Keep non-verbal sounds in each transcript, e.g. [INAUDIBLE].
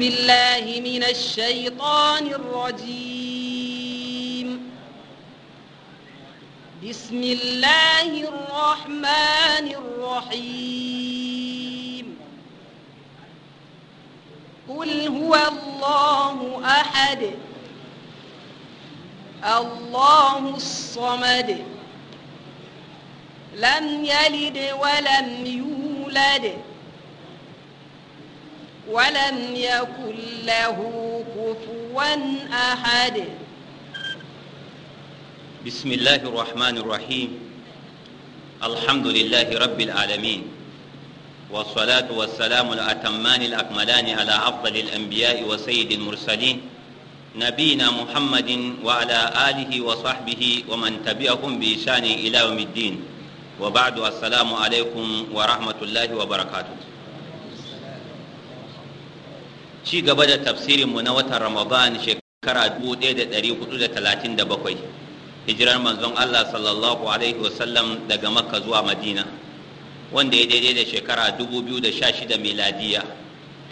بالله من الشيطان الرجيم بسم الله الرحمن الرحيم قل هو الله أحد الله الصمد لم يلد ولم يولد ولم يكن له كفوا أحد بسم الله الرحمن الرحيم الحمد لله رب العالمين والصلاة والسلام الأتمان الأكملان على أفضل الأنبياء وسيد المرسلين نبينا محمد وعلى آله وصحبه ومن تبعهم بإشان إلى يوم الدين وبعد السلام عليكم ورحمة الله وبركاته ci gaba da tafsirinmu na watan ramadan shekara 1437 hijirar manzon Allah sallallahu alaihi wasallam daga makka zuwa madina wanda ya daidai da shekara 2016 miladiya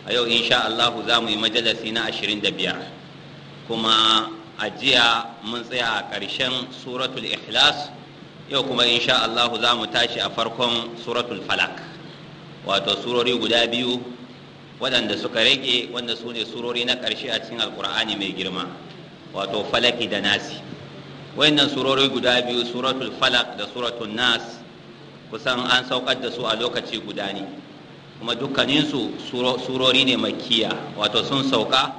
a yau insha Allah za mu yi majalasi na 25 kuma a jiya mun tsaya a ƙarshen suratul ikhlas yau kuma insha Allah za mu tashi a farkon suratul falak wato surori guda biyu waɗanda suka rage wanda su ne surori na ƙarshe a cikin Alƙur'ani mai girma wato falaki da nasi wayannan surori guda biyu suratul falak da suratul nas kusan an saukar da su a lokaci guda ne kuma dukkaninsu surori ne makkiya, wato sun sauka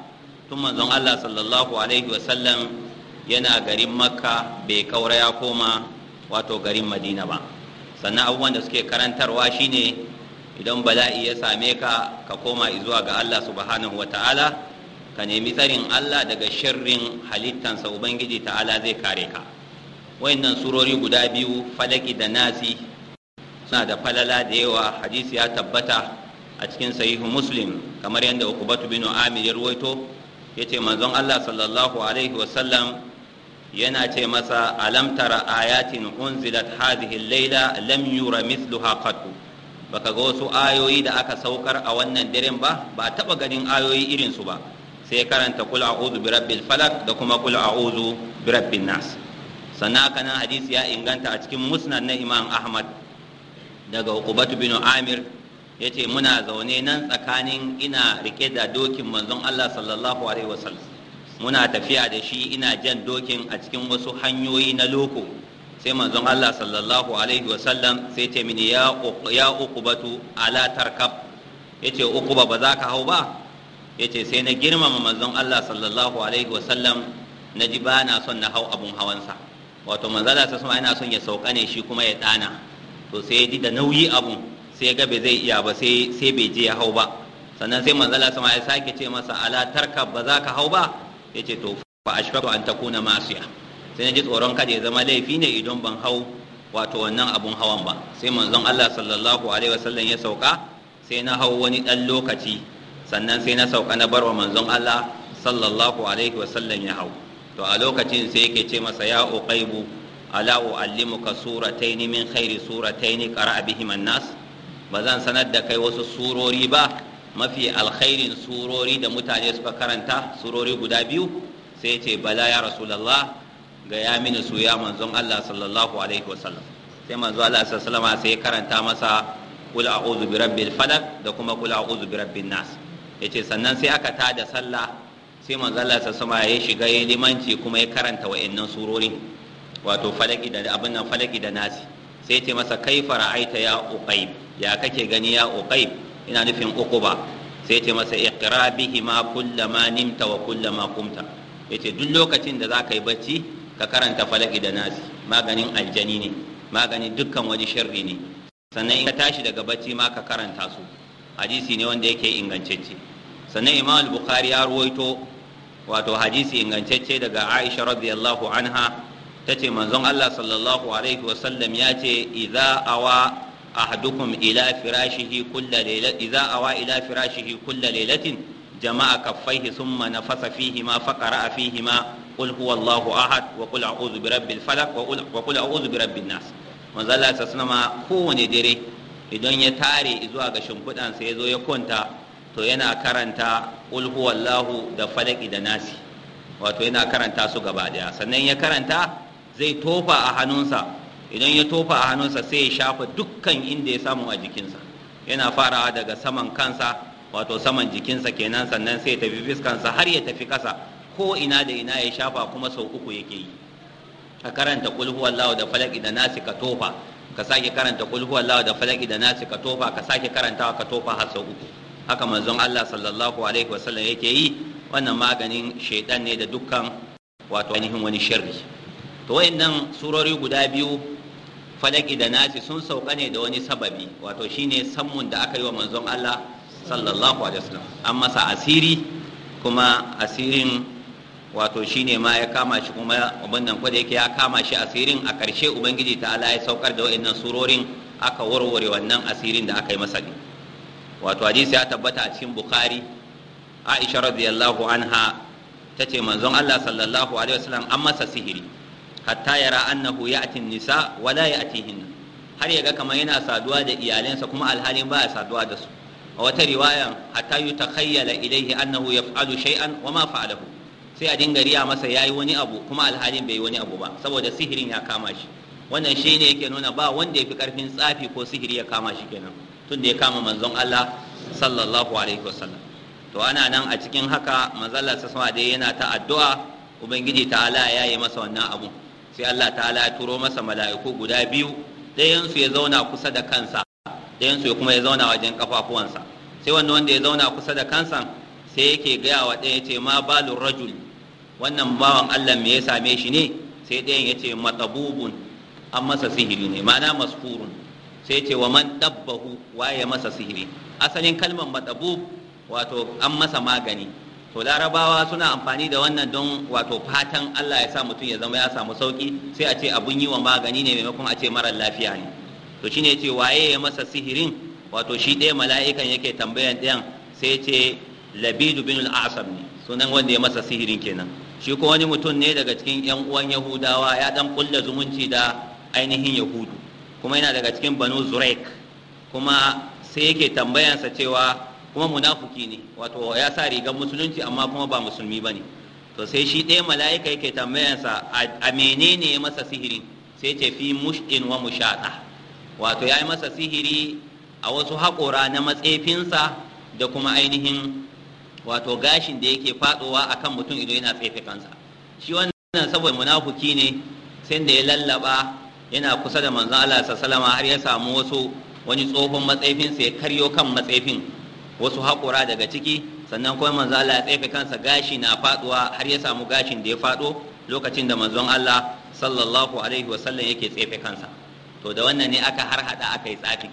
tun manzon allah sallallahu alaihi wasallam yana garin makka bai kauraya ya koma wato garin madina ba sannan abubuwan da suke karantarwa shine idan bala'i ya same ka ka koma zuwa ga Allah subhanahu wa ta'ala ka nemi tsarin Allah daga sharrin halittansa ubangiji ta'ala zai kare ka wayannan surori guda biyu falaki da nasi suna da falala da yawa hadisi ya tabbata a cikin sahihu muslim kamar yadda ukubatu bin amir ya ruwaito ya ce, manzon Allah sallallahu alaihi wasallam yana ce masa alam tara ayatin unzilat hadhihi al-laila lam yura mithluha qattu baka ga wasu ayoyi da aka saukar a wannan daren ba ba a taba ganin ayoyi irin su ba sai karanta a a'udhu birabbil Falak da kuma kula Uzu birabbin nas sannan aka nan hadisi ya inganta a cikin musnad na imam ahmad daga uqbatu bin amir ya ce muna zaune nan tsakanin ina rike da dokin manzon Allah sallallahu alaihi wasallam muna tafiya da shi ina jan dokin a cikin wasu hanyoyi na loko sai manzon Allah sallallahu alaihi wasallam sai ce mini ya ya uqubatu ala tarkab yace uquba ba za ka hau ba yace sai na girmama manzon Allah sallallahu alaihi wasallam na ji ba na son na hau abun hawansa wato manzon Allah sallallahu alaihi wasallam yana son ya sauka ne shi kuma ya dana to sai ya ji da nauyi abun sai ga bai zai iya ba sai sai bai je ya hau ba sannan sai manzon Allah sallallahu alaihi wasallam ya sake ce masa ala tarkab ba za ka hau ba yace to fa ashfaqu an takuna masiya sai na ji tsoron kada ya zama laifi ne idan ban hau wato wannan abun hawan ba sai manzon Allah sallallahu alaihi wasallam ya sauka sai na hau wani dan lokaci sannan sai na sauka na barwa manzon Allah sallallahu alaihi wasallam ya hau to a lokacin sai yake ce masa ya uqaibu ala uallimuka surataini min khairi surataini qara'a bihim nas ba zan sanar da kai wasu surori ba mafi alkhairin surori da mutane suka karanta surori guda biyu sai ce bala ya rasulullah ga ya mini su ya manzon Allah sallallahu alaihi wasallam sai manzo Allah sallallahu alaihi wasallam sai karanta masa qul a'udhu bi rabbil falaq da kuma qul a'udhu bi rabbin nas yace sannan sai aka tada sallah sai manzo Allah sallallahu alaihi wasallam ya shiga ya limanci kuma ya karanta wa'annan surorin wato falaki da abin nan falaki da nasi sai ya ce masa kaifa ra'aita ya uqayb ya kake gani ya uqayb ina nufin uquba sai ce masa iqra bihi ma kullama nimta wa kullama kumta yace duk lokacin da zaka yi bacci ka karanta falaki da nasi maganin aljani ne maganin dukkan wani sharri ne sannan in ka tashi daga bacci ma ka karanta su hadisi ne wanda yake ingantacce sannan imam bukhari ya ruwaito wato hadisi ingantacce daga aisha radiyallahu anha ta ce manzon Allah sallallahu alaihi wasallam ya ce idza awa ahadukum ila kulla ila firashihi kulla laylatin jama'a kaffaihi thumma nafasa fihi ma faqara fihi ma qul huwallahu ahad wa qul a'udhu birabbil falaq wa qul a'udhu birabbin nas manzo Allah sallama kowane dare idan ya tare zuwa ga shimfidan sa yazo ya kwanta to yana karanta qul huwallahu da falaki da nasi wato yana karanta su gaba daya sannan ya karanta zai tofa a hannunsa idan ya tofa a hannunsa sai ya shafa dukkan inda ya samu a jikinsa yana farawa daga saman kansa wato saman jikinsa kenan sannan sai ya tafi fiskansa har ya tafi kasa ko ina da ina ya shafa kuma sau uku yake yi ka karanta kul lawa da falaki da nasi ka tofa ka sake karanta kul lawa da falaki da nasi ka tofa ka sake karanta ka tofa har sau uku haka manzon Allah sallallahu alaihi wasallam yake yi wannan maganin shaidan ne da dukkan wato ainihin wani sharri to wayannan surori guda biyu falaki da nasi sun sauka ne da wani sababi wato shine sammun da aka yi wa manzon Allah sallallahu alaihi wasallam an masa asiri kuma asirin wato shine ma ya kama shi kuma abin nan kwada yake ya kama shi asirin a ƙarshe ubangiji ta ala ya saukar da wa'annan surorin aka warware wannan asirin da aka yi masa ne wato hadisi ya tabbata a cikin bukhari aisha radiyallahu anha ta ce manzon allah sallallahu alaihi wasallam an masa sihiri hatta yara annahu ya'tin nisa wala ya'tihinna har ya ga kamar yana saduwa da iyalansa kuma alhalin ba saduwa da su a wata riwaya hatta yutakhayyala ilayhi annahu yaf'alu shay'an wa ma fa'alahu sai a dinga riya masa ya yi wani abu kuma alhalin bai yi wani abu ba saboda sihirin ya kama shi wannan shi ne yake nuna ba wanda ya fi karfin tsafi ko sihiri ya kama shi kenan tun da ya kama manzon Allah sallallahu alaihi wasallam to ana nan a cikin haka manzon sa sama dai yana ta addu'a ubangiji ta'ala ya yi masa wannan abu sai Allah ta'ala ya turo masa mala'iku guda biyu dayan su ya zauna kusa da kansa dayan su kuma ya zauna wajen kafafuwansa sai wanda wanda ya zauna kusa da kansa sai yake gaya wa ɗaya ce ma balur rajul wannan bawan Allah me ya same shi ne sai ɗayan ya ce matsabubun an masa sihiri ne ma'ana maskurun sai ce wa man dabbahu waye masa sihiri asalin kalmar matsabub wato an masa magani to larabawa suna amfani da wannan don wato fatan Allah ya sa mutum ya zama ya samu sauki sai a ce abun yi wa magani ne maimakon a ce marar lafiya ne to shine ce waye ya masa sihirin wato shi ɗaya mala'ikan yake tambayan ɗayan sai ce labidu bin al'asam ne sunan wanda ya masa sihirin kenan shi ko wani mutum ne daga cikin yan uwan yahudawa ya dan kulla zumunci da ainihin yahudu kuma yana daga cikin banu zuraik kuma sai yake tambayansa cewa kuma munafuki ne wato ya sa rigar musulunci amma kuma ba musulmi ba ne to sai shi ɗaya mala'ika yake tambayansa a menene ya masa sihirin sai ce fi mush'in wa mushaɗa wato ya yi masa sihiri a wasu haƙora na matsefinsa da kuma ainihin wato gashin da yake fadowa akan mutum idan yana tsefe kansa shi wannan saboda munafuki ne sai da ya lallaba yana kusa da manzon Allah sallallahu har ya samu wasu wani tsohon matsayfin sai karyo kan matsayfin wasu haƙura daga ciki sannan kuma manzon Allah ya tsefe kansa gashi na fadowa har ya samu gashin da ya fado lokacin da manzon Allah sallallahu alaihi wasallam yake tsefe kansa to da wannan ne aka har hada aka yi tsafi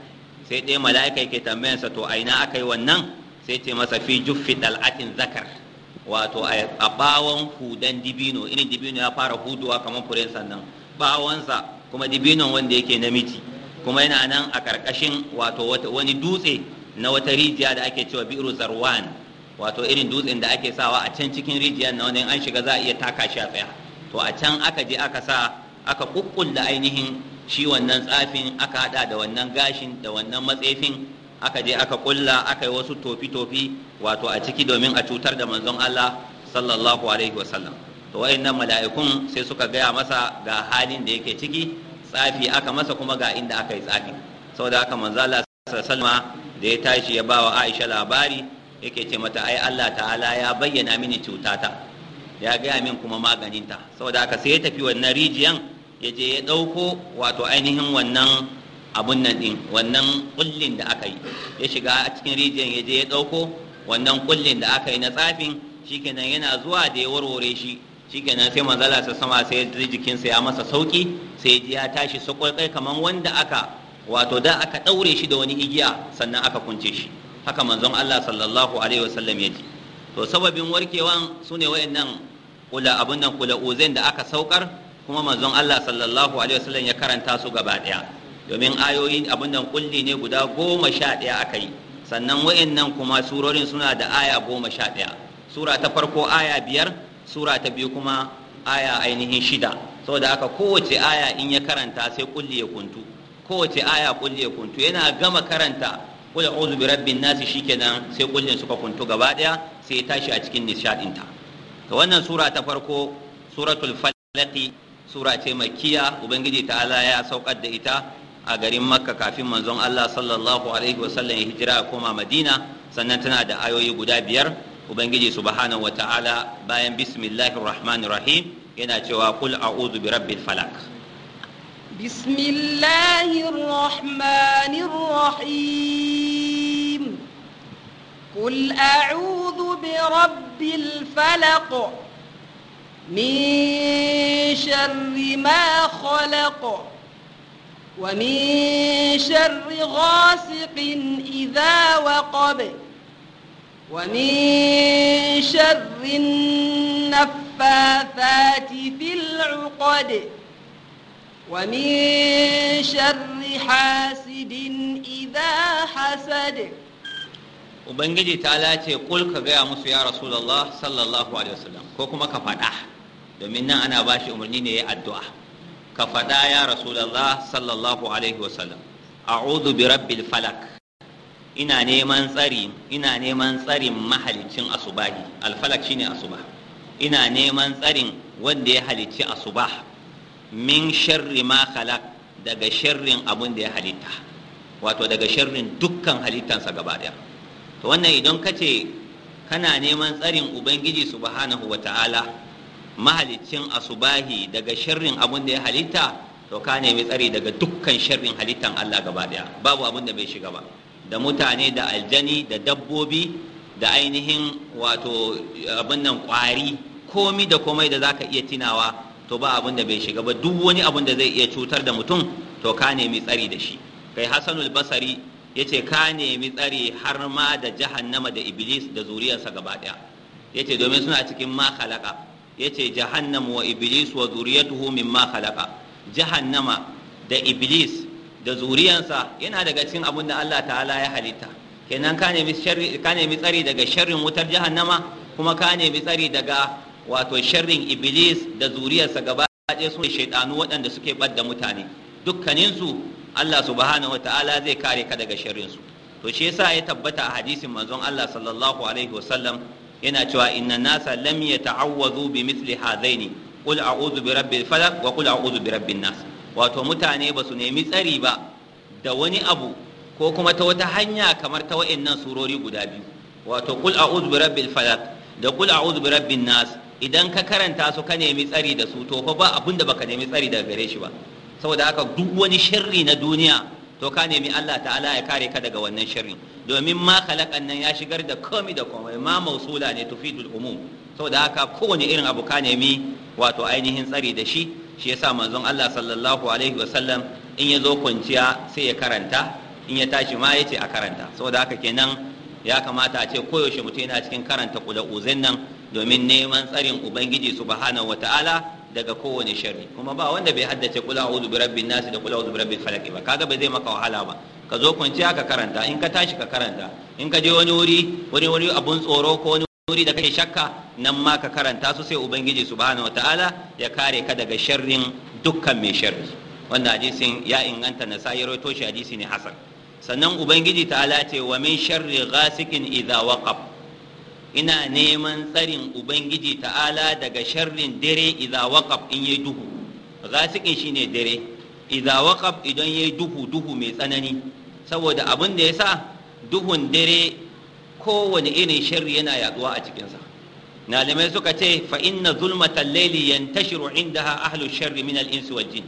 sai ɗaya mala'ika yake tambayansa to aina aka yi wannan sai ce masa fi juffi dal'atin zakar wato a bawon hudan dibino irin dibino ya fara huduwa kamar furen sannan bawonsa kuma dibinon wanda yake namiji kuma yana nan a karkashin wato wani dutse na wata rijiya da ake cewa biru zarwan wato irin dutsen da ake sawa a can cikin rijiyar na wani an shiga za a iya taka shi a tsaya to a can aka je aka sa aka kukkulla ainihin shi wannan tsafin aka hada da wannan gashin da wannan matsefin aka je aka kulla aka yi wasu tofi-tofi wato a ciki domin a cutar da manzon Allah sallallahu alaihi wasallam to mala'ikun sai suka gaya masa ga halin da yake ciki tsafi aka masa kuma ga inda aka yi tsafi saboda aka manzon Allah sallallahu da ya tashi ya ba wa Aisha labari yake ce mata ai Allah ta'ala ya bayyana mini cutata ya gaya min kuma maganinta saboda haka sai ya tafi wannan rijiyan ya je ya ɗauko wato ainihin wannan abun nan din wannan kullin da aka yi ya shiga a cikin rijiyar ya je ya ɗauko wannan kullin da aka yi na tsafin kenan yana zuwa da ya warware shi kenan sai manzala sa sama sai jikinsa ya masa sauki sai ya tashi sakwaikwai kamar wanda aka wato da aka ɗaure shi da wani igiya sannan aka kunce shi haka manzon Allah sallallahu alaihi wasallam ya ji to sababin warkewan sune wayannan kula abun nan kula uzen da aka saukar kuma manzon Allah sallallahu alaihi wasallam ya karanta su gaba daya domin ayoyi abin kulli ne guda goma sha ɗaya aka yi sannan wa'annan kuma surorin suna da aya goma sha ɗaya sura ta farko aya biyar sura ta biyu kuma aya ainihin shida saboda aka kowace aya in ya karanta sai kulli ya kuntu kowace aya kulli ya kuntu yana gama karanta kul a'udhu bi rabbin ke shikenan sai kullin suka kuntu gaba ɗaya sai ya tashi a cikin nishaɗinta. to wannan sura ta farko suratul falaq sura ce makkiya ubangiji ta'ala ya saukar da ita a garin makka kafin manzon allah sallallahu alaihi wasallam ya hijira a koma madina sannan tana da ayoyi guda biyar ubangiji subhanahu wa ta'ala bayan bismillahir rahmanir rahim yana cewa kul a'udhu bi rabbil falak bismillahir rahmanir rahim kul a'udhu bi rabbil falak min sharri ma khalaq ومن شر غاسق إذا وقب ومن شر النفاثات في العقد ومن شر حاسد إذا حسد Ubangiji ta lace kul ka gaya musu ya Rasulullah sallallahu alaihi wasallam ko kuma ka faɗa domin nan ana bashi umarni ne ya addu'a ka faɗa ya rasulallah sallallahu alaihi wasallam a'udhu bi rabbil falak ina neman tsari ina neman tsarin mahalicin asubahi alfalak shine asuba ina neman tsarin wanda ya halicci asuba min sharri ma khalaq daga sharrin abun da ya halitta wato daga sharrin dukkan halittansa gaba daya to wannan idan kace kana neman tsarin ubangiji subhanahu wa ta'ala mahalicin asubahi daga sharrin abin da ya halitta to ka nemi tsari daga dukkan sharrin halittan Allah gaba daya babu abin da bai shiga ba da mutane da aljani da dabbobi da ainihin wato abin nan kwari komi da komai da zaka iya tinawa to ba abin da bai shiga ba duk wani abin da zai iya cutar da mutum to ka nemi tsari da shi kai hasanul basari yace ka nemi tsari har ma da jahannama da iblis da zuriyarsa gaba daya yace domin suna cikin ma khalaqa yace jahannam wa iblis wa zuriyatuhu mimma khalaqa jahannama da iblis da zuriyansa yana daga cikin abin da Allah ta'ala ya halitta kenan ka nemi sharri ka nemi tsari daga sharrin wutar jahannama kuma ka nemi tsari daga wato sharrin iblis da zuriyarsa gaba ɗaya su shaidanu waɗanda suke badda mutane dukkaninsu Allah subhanahu wa ta'ala zai kare ka daga sharrinsu to shi yasa ya tabbata a hadisin manzon Allah sallallahu alaihi wasallam yana cewa inna nasa lam yata'awwazu bi mithli hadaini qul a'udhu bi rabbil falaq wa qul a'udhu bi rabbin nas wato mutane ba su nemi tsari ba da wani abu ko kuma ta wata hanya kamar ta wa'annan surori guda biyu wato qul a'udhu bi rabbil falaq da qul a'udhu bi rabbin nas idan ka karanta su ka nemi tsari da su to fa ba abinda baka nemi tsari daga gare shi ba saboda haka duk wani sharri na duniya to ka nemi Allah ta'ala ya kare ka daga wannan sharrin domin ma khalaqan nan ya shigar da komai da komai ma mausula ne tufidul umum saboda haka kowane irin abu ka nemi wato ainihin tsari da shi shi yasa manzon Allah sallallahu alaihi wasallam in ya zo kwanciya sai ya karanta in ya tashi ma yace a karanta saboda haka kenan ya kamata a ce koyaushe mutum yana cikin karanta kula nan domin neman tsarin ubangiji subhanahu wataala daga kowane sharri kuma ba wanda bai haddace kula a'udhu bi rabbin nasi da kula a'udhu bi rabbil falaq ba kaga bai zai maka wahala ba ka zo kwanciya ka karanta in ka tashi ka karanta in ka je wani wuri wani wuri abun tsoro ko wani wuri da kake shakka nan ma ka karanta su sai ubangiji subhanahu wataala ya kare ka daga sharrin dukkan mai sharri wannan hadisin ya inganta na sai rawaito shi hadisi ne hasan sannan ubangiji ta'ala ce wa min sharri ghasikin idza waqab ina neman tsarin ubangiji ta'ala daga sharrin dare idza waqab in yi duhu ghasikin shine dare idza waqab idan yayi duhu duhu mai tsanani saboda abin da ya sa duhun dare kowane irin sharri yana yaduwa a cikinsa malamai suka ce fa inna zulmatal layli yantashiru indaha ahlu sharri min al insi jin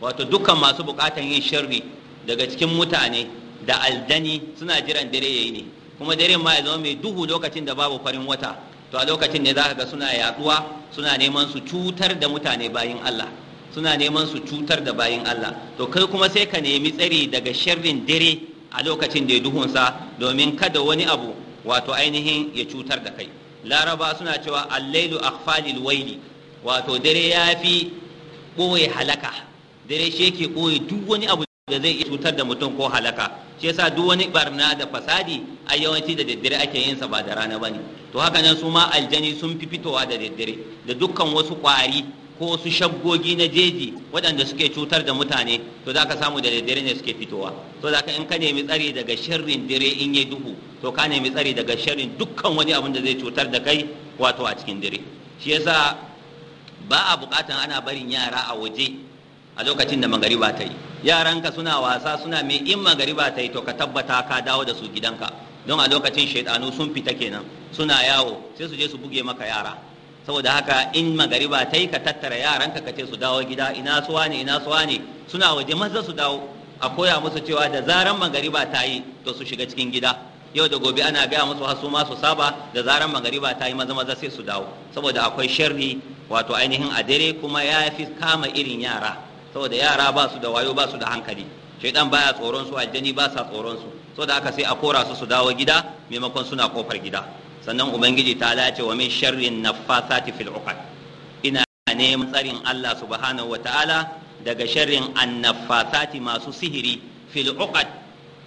wato dukkan masu bukatan yin sharri daga cikin mutane da aljani suna jiran dare yayi ne kuma dare ma ya zama mai duhu lokacin da babu farin wata to a lokacin ne ka ga suna yaduwa suna neman su cutar da mutane bayin Allah suna neman su cutar da bayin Allah to kai kuma sai ka nemi tsari daga sharrin dare a lokacin da ya duhunsa domin kada wani abu wato ainihin ya cutar da kai laraba suna cewa allailu akhfalil waili wato dare ya fi ɓoye halaka dare shi yake ɓoye duk wani abu da zai iya cutar da mutum ko halaka shi yasa duk wani barna da fasadi a yawanci da daddare ake yin sa ba da rana bane to haka nan su ma aljani sun fi fitowa da daddare da dukkan wasu kwari ko su shaggogi na jeji waɗanda suke cutar da mutane to za ka samu da daddare ne suke fitowa to za ka in ka nemi tsari daga sharrin dire in yi duhu to ka nemi tsari daga sharrin dukkan wani abin da zai cutar da kai wato a cikin dire shi yasa ba a buƙatan ana barin yara a waje a lokacin da magariba ta yi yaranka suna wasa suna mai in magariba ta yi to ka tabbata ka dawo da su gidanka don a lokacin shaidanu sun fita kenan suna yawo sai su je su buge maka yara saboda haka in magariba ta yi ka tattara yaran ka ce su dawo gida ina suwa ne ina suwa ne suna waje maza su dawo a koya musu cewa da zaran magariba ta yi to su shiga cikin gida yau da gobe ana gaya musu hasu ma su saba da zaran magariba ta yi maza maza sai su dawo saboda akwai sharri wato ainihin a dare kuma ya fi kama irin yara saboda yara ba su da wayo ba su da hankali shaidan baya tsoron su aljani ba sa tsoron su saboda haka sai a kora su su dawo gida maimakon suna kofar gida sannan ubangiji ta lace wa min sharrin naffasati fil uqad ina neman tsarin Allah subhanahu wataala daga sharrin annafasati masu sihiri fil uqad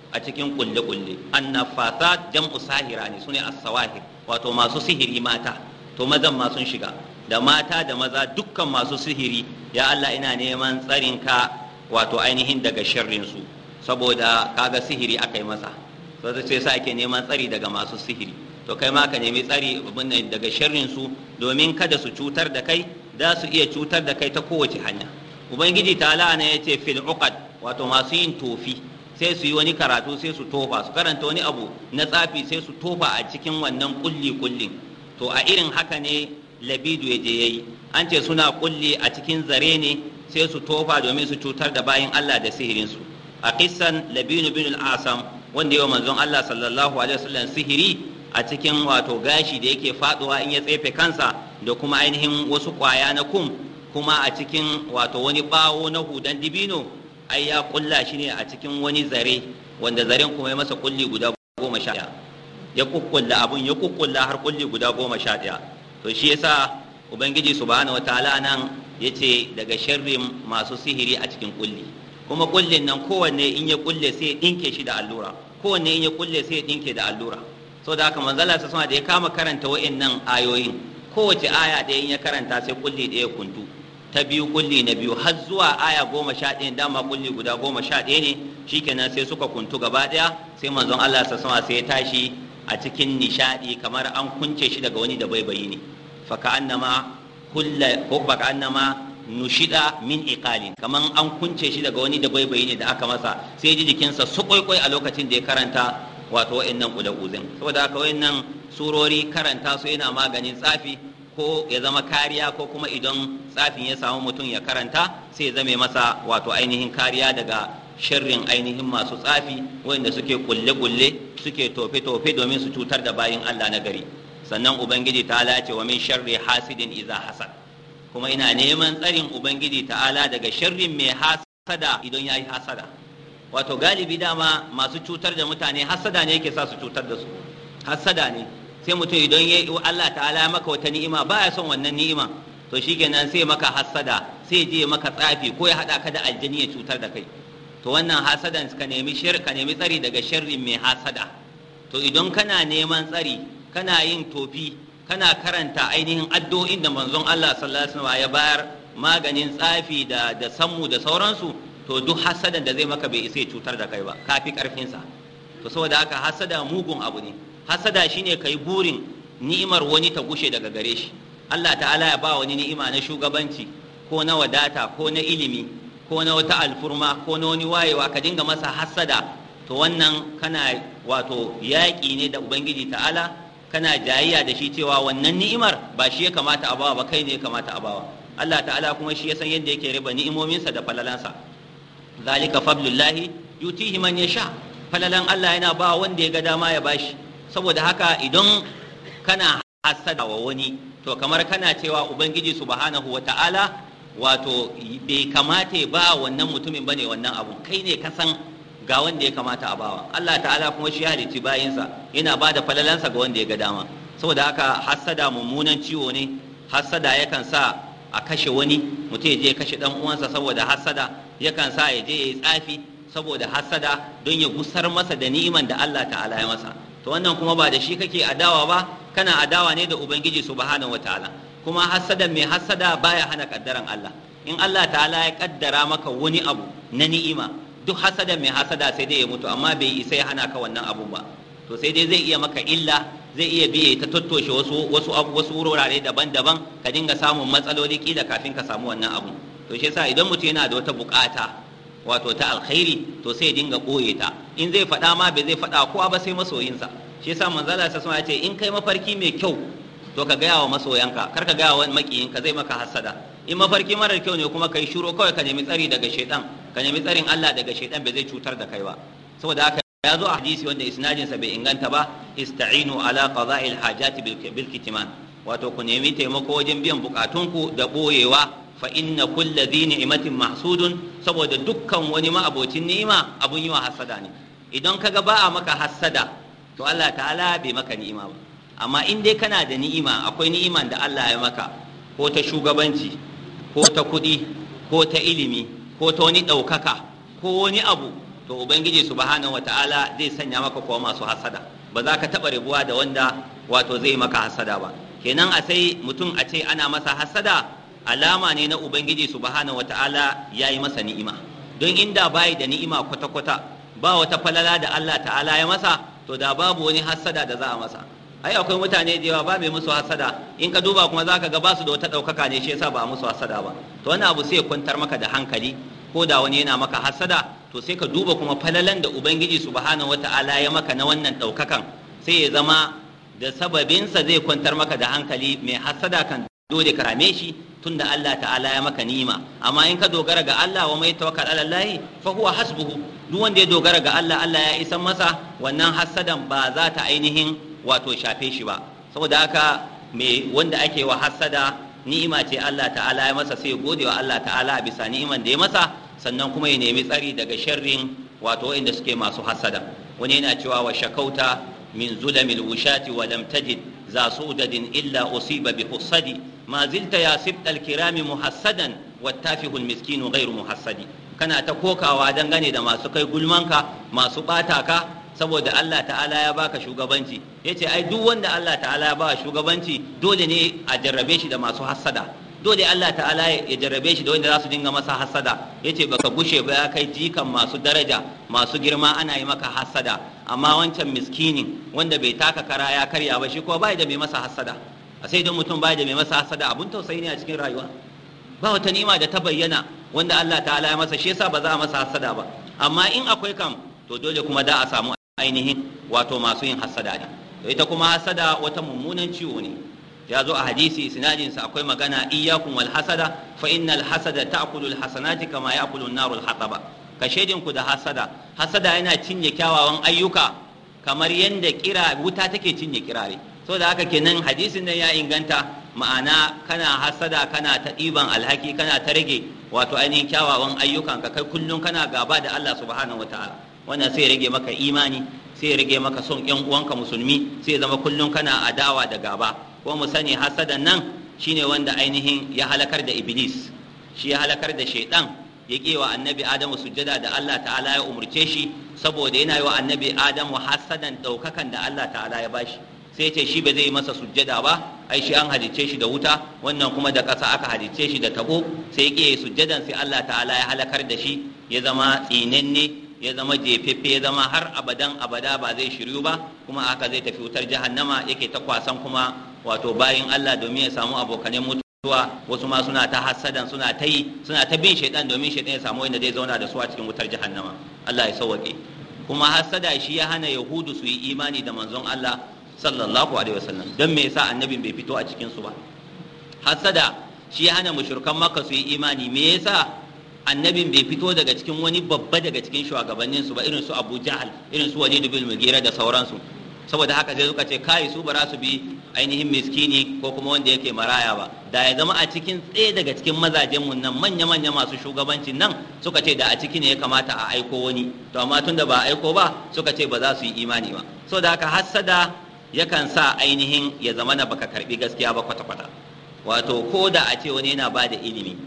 a cikin kulle kulle annafasat jam'u sahira ne sune as-sawahir wato masu sihiri mata to mazan ma sun shiga da mata da maza dukkan masu sihiri ya Allah ina neman tsarin ka wato ainihin daga sharrin su saboda kaga sihiri akai masa to sai sa ake neman tsari daga masu sihiri to kai ma ka nemi tsari daga shirin su domin kada su cutar da kai za su iya cutar da kai ta kowace hanya ubangiji ta ne ya ce fil uqad wato masu yin tofi sai su yi wani karatu sai su tofa su karanta wani abu na tsafi sai su tofa a cikin wannan kulli kullin to a irin haka ne labidu ya je yayi an ce suna kulli a cikin zare ne sai su tofa domin su cutar da bayin Allah da sihirin su a kissan labinu bin al-asam wanda yawa manzon Allah sallallahu alaihi wasallam sihiri a cikin wato gashi da yake faduwa in ya tsefe kansa da kuma ainihin wasu kwaya na kum kuma a cikin wato wani bawo na hudan dibino ai ya kulla shi ne a cikin wani zare wanda zaren kuma ya masa kulli guda goma sha ɗaya ya kukkulla abun ya kukkulla har kulli guda goma sha ɗaya to shi yasa ubangiji subhanahu wataala nan yace daga sharrin masu sihiri a cikin kulli kuma kullin nan kowanne in ya kulle sai ya dinke shi da allura kowanne in ya kulle sai ya dinke da allura so da haka manzala sa suna da ya kama karanta wa'in nan ayoyin kowace aya ɗaya in ya karanta sai kulli ɗaya kuntu ta biyu kulli na biyu har zuwa aya goma sha ɗaya dama kulli guda goma sha ɗaya ne shikenan sai suka kuntu gaba ɗaya sai manzon Allah sa suna sai ya tashi a cikin nishaɗi kamar an kunce shi daga wani da bai bayi ne faka annama kulla ko faka annama nushida min iqalin kaman an kunce shi daga wani dabaibayi ne da aka masa sai ji jikinsa su kwaikwai a lokacin da ya karanta wato wa'annan kulauzin saboda haka wa'annan surori karanta su yana maganin tsafi ko ya zama kariya ko kuma idan tsafin ya samu mutum ya karanta sai ya zame masa wato ainihin kariya daga sharrin ainihin masu tsafi wanda suke kulle-kulle suke tofe-tofe domin su cutar da bayin Allah na gari sannan ubangiji ta lace wa min sharri hasidin iza hasad kuma ina neman tsarin ubangiji ta'ala daga sharrin mai hasada idan ya yi hasada wato galibi dama masu cutar da mutane hasada ne yake sa su cutar da su hasada ne sai mutum idan ya Allah ta'ala ya maka wata ni'ima ba ya son wannan ni'ima to shikenan sai maka hasada sai je maka tsafi ko ya haɗa ka da aljani ya cutar da kai to wannan hasadan ka nemi shir ka nemi tsari daga sharrin mai hasada to idan kana neman tsari kana yin tofi kana karanta ainihin addu'o'in da manzon Allah sallallahu alaihi ya bayar maganin tsafi da da sammu da sauransu to duk hasadan da zai maka bai isa cutar da kai ba kafi karfin sa to saboda haka hasada mugun abu ne hasada shine kai burin ni'imar wani ta gushe daga gare shi Allah ta'ala ya ba wani ni'ima na shugabanci ko na wadata ko na ilimi ko na wata alfurma ko na wani wayewa ka dinga masa hasada to wannan kana wato yaƙi ne da ubangiji ta'ala kana jayayya da shi cewa wannan ni'imar ba shi ya kamata a bawa ba kai ne ya kamata a bawa Allah ta'ala kuma shi ya san yadda yake riba ni'imominsa da falalansa zalika fadlullahi yutihi man yasha falalan Allah yana bawa wanda ya ga dama ya bashi saboda haka idan kana hasada wa wani to kamar kana cewa ubangiji subhanahu ta'ala wato bai kamata ya ba wannan mutumin bane wannan abu kai ne ka san ga wanda ya kamata a bawa Allah ta'ala kuma shi halitti bayinsa yana ba da falalansa ga wanda ya ga dama saboda haka hassada mummunan ciwo ne hassada yakan sa a kashe wani mutum ya je kashe dan uwansa saboda hassada yakan sa ya je ya yi tsafi saboda hassada don ya gusar masa da ni'iman da Allah ta'ala ya masa to wannan kuma ba da shi kake adawa ba kana adawa ne da ubangiji subhanahu wataala kuma hassada mai hassada baya hana kaddaran Allah in Allah ta'ala ya kaddara maka wani abu na ni'ima duk hasada mai hasada sai dai ya mutu amma bai isa ya hana ka wannan abu ba to sai dai zai iya maka illa zai iya biye ta tattoshe wasu wasu wasu wurare daban-daban ka dinga samun matsaloli kila kafin ka samu wannan abu to shi yasa idan mutum yana da wata bukata wato ta alkhairi to sai dinga boye ta in zai faɗa ma bai zai faɗa kowa ba sai masoyinsa shi yasa manzala sa ya ce in kai mafarki mai kyau to ka gaya wa masoyanka kar ka gaya wa makiyinka zai maka hassada in mafarki marar kyau ne kuma kai shiro kawai ka nemi tsari daga shaidan ka nemi tsarin Allah daga shaidan bai zai cutar da kai ba saboda haka ya zo a hadisi wanda isnadin sa bai inganta ba ista'inu ala qada'il hajati bil kitman wato ku nemi taimako wajen biyan bukatunku da boyewa fa inna kulli dini imatin mahsudun saboda dukkan wani ma'abocin ni'ima abun yi wa hasada ne idan kaga ba a maka hasada to Allah ta'ala bai maka ni'ima ba amma in dai kana da ni'ima akwai ni'iman da Allah ya maka ko ta shugabanci ko ta kuɗi ko ta ilimi ko ta wani ɗaukaka ko wani abu to ubangiji subhanahu wata'ala zai sanya maka kowa masu hasada ba za ka taɓa rabuwa da wanda wato zai maka hasada ba kenan a sai mutum a ce ana masa hasada alama ne na ubangiji subhanahu wata'ala ya yi masa ni'ima don inda bai da ni'ima kwata-kwata ba wata falala da Allah ta'ala ya masa to da babu wani hassada da za a masa ai akwai mutane da yawa ba mai musu hasada in ka duba kuma zaka ga basu da wata ɗaukaka ne shi yasa ba musu hasada ba to wani abu sai ya kwantar maka da hankali ko da wani yana maka hasada to sai ka duba kuma falalan da ubangiji subhanahu wata'ala ya maka na wannan ɗaukakan sai ya zama da sababinsa zai kwantar maka da hankali mai hasada kan dole ka rame shi tunda Allah ta'ala ya maka ni'ima amma in ka dogara ga Allah wa mai tawakkal ala Allah fa huwa hasbuhu duk wanda ya dogara ga Allah Allah ya isan masa wannan hasadan ba za ta ainihin wato shafe shi ba saboda haka me wanda ake wa hasada ni'ima ce Allah ta'ala ya masa sai gode wa Allah ta'ala bisa ni'iman da ya masa sannan kuma ya nemi tsari daga sharrin wato inda suke masu hasada wani yana cewa wa shakauta min zulamil wushati wa lam tajid za sudadin illa usiba bi husadi ma zilta ya sibtal kirami muhassadan wattafihu almiskinu ghairu muhassadi kana ta kokawa dangane da masu kai gulmanka masu bata ka saboda Allah ta'ala ya baka shugabanci yace ai duk wanda Allah ta'ala ya baka shugabanci dole ne a jarrabe shi da masu hassada dole Allah ta'ala ya jarrabe shi da wanda za su dinga masa hassada yace baka gushe ba ya kai jikan masu daraja masu girma ana yi maka hassada amma wancan miskinin wanda bai taka kara ya karya ba shi ko bai da mai masa hassada a sai don mutum bai da mai masa hassada abun tausayi ne a cikin rayuwa ba wata ni'ima da ta bayyana wanda Allah ta'ala ya masa shi yasa ba za a masa hassada ba amma in akwai kam to dole kuma da a samu ainihin wato masu yin hassada ne ita kuma hassada wata mummunan ciwo ne ya zo a hadisi sinadinsa akwai magana iyyakum wal hasada fa innal hasada ta'kulu al hasanati kama ya'kulu an-naru hataba ka ku da hasada hasada yana cinye kyawawan ayyuka kamar yanda kira wuta take cinye kirare so da haka kenan hadisin nan ya inganta ma'ana kana hasada kana ta ɗiban alhaki kana ta rage wato ainihin kyawawan ayyukan ka kai kullum kana gaba da Allah subhanahu wataala wannan sai rage maka imani sai rage maka son yan uwanka musulmi sai zama kullum kana adawa da gaba ko mu sani hasadan nan shine wanda ainihin ya halakar da iblis shi ya halakar da shaidan ya wa annabi adamu sujjada da Allah ta'ala ya umurce shi saboda yana yi wa annabi adamu hasadan daukakan da Allah ta'ala ya bashi sai ce shi ba zai masa sujjada ba ai shi an halicce shi da wuta wannan kuma da ƙasa aka halicce shi da tabo sai ya sujjadan sai Allah ta'ala ya halakar da shi ya zama tsinenne ya zama jefefe ya zama har abadan abada ba zai shiryu ba kuma haka zai tafi wutar jahannama yake ta kwasan kuma wato bayin Allah domin ya samu abokanen mutuwa wasu ma suna ta hassadan suna ta yi suna ta bin shaidan domin shaidan ya samu inda zai zauna da su a cikin wutar jahannama Allah ya sauke. kuma hassada shi ya hana yahudu su yi imani da manzon Allah sallallahu alaihi wasallam don me yasa Annabi bai fito a cikin su ba hassada shi ya hana mushrikan makka su yi imani me yasa annabin bai fito daga cikin wani babba daga cikin shugabannin su ba irin su Abu Jahl irin su Walid bin Mughira da sauransu saboda haka sai suka ce kai su ba su bi ainihin miskini ko kuma wanda yake maraya ba da ya zama a cikin tsaye daga cikin mazajen mu nan manya manya masu shugabancin nan suka ce da a ciki ne ya kamata a aiko wani to amma da ba a aiko ba suka ce ba za su yi imani ba saboda haka hassada yakan sa ainihin ya zama na baka karbi gaskiya ba kwata kwata wato ko da a ce wani yana ba da ilimi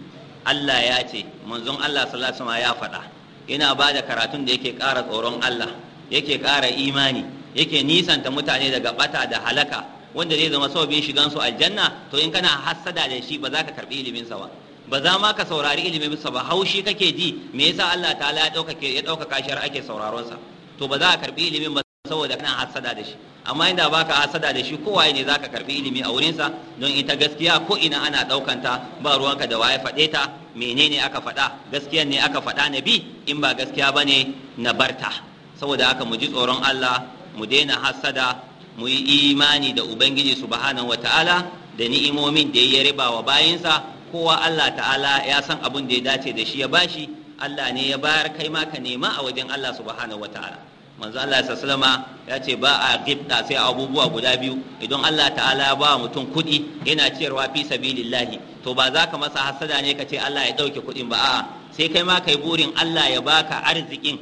Allah ya ce manzon Allah sallallahu alaihi ya faɗa ina ba da karatun da yake ƙara tsoron Allah yake ƙara imani yake nisanta mutane daga bata da halaka wanda zai zama sababin shigan su aljanna to in kana hassada da shi ba za ka karbi ilimin sa ba ba za ma ka saurari ilimin sa ba haushi kake ji me yasa Allah ta'ala ya ɗaukaka ya ɗaukaka shi ake sauraron sa to ba za a karbi ilimin ba saboda kana hasada da shi amma inda baka hasada da shi kowaye ne zaka karbi ilimi a sa don ita gaskiya ko ina ana ɗaukanta ba ruwanka da waye fade ta menene aka faɗa gaskiya ne aka faɗa na bi in ba gaskiya bane na barta saboda haka mu ji tsoron Allah mu daina hasada mu yi imani da ubangiji subhanahu wataala da ni'imomin da ya riba wa bayinsa kowa Allah ta'ala ya san abin da ya dace da shi ya bashi Allah ne ya bayar kai ma ka nema a wajen Allah subhanahu wataala manzo Allah ya sallama ya ce ba a gifta sai abubuwa guda biyu idan Allah ta'ala ba mutum kuɗi yana ciyarwa fi sabilillahi to ba za ka masa hasada ne ka ce Allah ya ɗauke kuɗin ba a'a sai kai ma kai burin Allah ya baka arzikin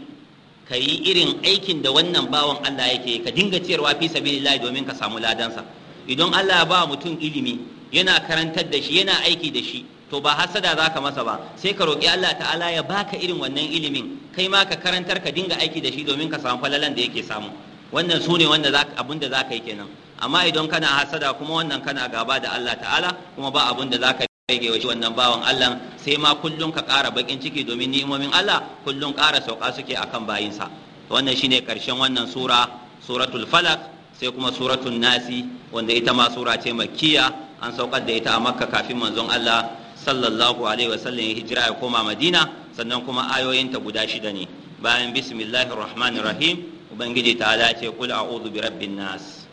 ka yi irin aikin da wannan bawan Allah yake ka dinga ciyarwa fi sabilillahi domin ka samu ladansa idan Allah ya ba mutum ilimi yana karantar da shi yana aiki da shi to ba hasada za ka masa ba sai ka roƙi Allah ta'ala ya baka irin wannan ilimin kai ma ka karantar ka dinga aiki da shi domin ka samu falalan da yake samu wannan su ne abin da za ka yi kenan amma idan kana hasada kuma wannan kana gaba da Allah ta'ala kuma ba abin da za ka rage wa shi wannan bawan Allah sai ma kullum ka ƙara baƙin ciki domin ni'imomin Allah kullum ƙara sauka suke akan bayinsa wannan shine ƙarshen wannan sura suratul falak sai kuma suratul nasi wanda ita ma sura ce makkiya an saukar da ita a makka kafin manzon Allah sallallahu alaihi wasallam ya hijira ya koma madina sannan kuma ayoyinta guda shida ne bayan bismillahir rahmanir rahim ubangiji ta ala ce kul a'udhu bi rabbin nas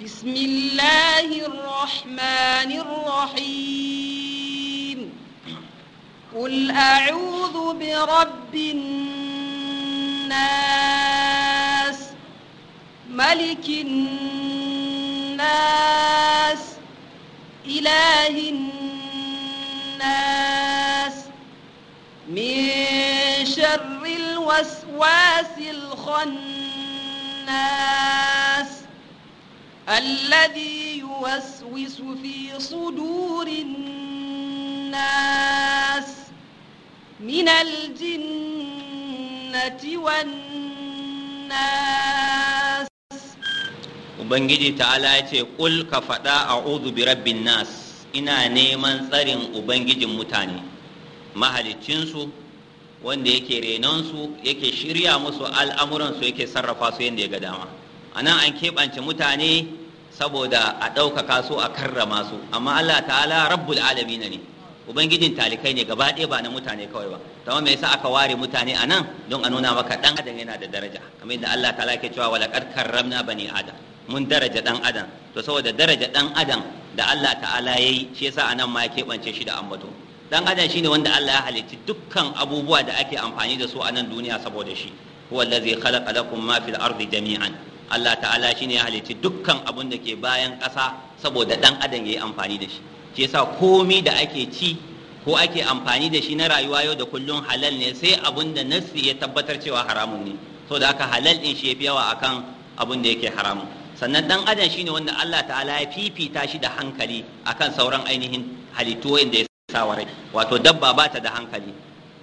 bismillahir rahmanir rahim قل أعوذ برب الناس ملك الناس إله الناس الناس من شر الوسواس الخناس الذي يوسوس في صدور الناس من الجنة والناس Ubangiji ta'ala ya ce, Ƙul ka faɗa a nas, ina neman tsarin ubangijin mutane mahalicinsu wanda yake su yake shirya musu al'amuransu yake sarrafa su yadda ya ga dama a nan an keɓance mutane saboda a ɗaukaka su a karrama su amma allah ta'ala rabbul alamina ne ubangijin talikai ne gaba ɗaya ba na mutane kawai ba ta me yasa aka ware mutane a nan don a nuna maka ɗan adam yana da daraja kamar yadda allah ta'ala ke cewa walaƙar karramna bani adam mun daraja dan adam to saboda daraja dan adam da Allah ta'ala yayi shi yasa anan ma ya keɓance shi da ambato dan adam shine wanda Allah ya halitti dukkan abubuwa da ake amfani da su a nan duniya saboda shi huwa allazi khalaqa lakum ma fil ardi jami'an Allah ta'ala shine ya halitti dukkan abun da ke bayan ƙasa saboda dan adam yayi amfani da shi shi yasa komi da ake ci ko ake amfani da shi na rayuwa yau da kullum halal ne sai abun da nassi ya tabbatar cewa haramun ne saboda haka halal din shi yafi yawa akan abun da yake haramun sannan dan adam shine wanda Allah ta'ala ya fifita shi da hankali akan sauran ainihin halittu wanda ya sa wa rai wato dabba ba ta da hankali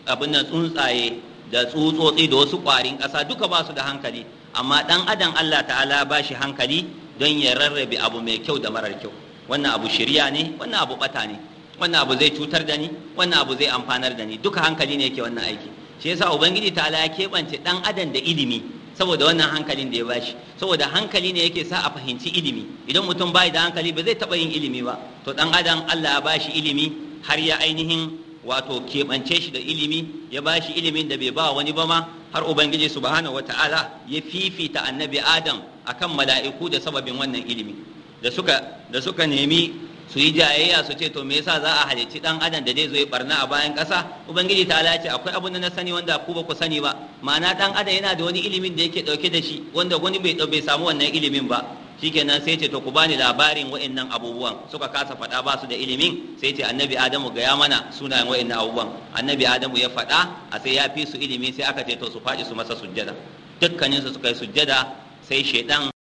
abin nan tsuntsaye da tsutsotsi da wasu ƙwarin ƙasa duka ba su da hankali amma dan adam Allah ta'ala ba shi hankali don ya rarrabe abu mai kyau da marar kyau wannan abu shirya ne wannan abu bata ne wannan abu zai cutar da ni wannan abu zai amfanar da ni duka hankali ne yake wannan aiki shi yasa ubangiji ta'ala ya keɓance dan adam da ilimi saboda wannan hankalin da ya bashi saboda hankali ne yake sa a fahimci ilimi idan mutum bai da hankali ba zai taɓa yin ilimi ba to dan adam Allah ya bashi ilimi har ya ainihin wato keɓance shi da ilimi ya bashi ilimin da bai ba wani ba ma har ubangiji subhanahu wata'ala ya fifita annabi adam akan mala'iku da sababin wannan ilimi da suka da suka nemi su yi jayayya su ce to me yasa za a halicci dan adam da zai zo ya barna a bayan kasa ubangiji ta ce akwai abun da na sani wanda ku ba ku sani ba ma'ana dan adam yana da wani ilimin da yake dauke da shi wanda wani bai bai samu wannan ilimin ba shikenan sai ce to ku bani labarin wa'annan abubuwan suka kasa faɗa ba su da ilimin sai ce annabi adamu gaya mana sunayen wa'annan abubuwan annabi adamu ya faɗa a sai ya fi su ilimi sai aka ce to su faɗi su masa sujjada dukkaninsu suka yi sujjada sai shaidan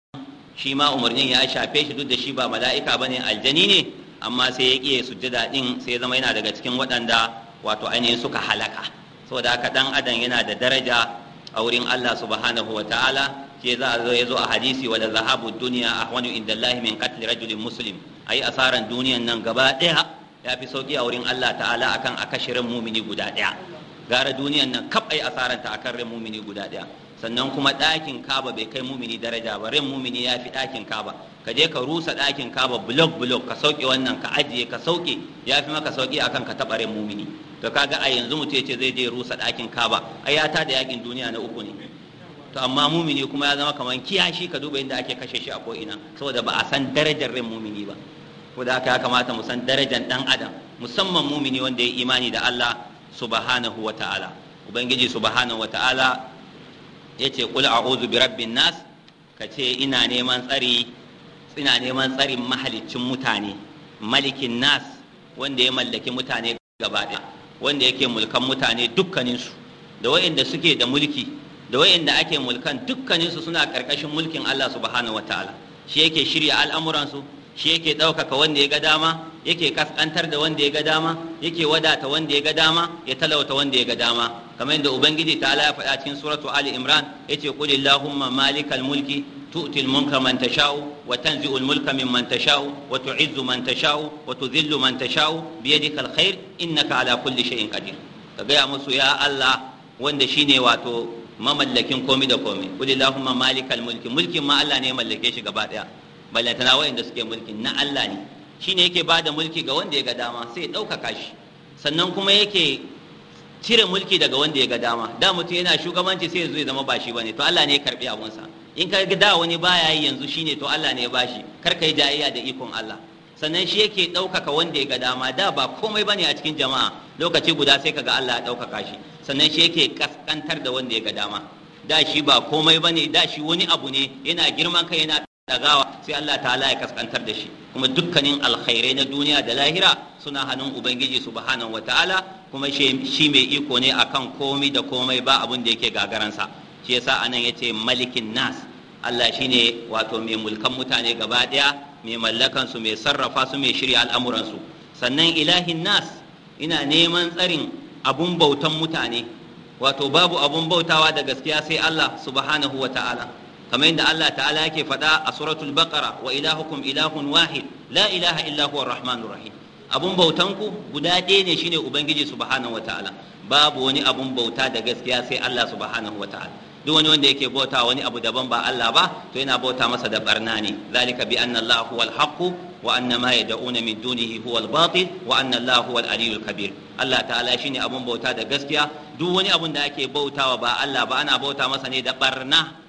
shi ma umarnin ya shafe shi duk da shi ba mala'ika ne aljani ne amma sai ya kiyaye su din sai zama yana daga cikin waɗanda wato ainihin suka halaka saboda haka dan adam yana da daraja a wurin Allah subhanahu ta'ala) shi za a zo ya zo a hadisi wa da zahabu duniya inda Allah min qatl rajulin muslim ayi asaran duniyan nan gaba ɗaya, ya fi sauki a wurin Allah ta'ala akan a kashirin mumini guda ɗaya. gara duniyan nan kaf ayi asaranta akan ran mumini guda daya sannan kuma ɗakin kaba bai kai mumini daraja ba rin mumini ya fi ɗakin kaba ka je ka rusa ɗakin kaba blok blok ka sauke wannan ka ajiye ka sauke ya fi maka sauki akan ka taɓa rin mumini to kaga a yanzu mutum ce zai je rusa ɗakin kaba ai ya da yakin duniya na uku ne to amma mumini kuma ya zama kamar kiyashi ka duba inda ake kashe shi a ko'ina saboda ba a san darajar rin mumini ba ko da haka ya kamata mu san darajar ɗan adam musamman mumini wanda ya imani da Allah subhanahu wa ta'ala ubangiji subhanahu wa ta'ala Ya ce, yace a a'udhu bi rabbin nas kace ina neman tsari ina neman tsarin mahaliccin mutane malikin nas wanda ya mallaki mutane gaba ɗaya wanda yake mulkan mutane dukkaninsu da wa'inda suke da mulki da wa'inda ake mulkan dukkaninsu suna ƙarƙashin mulkin Allah subhanahu wataala shi yake shirya al'amuransu shi yake ɗaukaka wanda ya ga dama yake kaskantar da wanda ya ga dama yake wadata wanda ya ga dama ya talauta wanda ya ga dama kamar yadda ubangiji ta ala ya faɗa cikin suratu ali imran ce, qul allahumma malikal mulki tu'ti al-mulka man tasha'u wa tanzi'u al-mulka mimman tasha'u wa tu'izzu man tasha'u wa tudhillu man tasha'u bi yadika al-khair innaka ala kulli shay'in qadir ka gaya musu ya Allah wanda shine wato mamallakin komai da komai qul allahumma malikal mulki mulkin ma Allah ne ya mallake shi gaba daya ballantana wa'anda suke mulkin na Allah ne shine yake bada mulki ga wanda ya ga dama sai ya ɗaukaka shi sannan kuma yake cire mulki daga wanda ya ga dama da mutum yana shugabanci sai yanzu ya zama ba shi bane to Allah ne ya karbi abunsa in ka ga da wani baya yi yanzu shine to Allah ne ya bashi kar ka yi jayayya da ikon Allah sannan shi yake ɗaukaka wanda ya ga dama da ba komai bane a cikin jama'a lokaci guda sai kaga Allah ya ɗaukaka shi sannan shi yake kaskantar da wanda ya ga dama da shi ba komai bane da shi wani abu ne yana girman kai yana dagawa sai Allah ta'ala ya kaskantar da shi kuma dukkanin alkhairai na duniya da lahira suna hannun ubangiji subhanahu wata'ala kuma shi mai iko ne akan komai da komai ba abin da yake gagaransa shi yasa anan yace malikin nas Allah shine wato mai mulkan mutane gaba daya mai mallakan su mai sarrafa su mai shirya al'amuran su sannan ilahin nas ina neman tsarin abun bautan mutane wato babu abun bautawa da gaskiya sai Allah subhanahu wata'ala kamar yadda Allah ta'ala yake faɗa a suratul baqara wa ilahukum ilahun wahid la ilaha illa huwa arrahmanur rahim abun bautan ku guda ɗaya ne shine ubangiji subhanahu wataala babu wani abun bauta da gaskiya sai Allah subhanahu wataala duk wani wanda yake bauta wani abu daban ba Allah ba to yana bauta masa da barna ne zalika bi anna Allah huwal haqq wa anna ma yad'una min dunihi huwal batil wa anna Allah huwal aliyul kabir Allah ta'ala shine abun bauta da gaskiya duk wani abun da ake bautawa ba Allah ba ana bauta masa ne da barna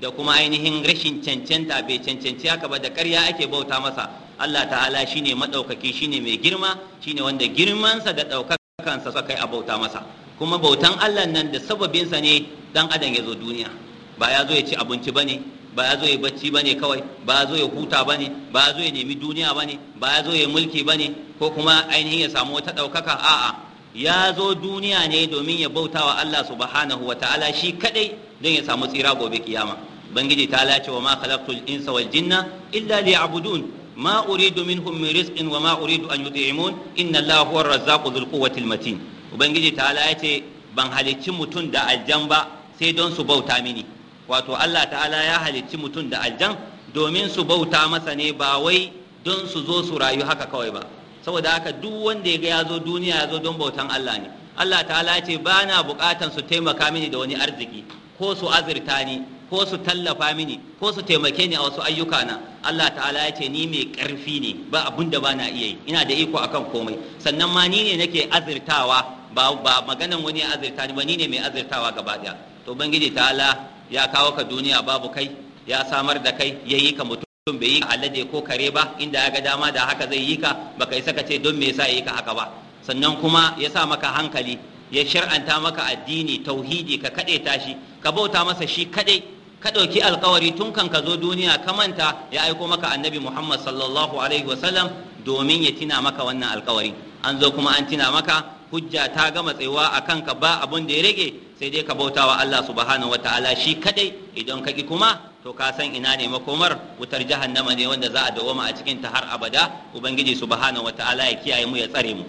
da kuma ainihin rashin cancanta bai cancanci haka ba da karya ake bauta masa Allah ta'ala shine maɗaukaki, shine mai girma shine wanda girmansa da ɗaukakansa suka yi a bauta masa kuma bautan Allah nan da sababinsa ne dan adam ya zo duniya ba ya zo ya ci abinci bane ba ya zo ya bacci bane kawai ba ya zo ya huta bane ba ya zo ya nemi duniya bane ba ya zo ya mulki bane ko kuma ainihin ya samu wata ɗaukaka a'a ya zo duniya ne domin ya bauta wa Allah subhanahu wa ta'ala shi kadai don ya samu tsira gobe kiyama bangiji ta lace wa ma khalaqtul insa wal jinna illa liya'budun ma uridu minhum min rizqin wa ma uridu an yut'imun inna Allah huwa ar-razzaqu dhul quwwati matin ubangiji ta lace ban halicci mutum da aljan ba sai don su bauta mini wato Allah ta'ala ya halicci mutum da aljan domin su bauta masa ne ba wai don su zo su rayu haka kawai ba saboda haka duk wanda ya ga ya zo duniya ya zo don bautan Allah ne Allah ta'ala ce ba na bukatan su taimaka mini da wani arziki ko su azurta ni ko su tallafa mini ko su taimake ni a wasu ayyuka na Allah ta'ala ya ce ni mai karfi ne ba abun da ba na iya yi ina da iko akan komai sannan ma ni ne nake azurtawa ba ba maganan wani azurta ni ba ni ne mai azurtawa gaba daya to ubangiji ta'ala ya kawo ka duniya babu kai ya samar da kai yayi ka mutum mutum bai yi alade ko kare ba inda ya ga dama da haka zai yi ka baka isa ka ce don me yasa yi ka haka ba sannan kuma ya sa maka hankali ya shar'anta maka addini tauhidi ka kade tashi ka bauta masa shi kade ka ɗauki alkawari tun kan ka zo duniya ka manta ya aiko maka annabi muhammad sallallahu alaihi wasallam domin ya tina maka wannan alkawari an zo kuma an tina maka hujja ta gama tsayuwa a kanka ba abun da ya rage sai dai ka bauta wa Allah subhanahu wataala shi kadai idan ka ki kuma to ka san ina ne makomar wutar jahannama ne wanda za a dawoma a cikin ta har abada ubangiji subhanahu wataala ya kiyaye mu ya tsare mu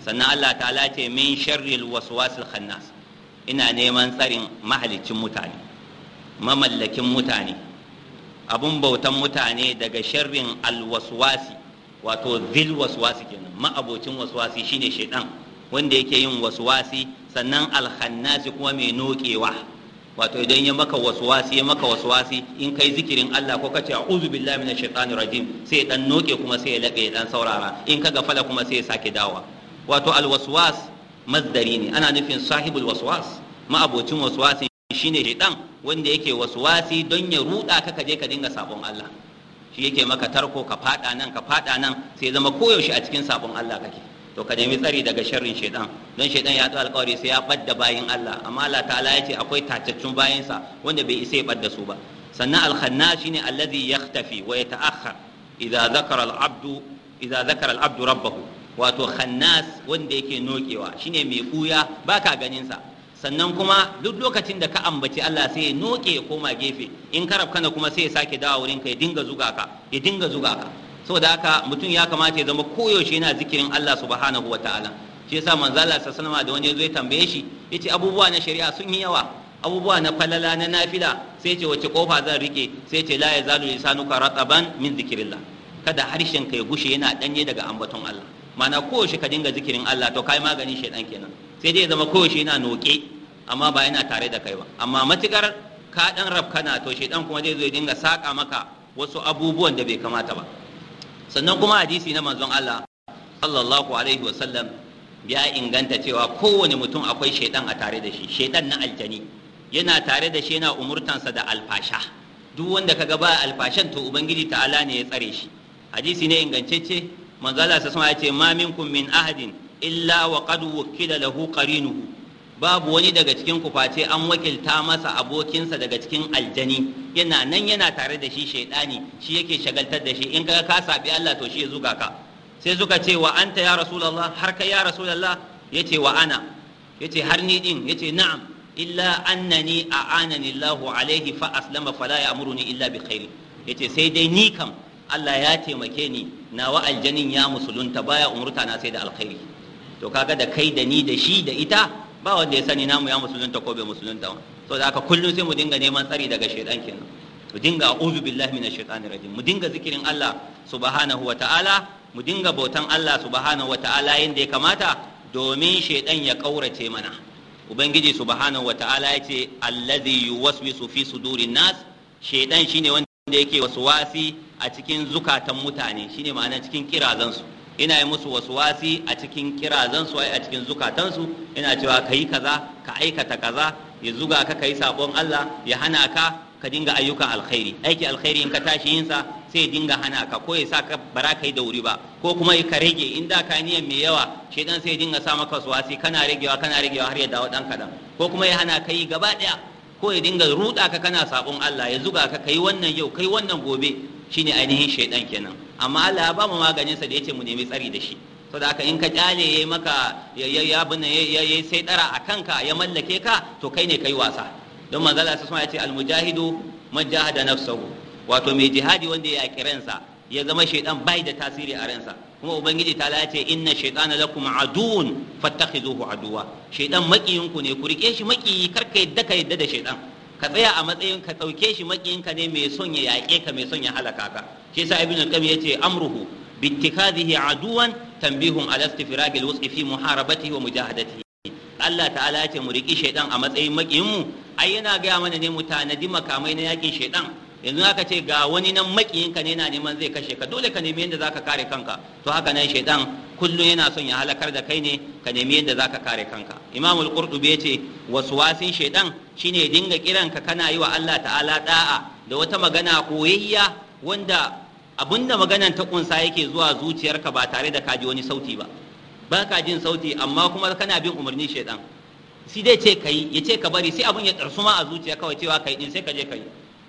sannan Allah ta'ala ce min sharril waswasil khannas ina neman tsarin mahalicin mutane mamallakin mutane abun bautan mutane daga sharrin alwaswasi wato zil waswasi kenan ma'abocin waswasi shine shaidan wanda yake yin waswasi sannan alkhannasi kuma mai nokewa wato idan ya maka waswasi ya maka waswasi in kai zikirin Allah ko kace a'udhu billahi minash shaitani rajim sai dan noke kuma sai ya labe dan saurara in ka fala kuma sai ya sake dawa wato alwaswas masdari ne ana nufin sahibul waswas ma'abocin waswasin shine shaitan wanda yake waswasi don ya ruda ka kaje ka dinga sabon Allah shi yake maka tarko ka fada nan ka fada nan sai zama koyaushe a cikin sabon Allah kake to ka nemi tsari daga sharrin shaidan don shaidan ya tsaye alkawari sai ya badda bayin Allah amma Allah ta'ala ya ce akwai tacaccun sa wanda bai isa ya badda su ba sannan alkhanna shine allazi yaktafi wa yata'akhkhar idza zakara al'abdu idza zakara al'abdu rabbahu wato khannas wanda yake nokewa shine mai ƙuya, baka ganin sa sannan kuma duk lokacin da ka ambaci Allah sai ya noke ya koma gefe in karab kana kuma sai ya sake dawo wurin ka ya dinga zuga ka ya dinga zuga ka saboda haka mutum ya kamata ya zama koyaushe yana zikirin Allah subhanahu wa ta'ala shi yasa manzo Allah sallallahu da wani yazo tambaye shi yace abubuwa na shari'a sun yi yawa abubuwa na falala na nafila sai ce wace kofa zan rike sai ce la yazalu lisanuka rataban min zikrillah kada harshen ka ya gushe yana danye daga ambaton Allah mana koyaushe ka dinga zikirin Allah to kai maganin shaidan kenan sai dai ya zama koyaushe yana noke amma ba yana tare da kai ba amma matukar ka dan rabkana to shaidan kuma zai zo ya dinga saka maka wasu abubuwan da bai kamata ba sannan kuma hadisi na manzon Allah sallallahu alaihi wasallam ya inganta cewa kowane mutum akwai shaidan a tare da shi shaidan na aljani yana tare da shi yana umurtansa da alfasha duk wanda kaga ba alfashan to ubangiji ta'ala ne ya tsare shi hadisi ne ingancacce manzala sa sama ya ce ma minkum min ahadin illa wa qad wukila lahu qarinuhu babu wani daga cikin ku face an wakilta masa abokinsa daga cikin aljani yana nan yana tare da shi shaidani shi yake shagaltar da shi in kaga ka sabi Allah to shi ya zuga ka sai suka ce wa anta ya rasulullah har kai ya rasulullah yace wa ana yace har ni din yace na'am illa annani a'anani Allah alaihi fa aslama fala ya'muruni illa bi khairi yace sai dai ni kam Allah ya taimake ni nawa aljanin ya musulunta baya umurta na sai da alkhairi to kaga da kai da ni da shi da ita ba wanda ya sani namu ya musulunta ko bai musulunta ba so da aka kullum sai mu dinga neman tsari daga shaidan kenan mu dinga a'udhu billahi minash shaitani rajim mu dinga zikirin Allah subhanahu wa ta'ala mu dinga bautan Allah subhanahu wa ta'ala yanda ya kamata domin shaidan ya kaurace mana ubangiji subhanahu wa ta'ala yace allazi yuwaswisu fi sudurin nas shaidan shine wanda yake waswasi a cikin zukatan mutane shine ma'ana cikin kirazansu ina yi musu wasu wasi a cikin kirazansu su a cikin zukatansu ina cewa ka yi kaza ka aikata kaza ya zuga ka ka yi sabon Allah ya hana ka ka dinga ayyukan alkhairi aiki alkhairi in ka tashi yinsa sai dinga hana ka ko ya sa ka bara ka yi da wuri ba ko kuma ka rage in da ka niyan mai yawa shedan sai dinga sa maka wasuwasi kana ragewa kana ragewa har ya dawo dan kadan ko kuma ya hana ka yi gaba daya ko ya dinga ruda ka kana sabon Allah ya zuga ka kai wannan yau kai wannan gobe shine ainihin shaidan kenan amma Allah ya ba mu maganin sa da yace mu nemi tsari da shi saboda haka in ka kyale yayi maka ya ya bin ya ya sai dara akan ka ya mallake ka to kai ne kai wasa don manzo Allah sai ya ce al mujahidu man jahada nafsahu wato mai jihadi wanda ya yaki ransa ya zama shaidan bai da tasiri a ransa kuma ubangiji ta lace inna shaitana lakum aduun fattakhizuhu aduwa shaidan makiyinku ne ku rike shi makiyi karka yadda ka yadda da shaidan ka tsaya a matsayin ka ɗauke shi makiyinka ne mai son ya yaƙe ka mai son ya halaka ka shi yasa ibn al-qayyim yace amruhu bittikhadhihi aduwan tanbihum ala istifrag al-wus'i fi muharabatihi wa mujahadatihi Allah ta'ala ya ce mu riki shaydan a matsayin makiyin mu ai yana ga mana ne mu tanadi makamai na yakin shaydan yanzu aka ce ga wani nan makiyinka ne na neman zai kashe ka dole ka nemi yadda zaka kare kanka to haka nan shaidan kullum yana son ya halakar da kai ne ka nemi yadda ka kare kanka imamul qurtubi yace waswasin shaidan shine ya dinga ka kana yi wa Allah ta'ala da'a da wata magana koyayya wanda abinda maganan ta kunsa yake zuwa zuciyarka ba tare da kaji wani sauti ba ba ka jin sauti amma kuma kana bin umarni shaidan sai dai ce kai ya ce ka bari sai abun ya tsarsu ma a zuciya kawai cewa kai din sai ka je kai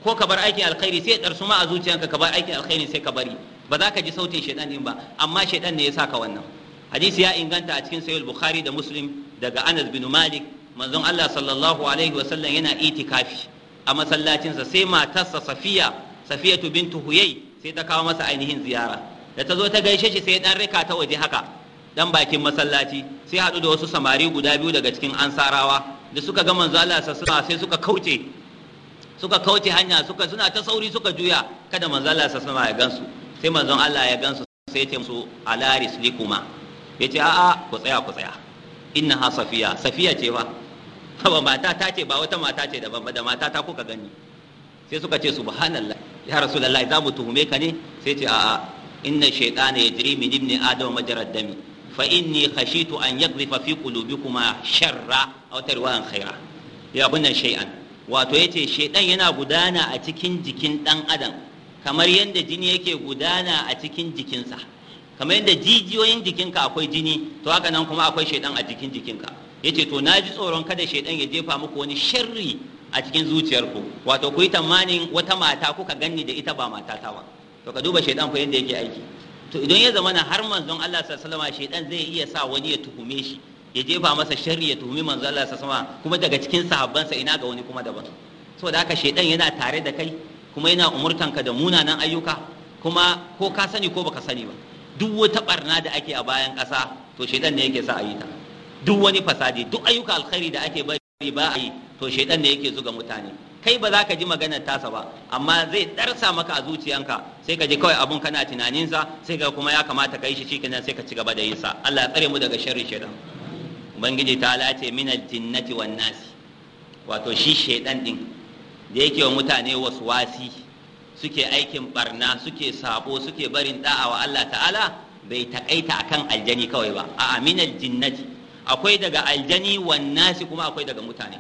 ko ka bar aikin alkhairi sai darsu ma a zuciyanka ka bar aikin alkhairi sai ka bari ba za ka ji sautin shaidan din ba amma shaidan ne ya sa ka wannan hadisi ya inganta a cikin sahih bukhari da muslim daga anas bin malik manzon Allah sallallahu alaihi wa sallam yana itikafi a masallacinsa sai matarsa safiya safiyatu bintu huyai sai ta kawo masa ainihin ziyara da ta zo ta gaishe shi sai dan rika ta waje haka dan bakin masallaci sai hadu da wasu samari guda biyu daga cikin ansarawa da suka ga manzo Allah sallallahu alaihi sai suka kauce suka kauce hanya suka suna ta sauri suka juya kada manzon Allah sallallahu alaihi ya gansu sai manzon Allah ya gansu sai ya ce musu ala rislikuma ce a'a ku tsaya ku tsaya inna ha safiya safiya ce fa [LAUGHS] ba mata ta ce ba wata mata ce daban ba da mata ta kuka gani sai suka ce subhanallah ya rasulullahi za mu tuhume ka ne sai ce a'a inna shaytana yajri min ibni adam majrad dami fa inni khashitu an yaqdhifa fi qulubikuma sharra aw tarwan khaira ya bunna shay'an wato yace shedan yana gudana a cikin jikin dan adam kamar yadda jini yake gudana a cikin jikinsa kamar yadda jijiyoyin jikinka akwai jini to haka nan kuma akwai shaidan a jikin jikinka yace to na ji tsoron kada shedan ya jefa muku wani sharri a cikin zuciyarku wato ku yi tamanin wata mata kuka ganni da ita ba mata ta ba to ka duba shedan ku yadda yake aiki to idan ya zama na har manzon Allah sallallahu alaihi wasallam shedan zai iya sa wani ya tuhume shi ya jefa masa sharri ya tuhumi manzo Allah sa sama kuma daga cikin sahabbansa ina ga wani kuma daban So da haka shedan yana tare da kai kuma yana ka da munanan ayyuka kuma ko ka sani ko baka sani ba duk wata barna da ake a bayan ƙasa to shedan ne yake sa a yi ta duk wani fasadi duk ayyuka alkhairi da ake bari ba a yi to shedan ne yake zuga mutane kai ba za ka ji magana tasa ba amma zai darsa maka a zuciyanka sai ka ji kawai abun kana tunaninsa sai ka kuma ya kamata ka yi shi shikenan sai ka ci gaba da yin sa Allah ya tsare mu daga sharri shedan ubangiji ta lace minal jinnati wan nasi wato shi shaidan din da yake wa mutane wasu wasi suke aikin barna suke sabo suke barin da'a wa Allah ta'ala bai takaita akan aljani kawai ba a aminal jinnati akwai daga aljani wan nasi kuma akwai daga mutane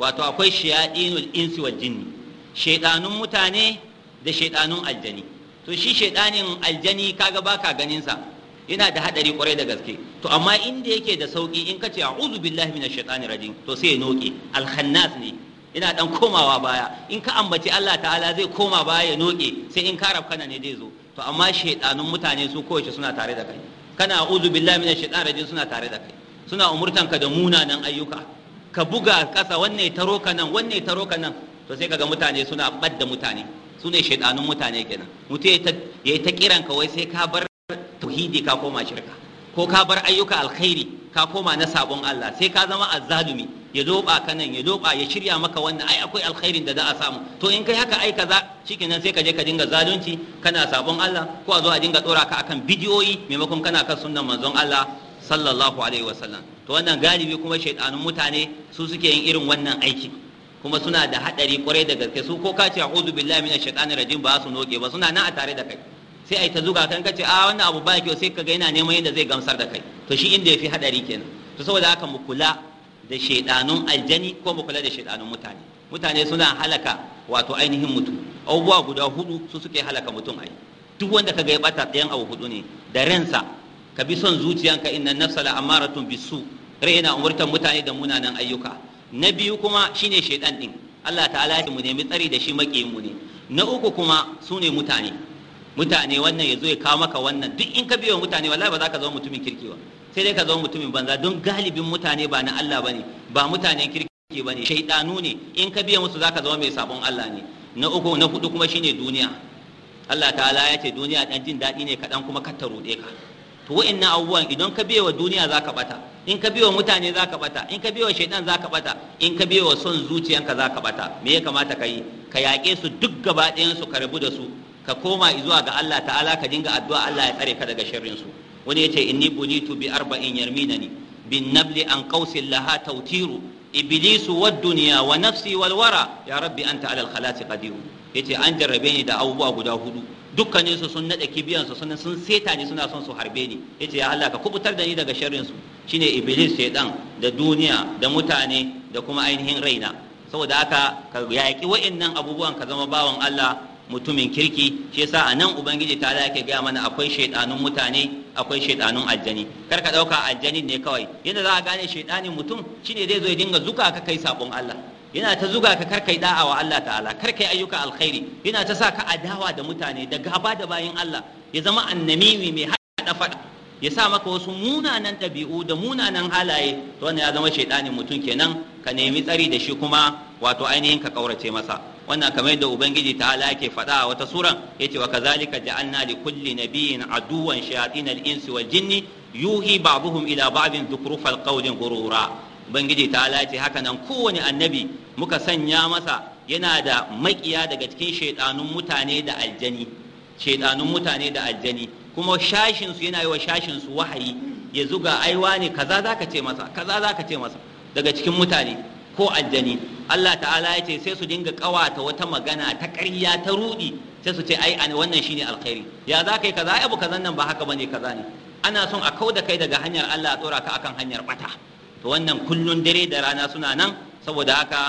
wato akwai shayadinul insi wal jinni shaidanun mutane da shaidanun aljani to shi shaiɗanin aljani kaga baka ganin sa yana da hadari kwarai da gaske to amma inda yake da sauki in kace a'udhu billahi minash shaitani rajim to sai ya noke al-khannas ne Ina dan komawa baya in ka ambaci Allah ta'ala zai koma baya ya noke sai in ka rafkana ne zai zo to amma shaidanun mutane su kowace suna tare da kai kana a'udhu billahi minash shaitani rajim suna tare da kai suna umurtanka da munanan ayyuka ka buga kasa wanne taro ka nan wanne taro ka nan to sai kaga mutane suna badda mutane su ne shaidanun mutane kenan mutum ya yi ta kiran ka wai sai ka bar tauhidi ka koma shirka ko ka bar ayyuka alkhairi ka koma na sabon Allah sai ka zama azzalumi ya doba ka nan ya doba ya shirya maka wannan ai akwai alkhairin da za a samu to in kai haka ai kaza shikenan sai ka je ka dinga zalunci kana sabon Allah ko a zo a dinga dora ka akan bidiyoyi maimakon kana kan sunnan manzon Allah sallallahu alaihi wasallam to wannan galibi kuma shaidanun mutane su suke yin irin wannan aiki kuma suna da hadari kwarai da gaske su ko ka ce a'udhu billahi minash shaitanir rajim ba su noke ba suna nan a tare da kai sai ai ta zuga kan ce a ah, wannan abu ba kyau sai kaga yana neman yadda zai gamsar da kai to shi inda fi hadari kenan to saboda haka mu kula da shaidanun aljani ko mu kula da shaidanun mutane mutane suna halaka wato ainihin mutum abubuwa guda hudu su suke halaka mutum ai duk wanda ka ya bata ɗayan abu hudu ne da ransa ka bi son zuciyanka inna nafsa la amaratun bisu rai yana umurtar mutane da munanan ayyuka na biyu kuma shine shaidan din Allah ta'ala ya mu nemi tsari da shi maƙiyin mu ne na uku kuma su ne mutane mutane wannan ya zo ya kawo maka wannan duk in ka biyo mutane wallahi ba za ka zama mutumin kirki ba sai dai ka zama mutumin banza don galibin mutane ba na Allah bane ba mutanen kirki bane shaidanu ne in ka biya musu za ka zama mai sabon Allah ne na uku na hudu kuma shine duniya Allah ta'ala ya ce duniya dan jin daɗi ne kaɗan kuma ka ruɗe ka to wa'annan abubuwan idan ka biya wa duniya ka bata in ka biya wa mutane ka bata in ka biya wa shaidan ka bata in ka biya wa son zuciyanka za ka bata me ya kamata ka yi ka yaƙe su duk gaba ɗayan su ka rabu da su ka koma zuwa ga Allah ta'ala ka dinga addu'a Allah ya tsare ka daga sharrin su wani yace inni bunitu bi arba'in yarminani bin nabli an qausil laha tawtiru iblisu wad dunya wa nafsi wal wara ya rabbi anta ala al qadir yace an jarrabe ni da abubuwa guda hudu dukkanin su sun nade kibiyan su sun sun seta ni suna son su harbe ni yace ya Allah ka kubutar da ni daga sharrin su shine iblis shaydan da duniya da mutane da kuma ainihin raina saboda haka ka yaki wa'annan abubuwan ka zama bawan Allah mutumin kirki shi yasa a nan ubangiji ta yake gaya mana akwai shaidanun mutane akwai shaidanun aljani kar ka dauka aljani ne kawai yadda za a gane shaidanin mutum shine zai zo ya dinga zuka ka kai sabon Allah yana ta zuga ka kar kai da'awa Allah ta'ala kar kai ayyuka alkhairi yana ta sa ka adawa da mutane da gaba da bayin Allah ya zama annamimi mai hada faɗa. ya sa maka wasu munanan ɗabi'u da munanan halaye to wannan ya zama shaidanin mutum kenan ka nemi tsari da shi kuma wato ainihin ka kaurace masa wannan kamar yadda ubangiji ta ala yake faɗa a wata suran ya ce wa kazalika ja'alna li kulli nabiyyin aduwan shayatin al-insi wal jinni yuhi ba'dhum ila ba'din dhukrufal qawli gurura. ubangiji ta ala ce haka nan kowane annabi muka sanya masa yana da makiya daga cikin shaidanun mutane da aljani shaidanun mutane da aljani kuma shashin yana yi wa shashinsu wahayi ya zuga aiwa ne kaza ka ce masa kaza ka ce masa daga cikin mutane ko aljani Allah ta'ala ya ce sai su dinga kawata wata magana ta ƙarya ta ruɗi. sai su ce ai wannan shine alkhairi ya za yi kaza ya abu kazan nan ba haka bane kaza ne ana son a kauda kai daga hanyar Allah a tsora ka akan hanyar bata to wannan kullun dare da rana suna nan saboda haka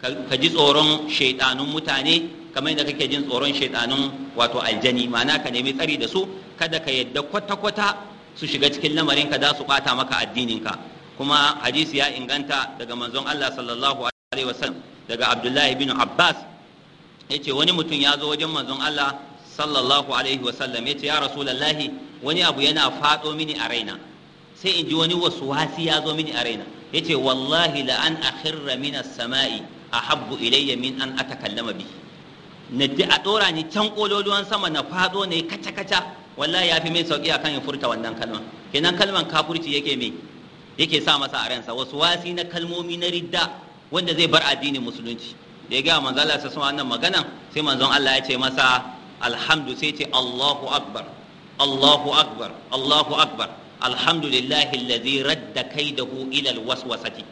ka ji tsoron shaiɗanun mutane kamar da kake jin tsoron shaiɗanun wato aljani ma'ana ka nemi tsari da su kada ka yadda kwata-kwata su shiga cikin lamarin ka za su bata maka addinin ka kuma hadisi ya inganta daga manzon Allah sallallahu alaihi wasallam daga Abdullahi bin Abbas yace wani mutum ya zo wajen manzon Allah sallallahu alaihi wasallam yace ya rasulullahi wani abu yana fado mini a raina sai in ji wani waswasi ya zo mini a raina yace wallahi la an akhirra min as-sama'i ahabbu ilayya min an atakallama bi na ji a dora ni can kololuwan sama na fado ne kaca kaca wallahi ya fi min sauki akan in furta wannan kalman. kenan kalman kafurci yake mai yake sa masa a ransa wasu wasi na kalmomi na ridda wanda zai bar addinin musulunci da ya gaya manzo Allah sai wannan magana sai manzon Allah ya ce masa alhamdu sai ce Allahu akbar Allahu akbar Allahu akbar alhamdulillahi alladhi radda kaidahu ila alwaswasati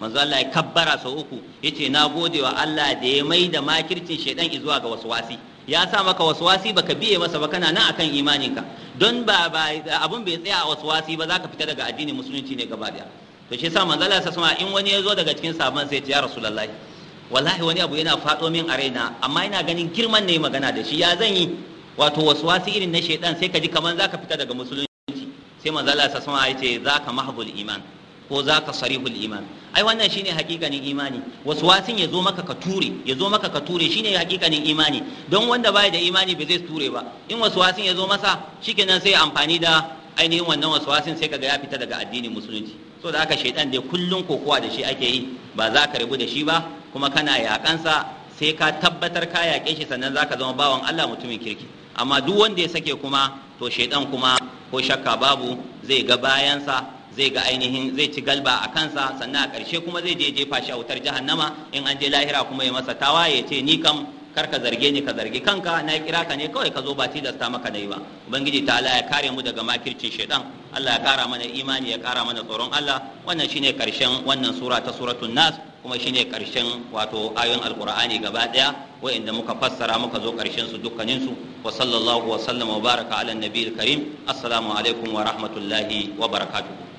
manzo Allah ya kabbara sau uku yace na gode wa Allah da ya mai da makircin shaidan izuwa ga waswasi ya sa maka waswasi baka biye masa ba kana nan akan imaninka don ba abun bai tsaya a waswasi ba zaka fita daga addinin musulunci ne gaba daya to shi yasa manzo Allah ya in wani ya zo daga cikin sabon sai ya ce ya rasulullahi wallahi wani abu yana faɗo min a raina amma ina ganin girman ne magana da shi ya zan yi wato waswasi irin na shaidan sai ka ji kaman zaka fita daga musulunci sai manzo Allah ya ce za ka mahbul iman ko za ka sarihul iman ai wannan shine hakikanin imani wasu wasin ya zo maka ka ture ya zo maka ka ture shine hakikanin imani don wanda bai da imani ba zai ture ba in wasu wasin ya zo masa shikenan sai amfani da ainihin wannan wasu wasin sai kaga ya fita daga addinin musulunci so da haka da dai kullun kokowa da shi ake yi ba za ka rabu da shi ba kuma kana yakansa sai ka tabbatar ka yake shi sannan za ka zama bawan Allah mutumin kirki amma duk wanda ya sake kuma to shaidan kuma ko shakka babu zai ga bayansa zai ga ainihin zai ci galba a kansa sannan a ƙarshe kuma zai je jefa shi a wutar jahannama in an je lahira kuma ya masa tawa ya ce ni kam kar ka zarge ni ka zargi kanka na kira ka ne kawai ka zo ba tilasta maka nayi ba ubangiji ta Allah ya kare mu daga makircin shaitan Allah ya kara mana imani ya kara mana tsoron Allah wannan shine karshen wannan sura ta suratul nas kuma shine karshen wato ayoyin alqur'ani gaba daya wa'inda muka fassara muka zo karshen su dukkanin su wa sallallahu wa sallama wa baraka ala nabiyil karim assalamu alaikum wa rahmatullahi wa barakatuh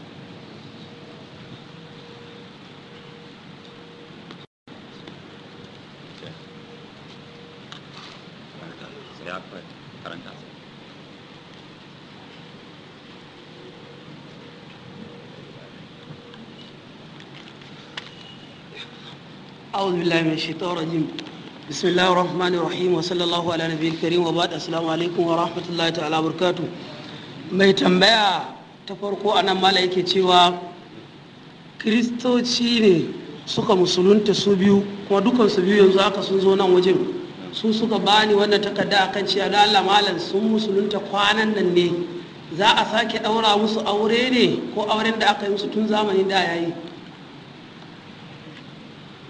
أعوذ بالله من الشيطان الرجيم بسم الله الرحمن الرحيم وصلى الله على نبي الكريم وبعد السلام عليكم ورحمة الله تعالى وبركاته mai tambaya ta farko a nan mala yake cewa kiristoci ne suka musulunta su biyu kuma dukan su biyu yanzu haka sun zo nan wajen su suka bani wannan takarda a kan cewa da Allah sun musulunta kwanan nan ne za a sake daura musu aure ne ko auren da aka yi musu tun zamanin da yayi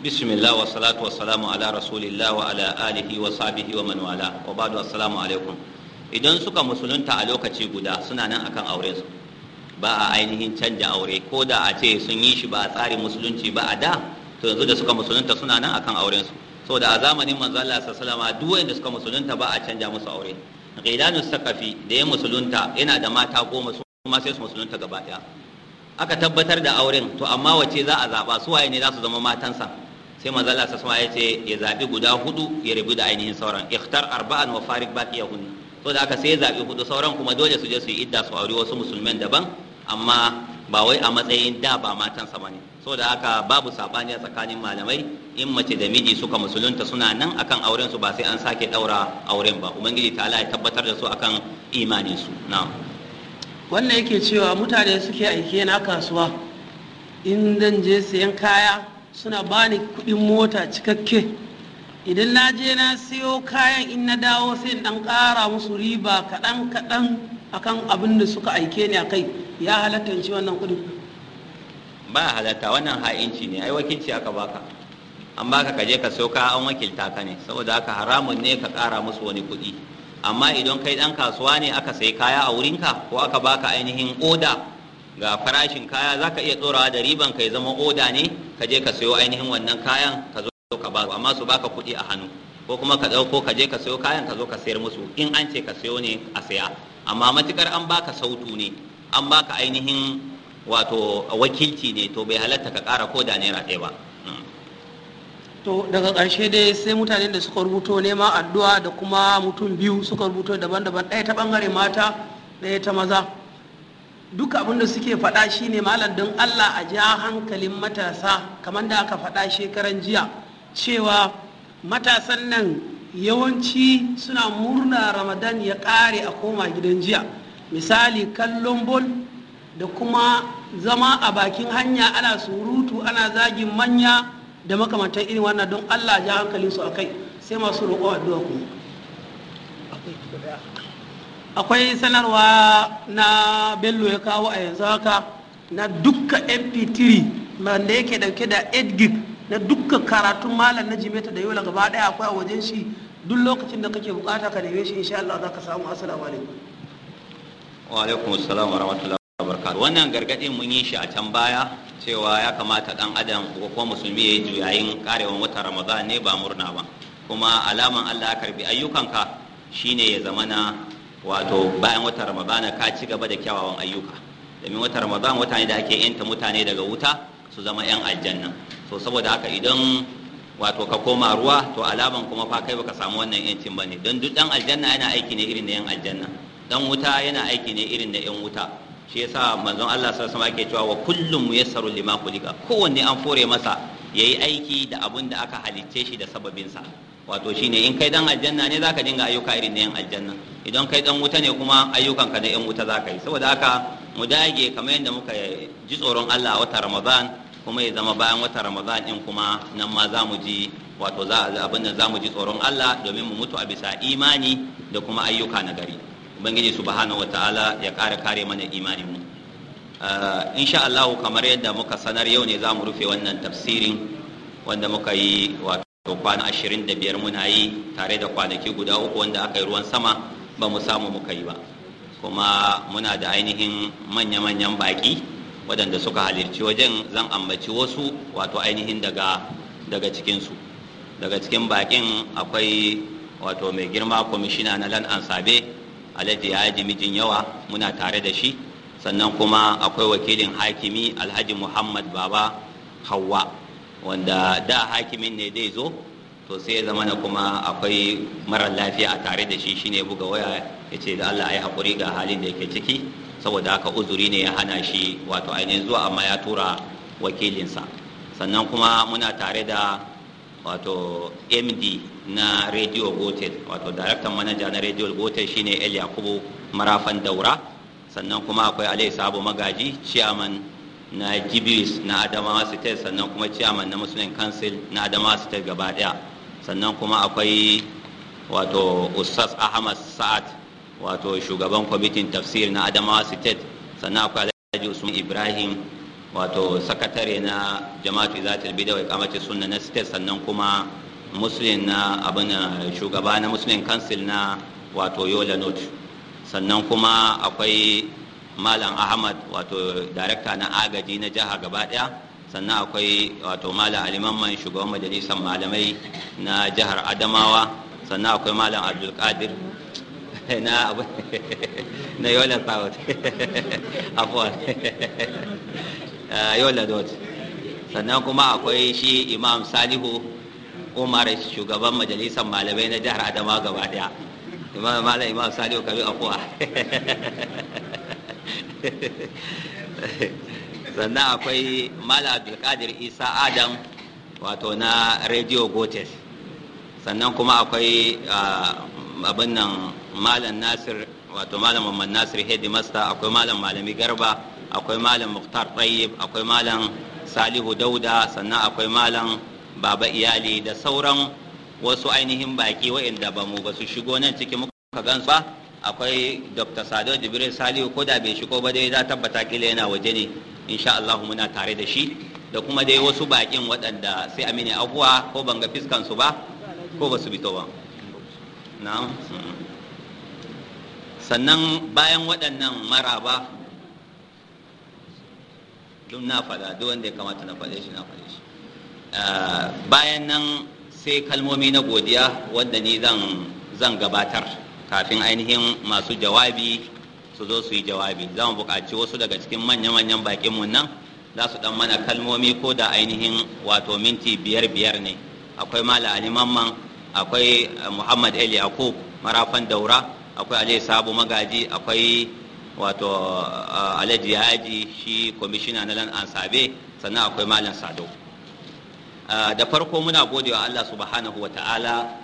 بسم الله والصلاة والسلام على ala rasulillah وعلى آله وصحبه wa والاه وبعد السلام عليكم alaikum idan suka musulunta a lokaci guda suna nan akan auren su ba a ainihin canja aure ko da a ce sun yi shi ba a tsarin musulunci ba a da to yanzu da suka musulunta suna nan akan auren su da a zamanin manzo Allah sallallahu alaihi duk wanda suka musulunta ba a canja musu aure ghilanu sakafi da ya musulunta yana da mata goma su kuma sai su musulunta gaba aka tabbatar da auren to amma wace za a zaba su waye ne za su zama matansa sai manzon Allah ya ce ya zabi guda hudu ya rabu da ainihin sauran ikhtar arba'an wa farik hunna. to da aka sai ya zabi hudu sauran kuma dole su je su yi idda su auri wasu musulmai daban amma ba wai a matsayin da ba matan sama bane so da aka babu sabani tsakanin malamai in mace da miji suka musulunta suna nan akan auren su ba sai an sake daura auren ba ubangiji ta ya tabbatar da su akan imanin su na'am wannan yake cewa mutane suke aike na kasuwa in zan je sayan kaya suna bani kuɗin mota cikakke idan na je na siyo kayan in na dawo sai dan kara musu riba kaɗan kaɗan akan abin da suka aike ni a ya halatta ci wannan kudin ba halatta wannan ha'inci ne ai wakilci aka baka amma ka kaje ka so ka an wakilta ka ne saboda haka haramun ne ka kara musu wani kuɗi amma idan kai ɗan kasuwa ne aka sayi kaya a wurinka ko aka baka ainihin oda ga farashin kaya za ka iya tsorawa da riban ka ya zama oda ne ka je ka sayo ainihin wannan kayan ka zo ka ba amma su baka kuɗi a hannu ko kuma ka ɗauko ka je ka sayo kayan ka zo ka sayar musu in an ce ka sayo ne a saya amma matukar an baka sautu ne an baka ainihin wato wakilci ne to bai halatta ka ƙara ko da naira ɗaya ba hmm. to daga ƙarshe dai sai mutanen da suka rubuto neman addu'a da kuma mutum biyu suka rubuto daban-daban ɗaya ta ɓangare mata ɗaya ta maza duka abin da suke faɗa shine malam don allah a ja hankalin matasa kamar da aka faɗa shekaran jiya cewa matasan nan yawanci suna murna ramadan ya ƙare a koma gidan jiya misali kallon bol da kuma zama a bakin hanya ana surutu ana zagin manya da makamantan irin wannan don allah ja hankalinsu a kai sai masu roƙo addu'a kuma akwai sanarwa na bello ya kawo a yanzu haka na duka mp3 wanda yake dauke da 8 gig na duka karatun malam na jimeta da yola gaba daya akwai a wajen shi duk lokacin da kake bukata ka neme shi insha Allah za ka samu assalamu alaikum wa alaikum assalam wa rahmatullahi wa barakatuh wannan gargadin mun yi shi a can baya cewa ya kamata dan adam ko kuma musulmi ya yi juyayin karewan watan ramadan ne ba murna ba kuma alaman Allah ya karbi ayyukanka shine ya zamana wato bayan wata ramadana ka ci gaba da kyawawan ayyuka domin wata ramadana wata ne da ake yanta mutane daga wuta su zama yan aljanna to saboda haka idan wato ka koma ruwa to alaman kuma fa kai baka samu wannan yancin bane don duk dan aljanna yana aiki ne irin na yan aljanna dan wuta yana aiki ne irin na yan wuta shi yasa manzon Allah sallallahu alaihi wasallam ake cewa wa kullum muyassaru lima kulika kowanne an fore masa yayi aiki da abun da aka halicce shi da sababin sa wato shine in kai dan aljanna ne zaka dinga ayyuka irin na yan aljanna idan kai dan wuta ne kuma ayyukan ka na yan wuta zaka yi saboda haka mu dage kamar yadda muka ji tsoron Allah a wata Ramadan kuma ya zama bayan wata Ramadan din kuma nan ma za mu ji wato za abin nan za mu ji tsoron Allah domin mu mutu a bisa imani da kuma ayyuka na gari ubangiji subhanahu wataala ya kare kare mana imani mu ah, insha Allah kamar yadda muka sanar yau ne za mu rufe wannan tafsirin wanda muka yi wato to kwana ashirin da biyar muna yi tare da kwanaki guda uku wanda aka yi ruwan sama ba mu samu muka yi ba kuma muna da ainihin manya-manyan baki waɗanda suka halarci wajen zan ambaci wasu wato ainihin daga daga cikinsu daga cikin bakin akwai wato mai girma kwamishina na lan ansabe alhaji ya yaji mijin yawa muna tare da shi sannan kuma akwai wakilin hakimi alhaji muhammad baba hawa wanda da hakimin ne zai zo to sai ya zama kuma akwai marar lafiya a tare da shi shine buga waya ya ce da Allah ya haƙuri ga halin da yake ciki saboda haka uzuri ne ya hana shi wato ainihin zuwa amma ya tura wakilinsa sannan kuma muna tare da wato md na radio gotel wato director manager na radio gotel shine el yakubu marafan daura sannan kuma akwai alai sabu magaji chairman na jibris na adamawa state sannan kuma chairman na muslim council na adamawa state gaba daya sannan kuma akwai wato ustaz ahmad sa'ad wato shugaban kwamitin tafsir na adamawa state sannan akwai alhaji usman ibrahim wato sakatare na jama'atu izatul bidawai wa iqamati sunna na state sannan kuma muslim na abin shugaba na muslim council na wato yola note sannan kuma akwai malam ahmad wato darakta na agaji na jiha gaba daya sannan akwai wato malam aliman shugaban majalisar malamai na jihar adamawa sannan akwai malam abdulkadir [LAUGHS] na abu [LAUGHS] na yola south [LAUGHS] afuwan eh, yola dot sannan kuma akwai shi imam salihu umar shugaban majalisar malamai na jihar adamawa gaba daya imam malam imam salihu kabi afuwa [LAUGHS] sannan akwai mala abdulkadir isa adam wato na radio gotes sannan kuma akwai abin nan malam nasir wato malam muhammad nasir masta akwai malam malami garba akwai malam muktar tayyib akwai malam salihu dauda sannan akwai malam baba iyali da sauran wasu ainihin baki waɗanda ba mu ba su shigo nan ciki muka gansu ba akwai dr sado jibril salihu ko da bai shigo ba dai za tabbata kila yana waje ne insha Allah muna tare da shi da kuma dai wasu bakin waɗanda sai amini abuwa ko ban ga fiskan su ba ko ba su bito ba na'am sannan bayan waɗannan ba duk na fada duk wanda ya kamata na faɗe shi na faɗe shi ah, bayan nan sai kalmomi na godiya wanda ni zan gabatar kafin ainihin masu jawabi su zo su yi jawabi za mu buƙaci wasu daga cikin manya-manyan baƙinmu nan za su ɗan mana kalmomi ko da ainihin wato minti biyar biyar ne akwai mala ali mamman akwai eh, muhammad eli akub marafan daura akwai ali sabu magaji akwai wato eh, alaji yaji shi kwamishina na lan ansabe sannan akwai malam Sadau. Eh, da farko muna godewa allah subhanahu wa ta'ala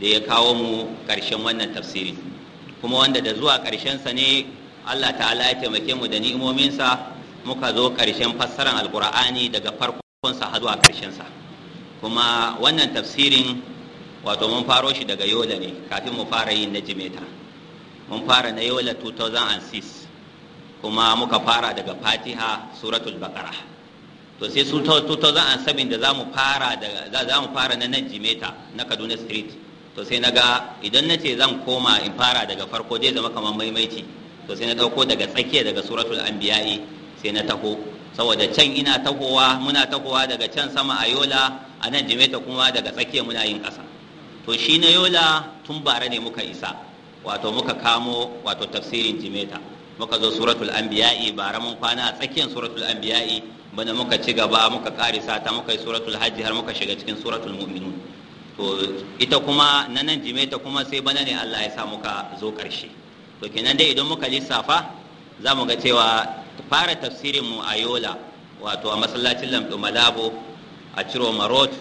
da ya kawo mu ƙarshen wannan tafsiri kuma wanda da zuwa sa ne Allah ta'ala ya taimake mu da ni'imominsa muka zo ƙarshen fassarar alkur'ani daga farkonsa har zuwa sa. kuma wannan tafsirin wato mun faro shi daga yola ne kafin mu fara yin na jimeta mun fara na yola 2006 kuma muka fara daga fatiha suratul baqara to sai su 2007 da za mu fara na nan jimeta na kaduna street to sai na ga idan na ce zan koma in fara daga farko zai zama kamar maimaici to sai na ɗauko daga tsakiya daga suratul anbiya'i sai na taho saboda can ina tahowa muna tahowa daga can sama a yola a nan jimeta kuma daga tsakiya muna yin ƙasa to shi na yola tun bara ne muka isa wato muka kamo wato tafsirin jimeta muka zo suratul anbiya'i bara mun kwana a tsakiyar suratul anbiya'i bana muka ci gaba muka karisa ta muka yi suratul hajji har muka shiga cikin suratul mu'minun to ita kuma na nan jimeta kuma sai bana ne Allah ya sa muka zo ƙarshe to kenan dai idan muka lissafa za mu ga cewa fara tafsirin mu a yola wato a masallacin lamɗo malabo a ciro marot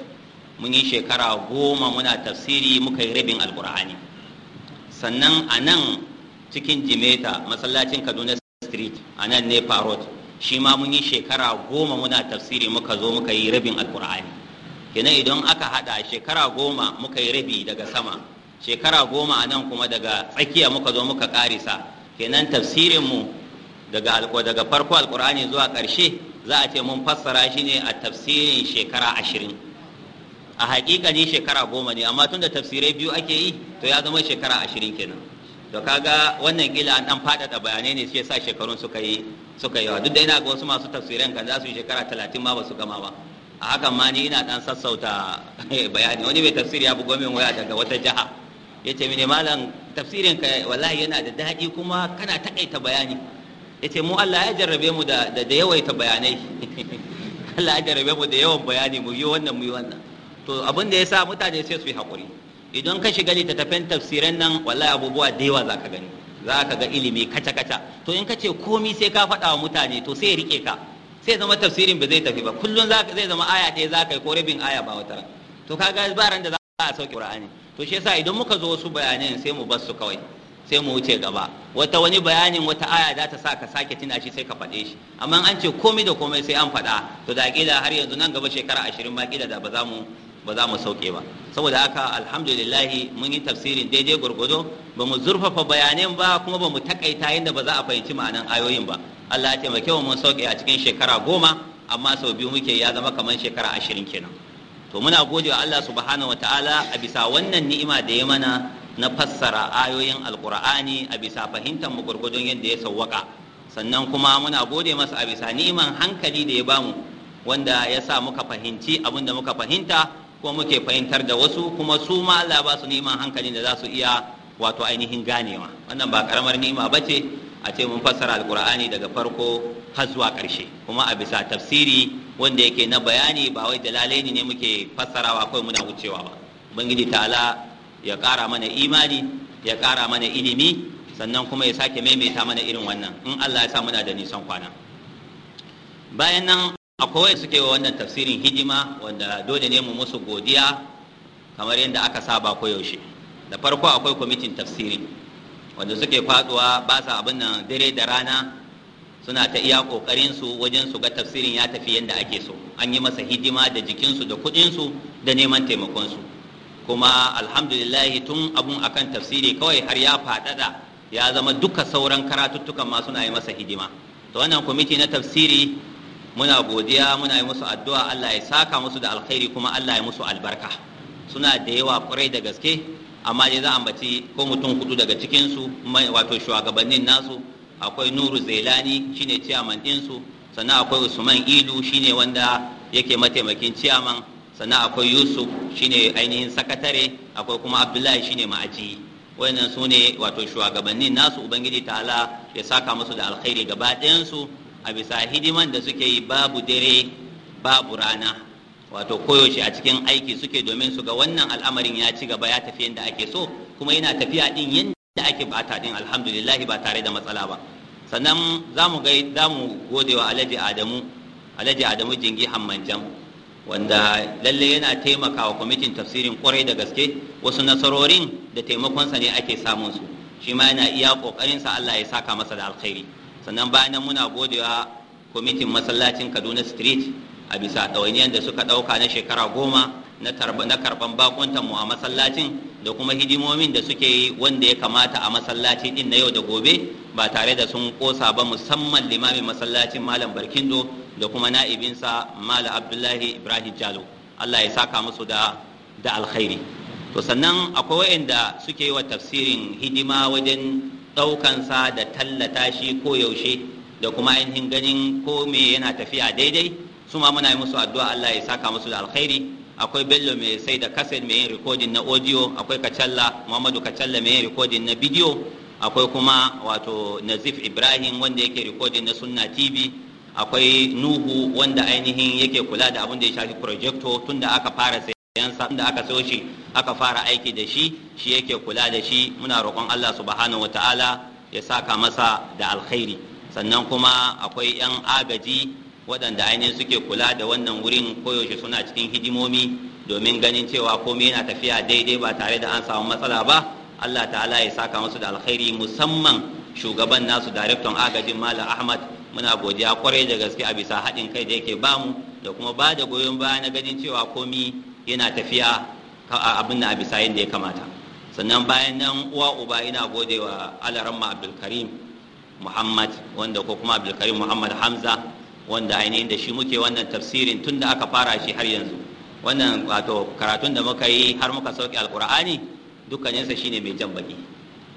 mun yi shekara goma muna tafsiri muka yi rabin alkur'ani sannan a nan cikin jimeta masallacin kaduna street a nan nepa road shi ma mun yi shekara goma muna tafsiri muka zo muka yi rabin alkur'ani kenan idan aka hada shekara goma muka yi rabi daga sama shekara goma a nan kuma daga tsakiya muka zo muka karisa kenan tafsirinmu daga daga farko alkur'ani zuwa karshe za a ce mun fassara shi ne a tafsirin shekara ashirin a haƙiƙani shekara goma ne amma tunda tafsirai biyu ake yi to ya zama shekara ashirin kenan to kaga wannan gila an dan faɗaɗa bayanai ne sai sa shekarun suka yi suka yawa duk da ina ga wasu masu tafsirin kan za su yi shekara talatin ma ba su gama ba a hakan ma ni ina dan sassauta [LAUGHS] bayani wani mai tafsiri ya bu min waya daga wata jiha yace mini malam tafsirin ka wallahi yana da daɗi kuma kana takaita bayani yace mu Allah ya jarrabe mu da da yawaita bayanai [LAUGHS] Allah ya jarrabe mu da yawan bayani mu yi wannan mu yi wannan to abin da yasa mutane sai su yi hakuri idan ka shiga littattafan tafsiran nan wallahi abubuwa da yawa zaka gani zaka ga ilimi kaca kaca to in ka ce komi sai ka faɗa wa mutane to sai ya rike ka sai zama tafsirin ba zai tafi ba kullum zai zama aya ɗaya za ka yi ko rabin aya ba wata to kaga ba ran da za a sauke qur'ani to shi yasa idan muka zo wasu bayanan sai mu bar su kawai sai mu wuce gaba wata wani bayanin wata aya za ta sa ka sake tuna shi sai ka faɗe shi amma an ce komai da komai sai an faɗa to da kila har yanzu nan gaba shekara ashirin ma kila da ba za mu ba za mu sauke ba saboda haka alhamdulillahi mun yi tafsirin daidai gwargwado ba mu zurfafa bayanin ba kuma ba mu takaita yadda ba za a fahimci ma'anan ayoyin ba Allah ya taimake mu mun sauke a cikin shekara goma amma sau biyu muke ya zama kamar shekara ashirin kenan to muna gode wa Allah subhanahu ta'ala a bisa wannan ni'ima da ya mana na fassara ayoyin alkur'ani a bisa fahimtar mu gwargwadon yadda ya sawwaka sannan kuma muna gode masa a bisa ni'iman hankali da ya bamu wanda ya sa muka fahimci abin da muka fahimta ko muke fahimtar da wasu kuma su ma Allah ba su neman hankalin da za su iya wato ainihin ganewa wannan ba karamar ni'ima ba ce a ce mun fassara alkur'ani daga farko har zuwa ƙarshe kuma a bisa tafsiri wanda yake na bayani ba wai dalalaini ne muke fassarawa kawai muna wucewa ba ubangiji ta'ala ya ƙara mana imani ya ƙara mana ilimi sannan kuma ya sake maimaita mana irin wannan in Allah ya sa muna da nisan kwana bayan nan akwai wai suke wa wannan tafsirin hidima wanda dole ne mu musu godiya kamar yadda aka saba ko yaushe. da farko akwai kwamitin tafsiri wanda suke faduwa ba sa abin nan dare da rana suna ta iya kokarin su wajen su ga tafsirin ya tafi yadda ake so an yi masa hidima da jikinsu da su da neman taimakon su kuma alhamdulillah tun abun akan tafsiri kawai har ya fadada ya zama duka sauran karatuttukan ma suna yi masa hidima to wannan kwamiti na tafsiri muna godiya muna yi musu addu'a Allah ya saka musu da alkhairi kuma Allah ya musu albarka suna da yawa kwarai da gaske amma dai za a ambaci ko mutum hudu daga cikin su wato shugabannin nasu akwai Nuru Zailani shine chairman din su sannan akwai Usman Ilu shine wanda yake mataimakin ciyaman sannan akwai Yusuf shine ainihin sakatare akwai kuma Abdullahi shine ma'aji wannan sune wato shugabannin nasu ubangiji ta'ala ya saka musu da alkhairi gaba ɗayansu a bisa hidiman da suke yi babu dare babu rana wato koyaushe a cikin aiki suke domin su ga wannan al'amarin ya ci gaba ya tafi yadda ake so kuma yana tafiya din yadda ake bata din alhamdulillah ba tare da matsala ba sannan za mu gode wa alhaji adamu alhaji adamu jingi hammanjam wanda lalle yana taimakawa kwamitin tafsirin kwarai da gaske wasu nasarorin da taimakonsa ne ake samun su shi ma yana iya kokarinsa Allah ya saka masa da alkhairi sannan bayan muna godewa kwamitin masallacin kaduna street a bisa ɗawainiyar da suka ɗauka na shekara goma na karban bakuntan mu a masallacin da kuma hidimomin da suke yi wanda ya kamata a masallaci din na yau da gobe ba tare da sun ƙosa ba musamman limamin masallacin malam barkindo da kuma na'ibinsa malam abdullahi ibrahim jalo allah ya saka musu da da alkhairi to sannan akwai wa'anda suke yi wa tafsirin hidima wajen ɗaukansa da tallata shi ko yaushe da kuma ainihin ganin ko me yana tafiya daidai su ma muna yi musu addu'a Allah ya saka musu da alkhairi akwai bello mai sai da kaset mai yin rikodin na audio akwai kacalla muhammadu kacalla mai yin rikodin na bidiyo akwai kuma wato nazif ibrahim wanda yake rikodin na sunna tv akwai nuhu wanda ainihin yake kula da abin da ya shafi projecto tunda aka fara kansa da aka so shi aka fara aiki da shi shi yake kula da shi muna roƙon Allah subhanahu ta'ala ya saka masa da alkhairi sannan kuma akwai 'yan agaji waɗanda ainihin suke kula da wannan wurin koyaushe suna cikin hidimomi domin ganin cewa komai yana tafiya daidai ba tare da an samu matsala ba Allah ta'ala ya saka masu da alkhairi musamman shugaban nasu daraktan agajin malam ahmad muna godiya kwarai da gaske a bisa haɗin kai da yake bamu da kuma ba da goyon baya na ganin cewa komi yana tafiya abin da a bisa yadda ya kamata sannan bayan nan uwa uba ina gode wa alaramma abdulkarim muhammad wanda ko kuma abdulkarim muhammad hamza wanda ainihin da shi muke wannan tafsirin tun da aka fara shi har yanzu wannan wato karatun da muka yi har muka sauke alkur'ani dukkaninsa shine mai jan baki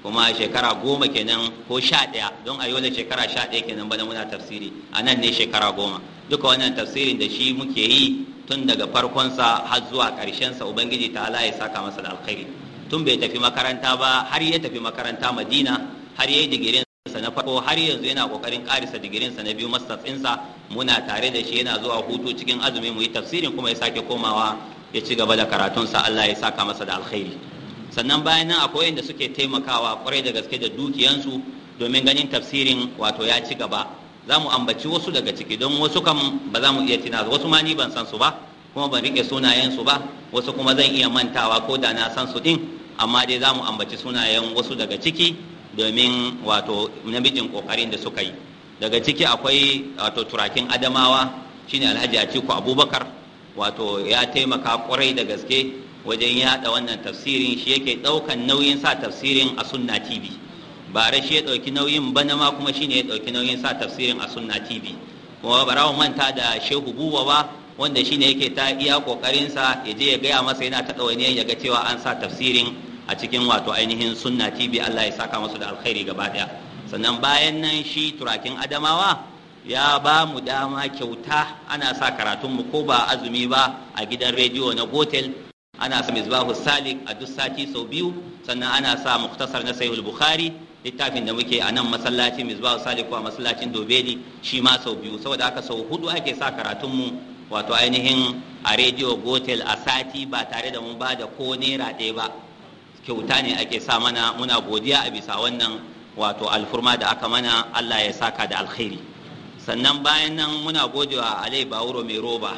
kuma shekara goma kenan ko sha ɗaya don a yi shekara sha ɗaya kenan bana muna tafsiri a nan ne shekara goma duka wannan tafsirin da shi muke yi tun daga farkonsa har zuwa sa ubangiji ta ya saka masa da alkhairi tun bai tafi makaranta ba har ya tafi makaranta madina har ya yi digirinsa na farko har yanzu yana ƙoƙarin digirin digirinsa na biyu masters sa muna tare da shi yana zuwa hutu cikin azumi mu yi tafsirin kuma ya sake komawa ya ci gaba da karatun sa allah ya saka masa da alkhairi sannan bayan nan akwai wanda suke taimakawa kwarai da gaske da dukiyansu domin ganin tafsirin wato ya ci gaba za mu ambaci wasu daga ciki don wasu kam ba za mu iya tina wasu ma ni ban san su ba kuma ban rike sunayen su ba wasu kuma zan iya mantawa ko da na san su din amma dai za mu ambaci sunayen wasu daga ciki domin wato namijin kokarin da suka yi daga ciki akwai wato turakin adamawa shine alhaji atiku abubakar wato ya taimaka kwarai da gaske wajen yada wannan tafsirin shi yake ɗaukan nauyin sa tafsirin a sunna tv bare shi ya ɗauki nauyin bana ma kuma shine ya ɗauki nauyin sa tafsirin a sunna tv kuma bara manta da shehu buwa ba wanda shine yake ta iya kokarinsa ya je ya gaya masa yana ta ɗawainiyar ya ga cewa an sa tafsirin a cikin wato ainihin sunna tv allah ya saka masu da alkhairi gaba ɗaya sannan bayan nan shi turakin adamawa ya ba mu dama kyauta ana sa karatun mu ko ba azumi ba a gidan rediyo na gotel ana sa misbahu salik a duk sati sau biyu sannan ana sa muktasar na sahihul bukhari littafin da muke a nan masallacin misbahu saliku a masallacin dobeli shi ma sau biyu saboda aka sau hudu ake sa karatunmu wato ainihin a rediyo gotel a sati ba tare da mun ba da ko naira ɗaya ba kyauta ne ake sa mana muna godiya a bisa wannan wato alfurma da aka mana allah ya saka da alkhairi sannan bayan nan muna godewa alai bawuro mai roba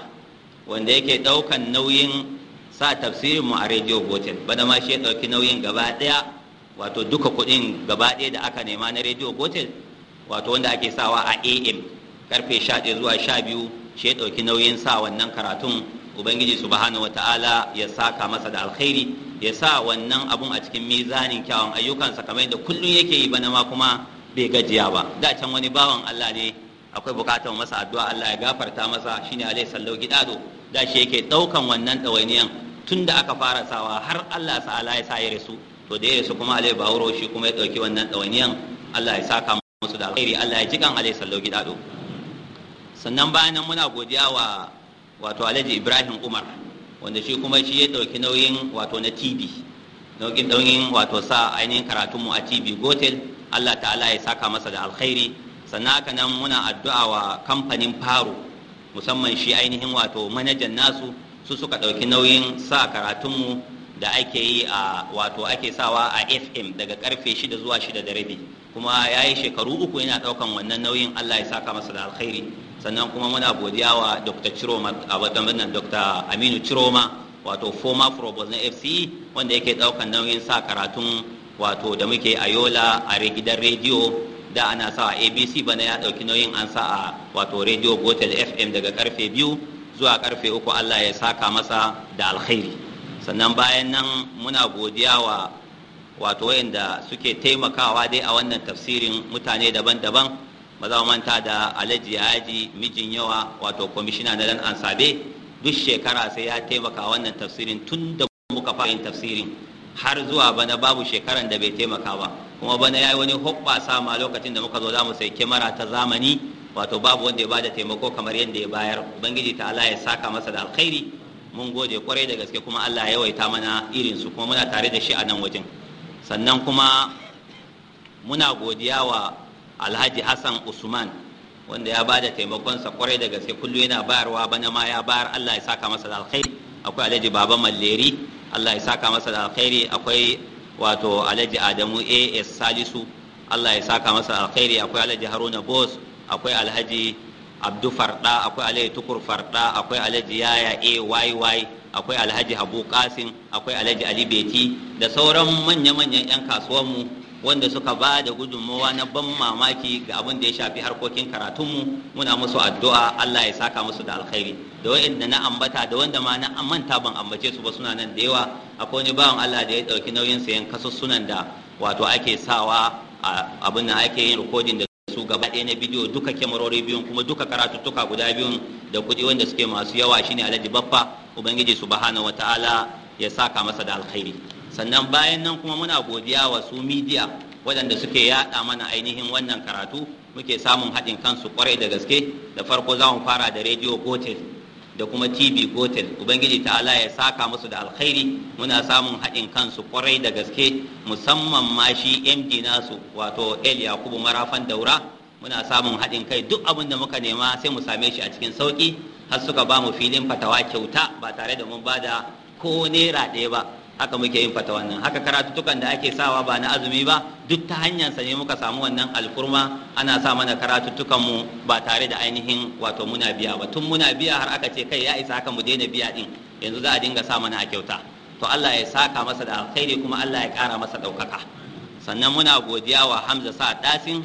wanda yake ɗaukan nauyin sa tafsirinmu a rediyo gotel bada ma shi ya ɗauki nauyin gaba ɗaya wato duka kuɗin gaba ɗaya da aka nema na rediyo gotel wato wanda ake sawa a am karfe 11 zuwa sha biyu shi ya ɗauki nauyin sa wannan karatun ubangiji subhanahu wata'ala ya saka masa da alkhairi ya sa wannan abun a cikin mizanin kyawun ayyukansa kamar yadda kullum yake yi bana ma kuma bai gajiya ba da can wani bawan Allah ne akwai bukatar masa addu'a Allah ya gafarta masa shine alai sallau gidado da shi yake ɗaukan wannan ɗawainiyan tun da aka fara sawa har Allah sa'ala ya sa ya rasu to da ya rasu kuma alai bawuro shi kuma ya ɗauki wannan ɗawainiyan Allah ya saka musu da alkhairi Allah ya ji kan alai sallau gidado sannan bayan nan muna godiya wa wato alhaji Ibrahim Umar wanda shi kuma shi ya ɗauki nauyin wato na TV nauyin dauyin wato sa ainihin karatun mu a TV Gotel Allah ta'ala ya saka masa da alkhairi sannan haka nan muna addu'a wa kamfanin Faro musamman shi ainihin wato manajan nasu su suka ɗauki nauyin sa karatunmu da ake yi a wato ake sawa a fm daga karfe shida zuwa shida da rabi kuma ya yi shekaru uku yana daukan wannan nauyin allah ya saka masa da alkhairi sannan kuma muna godiya wa dr chiroma a wannan dr aminu chiroma wato former provost na fce wanda yake daukan nauyin sa karatun wato da muke a yola a gidan rediyo da ana sa a abc bana ya dauki nauyin an sa a wato rediyo gotel fm daga karfe biyu zuwa karfe uku allah ya saka masa da alkhairi sannan bayan nan muna godiya wa wato wayanda suke taimakawa dai a wannan tafsirin mutane daban-daban ba za manta da alhaji yaji mijin yawa wato kwamishina na dan ansabe duk shekara sai ya taimaka wannan tafsirin tun da muka fara yin tafsirin har zuwa bana babu shekaran da bai taimaka ba kuma bana yayi wani hoɓɓasa ma lokacin da muka zo zamu mu sai kyamara ta zamani wato babu wanda ya bada taimako kamar yadda ya bayar bangiji ta Allah ya saka masa da alkhairi mun gode kwarai da gaske kuma Allah ya yawaita mana irin su kuma muna tare da shi a nan wajen sannan kuma muna godiya wa Alhaji Hassan Usman wanda ya ba da taimakonsa kwarai da gaske kullu yana bayarwa bana ma ya bayar Allah ya saka masa da alkhairi akwai Alhaji Baba Malleri Allah ya saka masa da alkhairi akwai wato Alhaji Adamu AS Salisu Allah ya saka masa alkhairi akwai Alhaji Haruna Bos akwai Alhaji abdu farda akwai alhaji tukur farda akwai alhaji yaya ayy akwai alhaji habu kasim akwai alhaji ali beti da sauran manya-manyan 'yan kasuwanmu wanda suka ba da gudunmawa na ban mamaki ga abin da ya shafi harkokin karatunmu muna musu addu'a Allah ya saka musu da alkhairi da wa'inda na ambata da wanda ma na manta ban ambace su ba suna nan da yawa akwai wani bawan Allah da ya ɗauki nauyin sayan kasussunan da wato ake sawa abin da ake yin rikodin da su gaba ɗaya na bidiyo duka kyamarori biyun kuma duka karatuttuka guda biyun da kuɗi wanda suke masu yawa shine alhaji baffa ubangiji subhanahu wataala ya saka masa da alkhairi sannan bayan nan kuma muna godiya wa su midiya waɗanda suke yaɗa mana ainihin wannan karatu muke samun haɗin kansu kwarai da gaske da farko za mu fara da rediyo gotel da kuma tv gotel ubangiji ta'ala ya saka musu da alkhairi muna samun haɗin kansu kwarai da gaske musamman ma shi md nasu wato el yakubu marafan daura muna samun haɗin kai duk abin da muka nema sai mu same shi a cikin sauƙi har suka ba mu filin fatawa kyauta ba tare da mun bada ko naira ɗaya ba haka muke yin fata wannan haka karatutukan da ake sawa ba na azumi ba duk ta hanyar sa ne muka samu wannan alkurma ana sa mana karatutukan mu ba tare da ainihin wato muna biya ba tun muna biya har aka ce kai ya isa haka mu daina biya din yanzu za a dinga sa mana a kyauta to Allah ya saka masa da alkhairi kuma Allah ya kara masa daukaka sannan muna godiya wa Hamza sa Dasin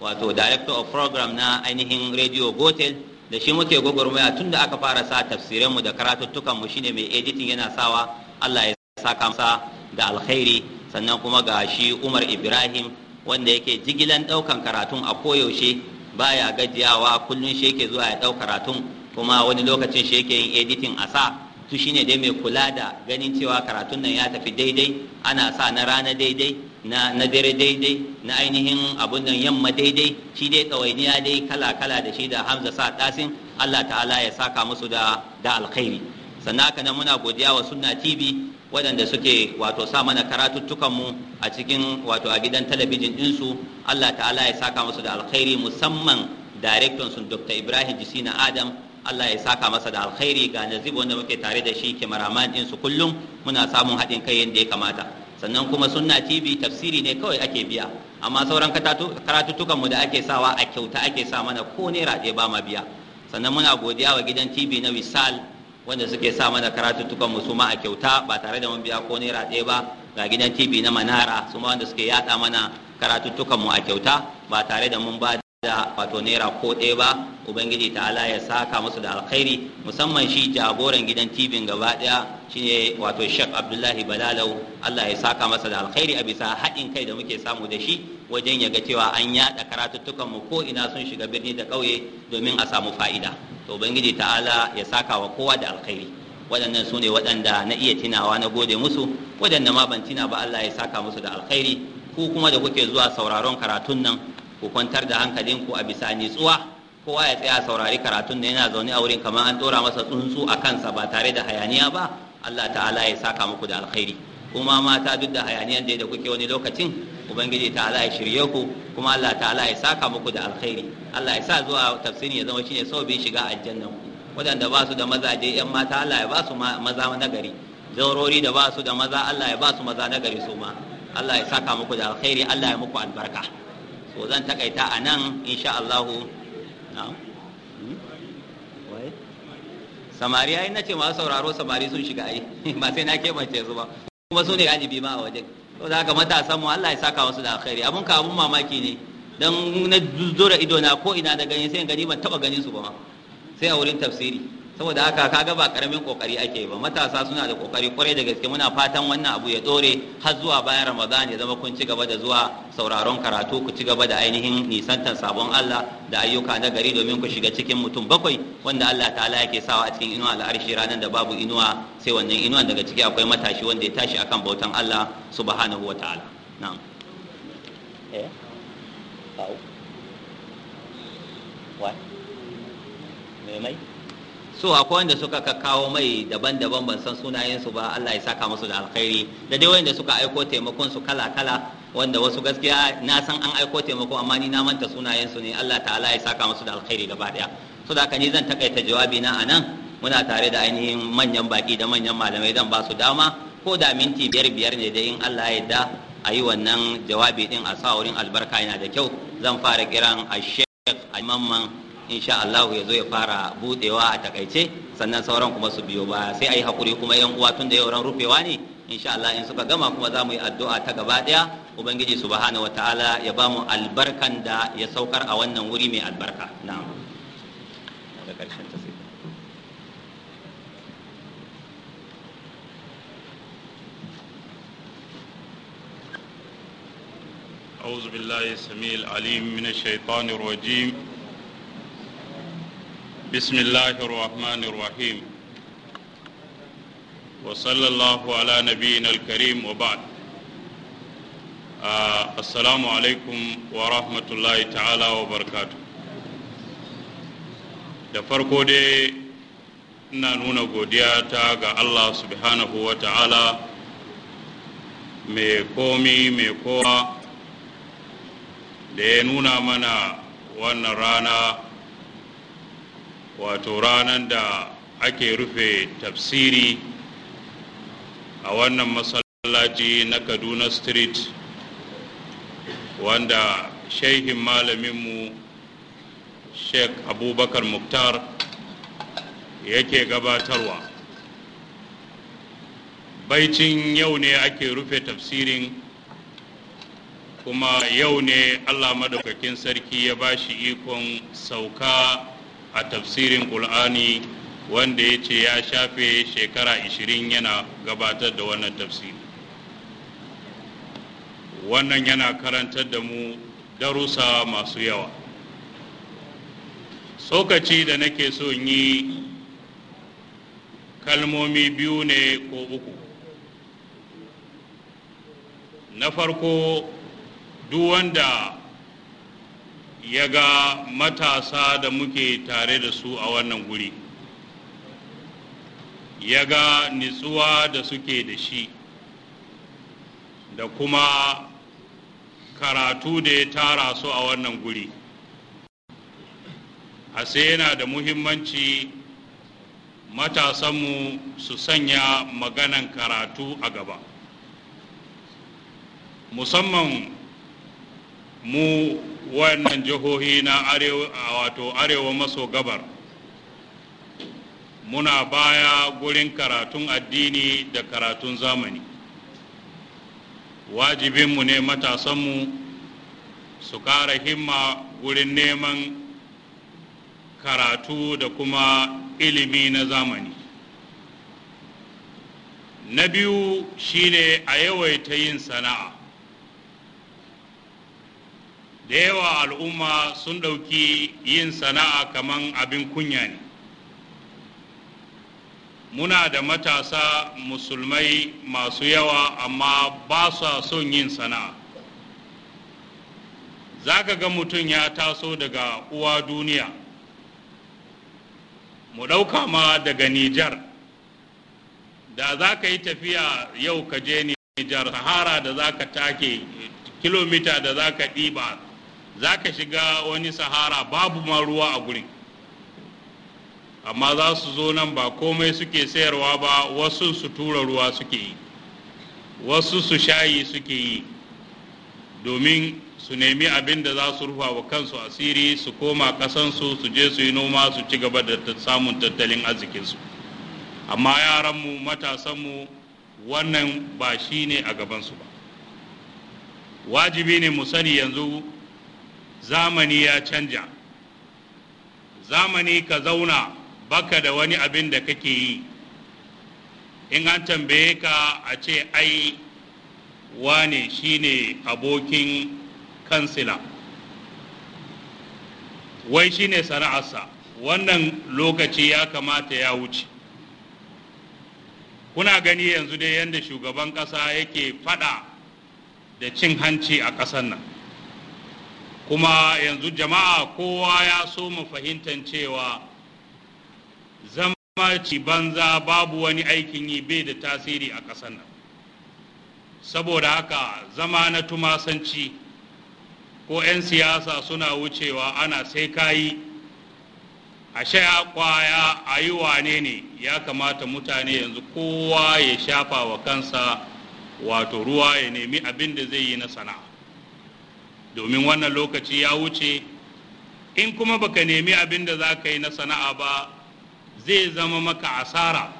wato director of program na ainihin radio Gotel da shi muke gwagwarmaya tun da aka fara sa mu da mu shine mai editing yana sawa Allah ya saka masa da alkhairi sannan kuma ga shi Umar Ibrahim wanda yake jigilan daukan karatun a koyaushe baya gajiyawa kullum shi yake zuwa ya dauka karatun kuma wani lokacin shi yake yin editing a sa to shine dai mai kula da ganin cewa karatun nan ya tafi daidai ana sa na rana daidai na, na dare daidai na ainihin abun nan yamma daidai shi dai ɗawainiya dai kala-kala da shi da hamza sa tasin allah ta'ala ya saka musu da, da alkhairi sannan haka nan muna godiya wa sunna tv waɗanda suke wato sa mana karatuttukanmu a cikin wato a gidan talabijin ɗinsu Allah ta'ala ya saka masa da alkhairi musamman su Dr. Ibrahim Jisina Adam Allah ya saka masa da alkhairi ga nazib wanda muke tare da shi cameraman ɗinsu kullum muna samun haɗin kai yadda ya kamata sannan kuma sunna tv tafsiri ne kawai ake biya amma sauran karatuttukan mu da ake sawa a kyauta ake sa mana ko naira ɗaya ba ma biya sannan muna godiya wa gidan tv na wisal wanda suke sa mana karatuttukan su ma a kyauta ba tare da mun biya ko naira ɗaya ba ga gidan tv na manara su ma wanda suke yada mana karatuttukan mu a kyauta ba tare da mun ba da wato naira ko ɗaya ba ubangiji ta'ala ya saka musu da alkhairi musamman shi jagoran gidan tibin gaba ɗaya shine wato shek abdullahi balalau allah ya saka masa da alkhairi a bisa haɗin kai da muke samu da shi wajen ya ga cewa an yaɗa karatuttukan mu ko ina sun shiga birni da ƙauye domin a samu fa'ida to ubangiji ta'ala ya saka wa kowa da alkhairi waɗannan su ne waɗanda na iya tinawa na gode musu waɗanda ma ban tina ba allah ya saka musu da alkhairi ku kuma da kuke zuwa sauraron karatun nan ku kwantar da hankalinku a bisa nitsuwa kowa ya tsaya saurari karatun da yana zaune a wurin kamar an dora masa tsuntsu a kansa ba tare da hayaniya ba Allah ta'ala ya saka muku da alkhairi kuma mata duk da hayaniyan da kuke wani lokacin ubangiji ta'ala ya shirye ku kuma Allah ta'ala ya saka muku da alkhairi Allah ya sa zuwa tafsiri ya zama shine sababin shiga aljanna waɗanda ba su da mazaje yan mata Allah ya ba su maza nagari zaurori da ba su da maza Allah ya ba su maza nagari su ma Allah ya saka muku da alkhairi Allah ya muku albarka so zan takaita a nan insha Allahu hmm? samari ai na ce masu sauraro samari sun shiga ai [LAUGHS] ba sai na mace su ba kuma su ne galibi ma a wajen to da ka matasan mu Allah ya saka wasu da alkhairi abun ka abun mamaki ne dan na dora ido na ko ina da gani sai gani ban taba ganin su ba ma sai a wurin tafsiri saboda haka kaga ba karamin kokari ake ba matasa suna da kokari kwarai da gaske muna fatan wannan abu ya dore har zuwa bayan ramadan ya zama kun ci gaba da zuwa sauraron karatu ku ci gaba da ainihin nisantar sabon Allah da ayyuka na gari domin ku shiga cikin mutum bakwai wanda Allah ta'ala yake sawa a cikin inuwa al'arshi ranar da babu inuwa sai wannan inuwan daga ciki akwai matashi wanda ya tashi akan bautan Allah subhanahu wa ta'ala na'am eh? mai mai so akwai wanda suka kawo mai daban-daban ban san sunayensu ba Allah ya saka musu da alkhairi da dai wanda suka aiko taimakon su kala-kala wanda wasu gaskiya na san an aiko taimako amma ni na manta sunayensu ne Allah ta'ala ya saka musu da alkhairi gaba daya so da ni zan takaita jawabi na anan muna tare da ainihin manyan baki da manyan malamai zan ba su dama ko da minti biyar biyar ne da in Allah ya yarda a yi wannan jawabi din a sa wurin albarka yana da kyau zan fara kiran a sheikh a mamman insha allahu ya zo ya fara budewa a takaice sannan sauran kuma su biyo ba sai ayi hakuri kuma yan uwa tun da yau ran rufewa ne insha Allah in suka gama kuma za mu yi addu'a ta gaba ɗaya ubangiji subhanahu wataala ya ba mu albarkan da ya saukar a wannan wuri mai albarka na'am da karshen ta sai أعوذ بالله السميع العليم من الشيطان الرجيم بسم الله الرحمن الرحيم وصلى الله على نبينا الكريم وبعد آه السلام عليكم ورحمة الله تعالى وبركاته da farko dai ina nuna godiyata ga Allah subhanahu wa ta'ala mai komi mai kowa da ya nuna mana wannan rana wato ranar da ake rufe tafsiri a wannan masallaci na kaduna street wanda shaihin malaminmu sheikh abubakar muktar yake gabatarwa baicin yau ne ake rufe tafsirin kuma yau ne allah madaukakin sarki ya bashi ikon sauka a tafsirin ƙul'ani wanda ya ce ya shafe shekara 20 yana gabatar da wannan tafsiri wannan yana karantar da mu darussa masu yawa tsokaci da nake so yi kalmomi biyu ne ko uku na farko duk wanda ya ga matasa da muke tare da su a wannan guri ya ga nitsuwa da suke da shi da kuma karatu da ya tara su a wannan guri a sai yana da muhimmanci matasanmu su sanya maganan karatu a gaba musamman mu Wannan jihohi na wato arewa maso gabar muna baya gurin karatun addini da karatun zamani wajibinmu ne matasanmu su kara himma gurin neman karatu da kuma ilimi na zamani na biyu shine a yawaita yin sana'a da yawa al'umma sun ɗauki yin sana'a kaman abin kunya ne muna da matasa musulmai masu yawa amma ba sa son yin sana'a za ka ga mutum ya taso daga uwa duniya mu ɗauka ma daga nijar da za ka yi tafiya yau ka je nijar sahara da za ka take kilomita da za ka ɗiba za ka shiga wani sahara babu ma ruwa a gurin amma za su zo nan ba komai suke sayarwa ba wasu su tura ruwa suke yi wasu su shayi suke yi domin su nemi abin da za su rufa wa kansu asiri su koma kasansu su je su yi noma su ci gaba da samun tattalin arzikinsu amma yaranmu matasanmu wannan ba shi ne a gabansu ba wajibi ne mu sani yanzu zamani ya canja zamani ka zauna baka da wani abin da kake yi in an tambaye ka a ce ai wane shine abokin kansila wai shine sana'arsa wannan lokaci ya kamata ya wuce kuna gani yanzu dai yadda shugaban ƙasa yake fada da cin hanci a ƙasar nan kuma yanzu jama'a kowa ya so mu fahimtar cewa zama ci banza babu wani aikin yi bai da tasiri a ƙasar nan saboda haka zama na tumasanci ko 'yan siyasa suna wucewa ana sai kayi a sha kwaya a yi wane ne ya kamata mutane yanzu kowa ya shafa wa kansa wato ruwa ya nemi abin da zai yi na sana'a domin wannan lokaci ya wuce in kuma baka nemi abin da za ka yi na sana'a ba zai zama maka asara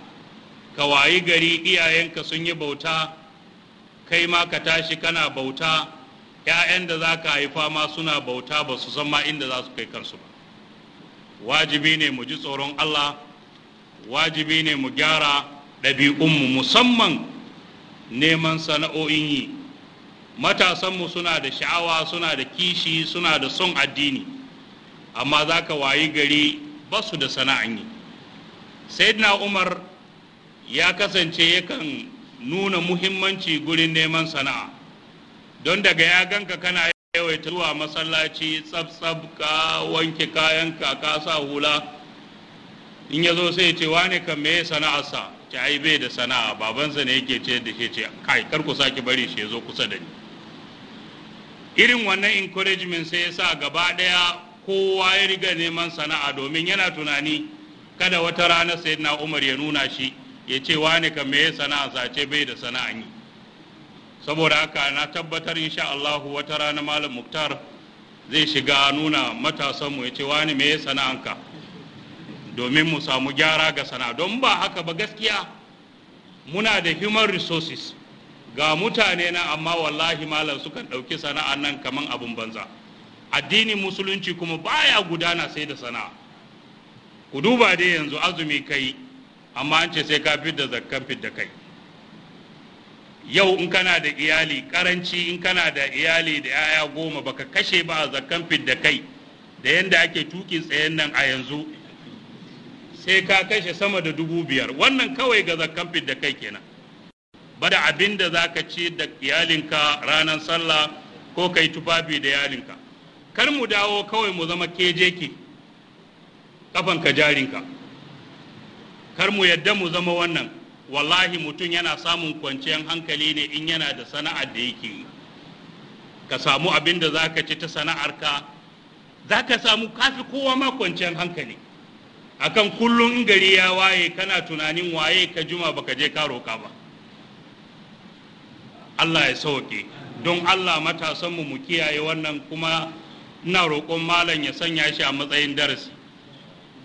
ka wayi gari iyayenka sun yi bauta kai ma ka tashi kana bauta 'ya'yan da za ka haifa ma suna bauta ba su san ma inda za su kai kansu ba wajibi ne mu ji tsoron allah wajibi ne mu gyara ɗabi'unmu musamman neman sana'o'in yi matasanmu suna da sha'awa suna da kishi suna da son addini amma za ka wayi gari ba su da sana'an yi sayyidina umar ya kasance yakan nuna muhimmanci gurin neman sana'a don daga ya ganka kana yawaita zuwa masallaci tsab-tsab ka wanke kayanka ka sa hula in ya zo sai ce wane kan me sana'arsa ta ai bai da sana'a babansa ne yake ce da shi ce kai kar ku sake bari shi ya zo kusa da ni irin wannan encouragement sai ya sa gaba ɗaya kowa ya riga neman sana'a domin yana tunani kada wata rana sai na umar ya nuna shi ya ce wani ka me sana'a sace bai da sana'a yi saboda haka na tabbatar insha Allah wata rana malam muktar zai shiga nuna matasanmu ya ce wani me sana'anka domin mu samu gyara ga sana'a don ba haka ba gaskiya muna da human resources ga mutane na amma wallahi malam sukan ɗauki sana'a nan kaman abin banza addinin musulunci kuma baya gudana sai da sana'a ku duba dai yanzu azumi kai amma an ce sai ka fidda zakkan fidda kai yau in kana da iyali karanci in kana da iyali da yaya goma baka kashe ba a zakkan fidda kai da yanda ake tuki tsayen nan a yanzu sai ka kashe sama da dubu biyar wannan kawai ga zakkan da kai kenan bada abin da za ka ci da iyalinka ranar sallah ko ka yi tufafi da iyalinka kar mu dawo kawai mu zama kejeke kafanka jarinka kar mu yadda mu zama wannan wallahi mutum yana samun kwanciyar hankali ne in yana da sana'ar da yake yi ka samu abin da za ka ci ta sana'arka za ka samu kafi kowa ma kwanciyar hankali akan kullum gari ya waye kana tunanin waye ka juma baka je ka roka ba Allah ya sauke don Allah matasanmu mu kiyaye wannan kuma ina roƙon malam ya sanya shi a matsayin darasi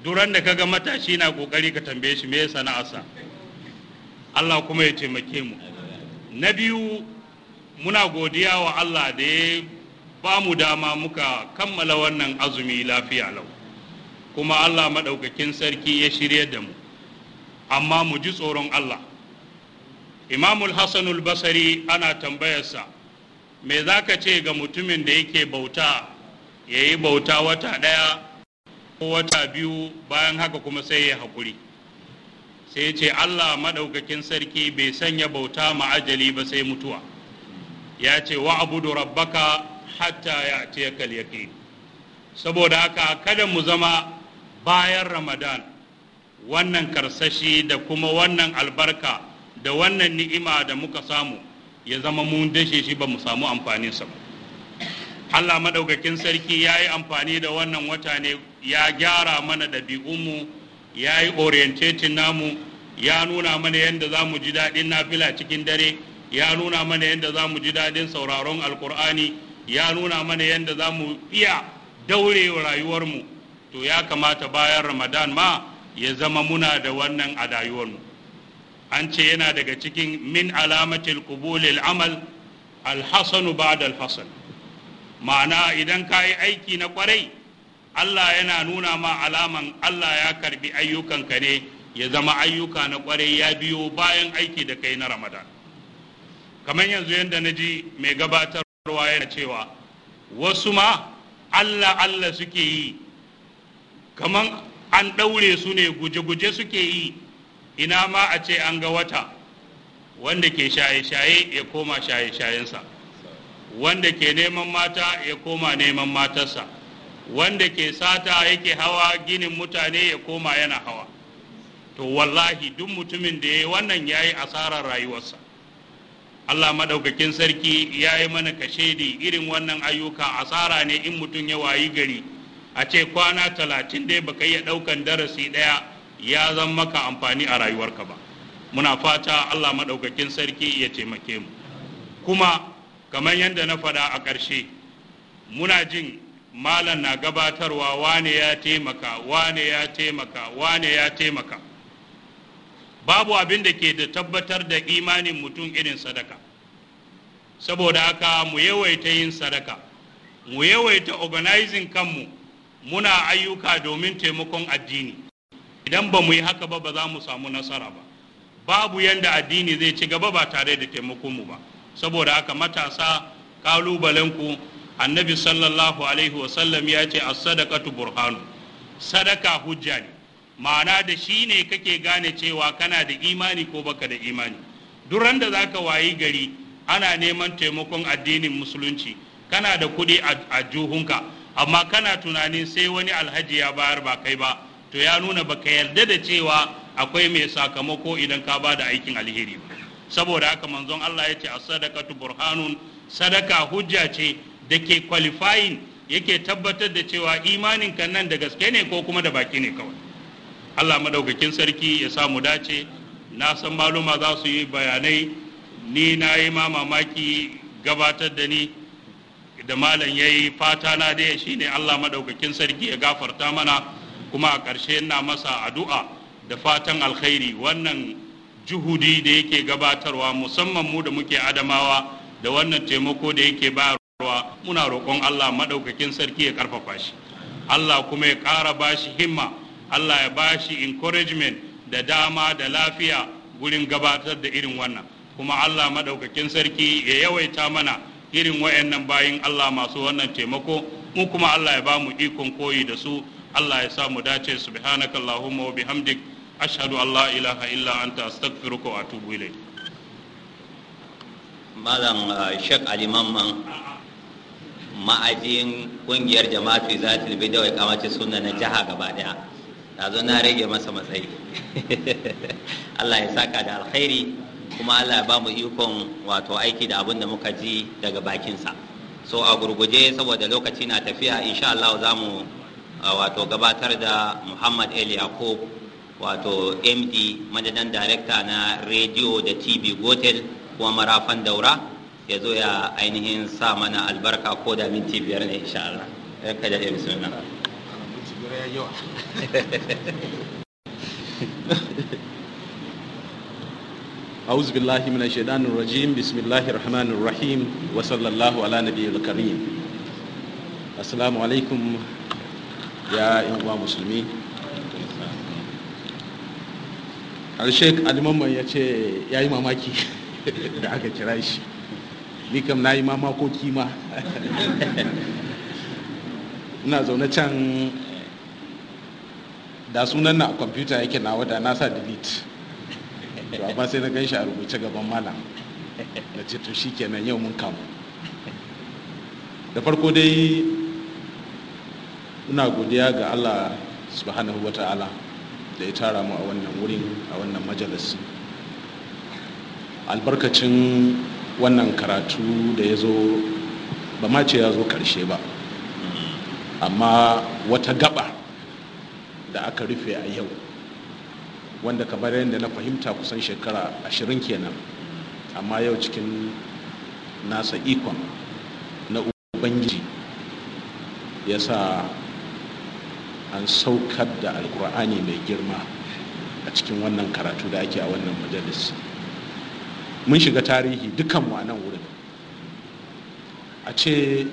duran da kaga matashi na kokari ka tambaye shi me sana'arsa Allah kuma ya taimake mu na biyu muna godiya wa Allah da ya ba mu dama muka kammala wannan azumi lafiya lau kuma Allah maɗaukakin sarki ya shirye da mu amma mu ji tsoron Allah imamul hassanul basari ana tambayarsa me za ka ce ga mutumin da yake bauta ya yi bauta wata ɗaya ko wata biyu bayan haka kuma sai ya hakuri? sai ce allah maɗaukakin sarki bai sanya bauta ma'ajali ba sai mutuwa ya ce wa abudu rabbaka hatta ya ce yaƙi saboda haka kada mu zama bayan ramadan wannan karsashi da kuma wannan albarka da wannan ni'ima da muka samu ya zama mun dashe shi ba mu samu amfaninsa ba Allah maɗaukakin sarki ya yi amfani da wannan wata ne ya gyara mana ɗabi'unmu ya yi orientating namu ya nuna mana yadda za mu ji daɗin nafila cikin dare ya nuna mana yadda za mu ji daɗin sauraron alkur'ani ya nuna mana yadda za mu iya daure rayuwarmu to ya kamata bayan ramadan ma ya zama muna da wannan a rayuwarmu an ce yana daga cikin min alamatil qubulil amal alhasanu ba'da alhasan ma'ana idan ka yi aiki na kwarai Allah yana nuna ma alaman Allah ya karbi ayyukanka ne ya zama ayyuka na kwarai ya biyo bayan aiki da kai na Ramadan kamar yanzu yadda na ji mai gabatarwa yana cewa wasu ma Allah Allah suke yi kamar an ɗaure su ne guje-guje suke yi ina ma a ce an ga wata wanda ke shaye-shaye ya koma shaye-shayensa wanda ke neman mata ya koma neman matarsa wanda ke sata yake hawa ginin mutane ya koma yana hawa to wallahi duk mutumin da ya yi wannan ya yi asarar rayuwarsa Allah madaukakin sarki ya yi mana kashedi irin wannan ayyuka asara ne in mutum ya wayi gari a ce kwana talatin ya baka iya ɗaukan darasi ɗaya ya zan maka amfani a rayuwarka ba muna fata Allah maɗaukakin sarki ya taimake mu kuma kamar yadda na faɗa a ƙarshe muna jin malam na gabatarwa wane ya taimaka wane ya taimaka wane ya taimaka babu abin da ke da tabbatar da imanin mutum irin sadaka saboda haka mu yawaita yin sadaka mu yawaita organizing kanmu muna ayyuka domin taimakon addini idan ba mu yi haka ba ba za mu samu nasara ba babu yanda addini zai ci gaba ba tare da taimakon mu ba saboda haka matasa kalubalenku annabi sallallahu alaihi wasallam ya ce as-sadaqatu burhanu sadaka hujja ne ma'ana da shi ne kake gane cewa kana da imani ko baka da imani duran da zaka wayi gari ana neman taimakon addinin musulunci kana da kuɗi a juhunka amma kana tunanin sai wani alhaji ya bayar ba kai ba to ya nuna baka yarda da cewa akwai mai sakamako idan ka ba da aikin alheri ba saboda haka manzon Allah ya ce a sadakatu burhanun sadaka hujja ce da ke qualifying yake tabbatar da cewa imanin kan nan da gaske ne ko kuma da baki ne kawai Allah madaukakin sarki ya sa mu dace na san maluma za su yi bayanai ni na yi ma mamaki gabatar da ni da malam ya yi fata na dai shine Allah madaukakin sarki ya gafarta mana kuma a ƙarshe na masa addu'a da fatan alkhairi wannan juhudi da yake gabatarwa musamman mu da muke adamawa da wannan taimako da yake bayarwa muna roƙon Allah maɗaukakin sarki ya ƙarfafa shi Allah kuma ya ƙara ba shi himma Allah ya ba shi encouragement da dama da lafiya gurin gabatar da irin wannan kuma Allah maɗaukakin sarki ya yawaita mana irin wayannan bayin Allah masu wannan taimako mu kuma Allah ya ba mu ikon koyi da su Allah ya sa mu dace subhanaka allahumma wa bihamdik ashhadu an la ilaha illa anta astaghfiruka wa atubu ilayk malam uh, Sheikh Ali Mamman ma'ajin kungiyar jama'a za ta bi da kamace sunna na jiha gaba daya na zo na rage masa matsayi [LAUGHS] Allah ya saka da alkhairi kuma Allah ya ba mu ikon wato aiki da abin da muka ji daga bakinsa so a gurguje saboda lokaci na tafiya insha Allah za mu wato gabatar da muhammad el yakub wato md madadin darekta na rediyo da tv gotel kuma marafan daura ya zo ya ainihin sa mana albarka ko da minti biyar ne insha Allah ka da bismillah أعوذ بالله من الشيطان الرجيم بسم الله الرحمن الرحيم وصلى الله على نبي الكريم السلام عليكم ya yan uwa musulmi harshe alimamman ya ce ya yi mamaki [LAUGHS] da aka kira shi ni kam na yi mamakoki ma [LAUGHS] ina zaune can da sunan na kwamfuta yake na wada na sa delete to amma sai na gan shi a rubuce gaban malam na ce to shi kenan yau mun kamu da farko dai muna godiya ga allah subhanahu wa ta'ala da ya tara mu a wannan wurin a wannan majalisi albarkacin wannan karatu da ya zo ba ma ce ya zo karshe ba amma wata gaba da aka rufe a yau wanda kamar yadda na fahimta kusan shekara ashirin kenan amma yau cikin nasa ikon na ubangiji ya sa an saukar da alkur'ani mai girma a cikin wannan karatu da ake a wannan majalis mun shiga tarihi dukanmu a nan wurin a ce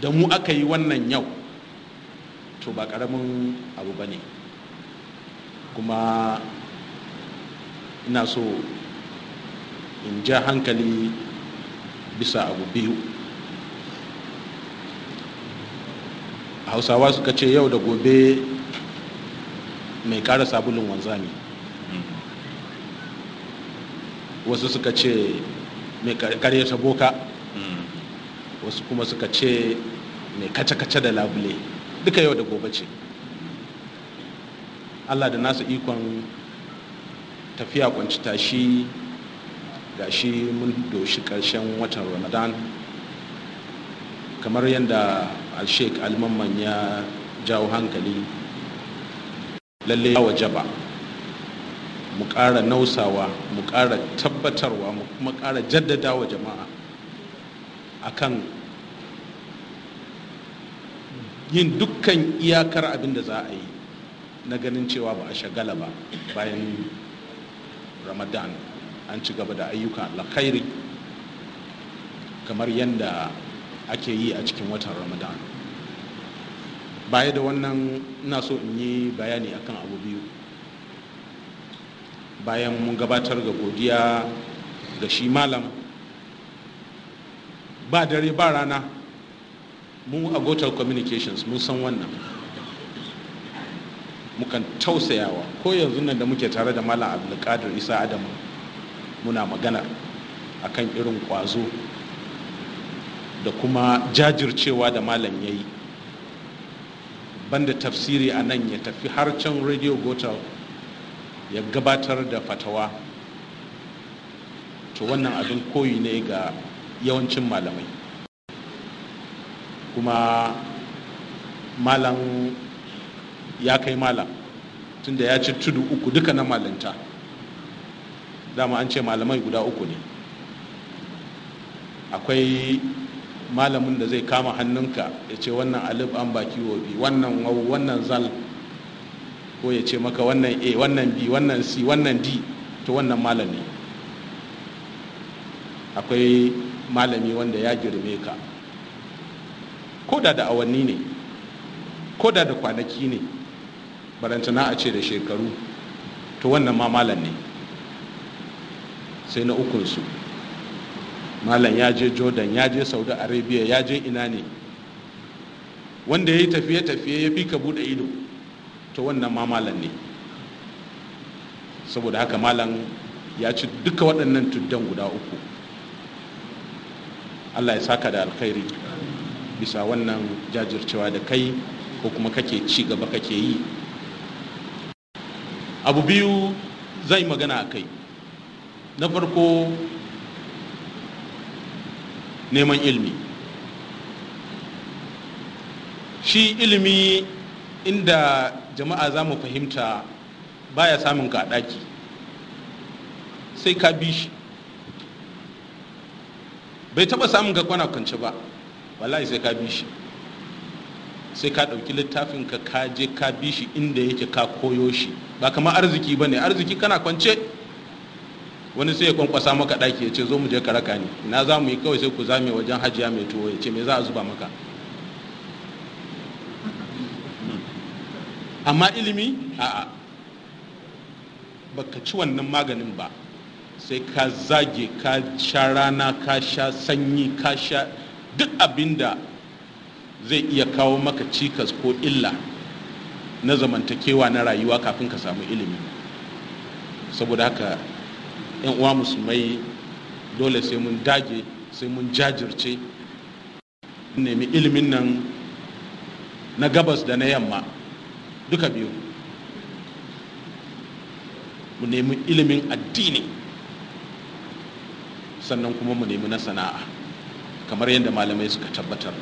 da mu aka yi wannan yau to ba karamin abu ba ne kuma ina so in ja hankali bisa abu biyu hausawa suka ce yau da gobe mai kara sabulun wanzami wasu suka ce mai karye ta boka wasu kuma suka ce mai kace-kace da labule duka yau da gobe ce allah da nasu ikon tafiya kwanci tashi shi mun doshi karshen watan ramadan kamar yadda sheik mamman ya jawo hankali lalle ya wajaba mu ƙara nausawa mu ƙara tabbatarwa mu kuma ƙara jaddada wa jama'a akan yin dukkan iyakar abin da za a yi na ganin cewa ba a shagala ba bayan ramadan an ci gaba da ayyuka alkhairi kamar yadda ake yi a cikin watan ramadan baya da wannan ina so in yi bayani akan abu biyu bayan mun gabatar ga godiya ga shi malam ba dare ba rana mu a gotar communications mun san wannan mukan tausayawa ko yanzu nan da muke tare da malam abdulkadir isa adamu muna magana akan irin kwazo da kuma jajircewa da malam ya yi banda tafsiri a nan ya tafi har can radio gotal ya gabatar da fatawa to wannan abin koyi ne ga yawancin malamai kuma malam ya kai malam tunda ya ci tudu uku duka na malinta dama an ce malamai guda uku ne akwai malamin da zai kama hannunka ya ce wannan alif an baki bi wannan wawu wannan zal ko ya ce maka wannan a wannan b wannan c wannan d to wannan malami akwai malami wanda ya girme ka ko da da awanni ne ko da da kwanaki ne barantana a ce da shekaru to wannan ma malam ne sai na ukunsu malam ya je jordan ya je saudi arabia ya je ina ne wanda ya yi tafiye-tafiye ya fi ka bude ido to wannan ma malam ne saboda haka malam ya ci duka waɗannan tuddan guda uku allah ya saka da alkhairi bisa wannan jajircewa da kai ko kuma kake ci gaba kake yi abu biyu zai magana a kai na farko neman ilmi shi ilimi inda jama'a za mu fahimta baya samun ka a ɗaki sai ka bi shi bai taɓa samun ga kwana kwance ba wallahi sai ka bi shi sai ka ɗauki littafin ka ka je ka bi shi inda yake ka koyo shi ba kama arziki ba ne arziki kana kwance wani sai ya kwankwasa maka daki ya ce zo mu je ka raka ni ina za mu yi kawai sai ku zame wajen hajiya mai tuwo ya ce me za a zuba maka amma ilimi a'a baka ci wannan maganin ba sai ka zage ka sha rana ka sha sanyi ka sha duk abin da zai iya kawo maka cikas ko illa na zamantakewa na rayuwa kafin ka samu ilimi saboda haka yan uwa musulmai dole sai mun dage sai mun jajirce nemi ilimin nan na gabas da na yamma duka biyu mu nemi ilimin addini sannan kuma mu nemi na sana'a kamar yadda malamai suka tabbatar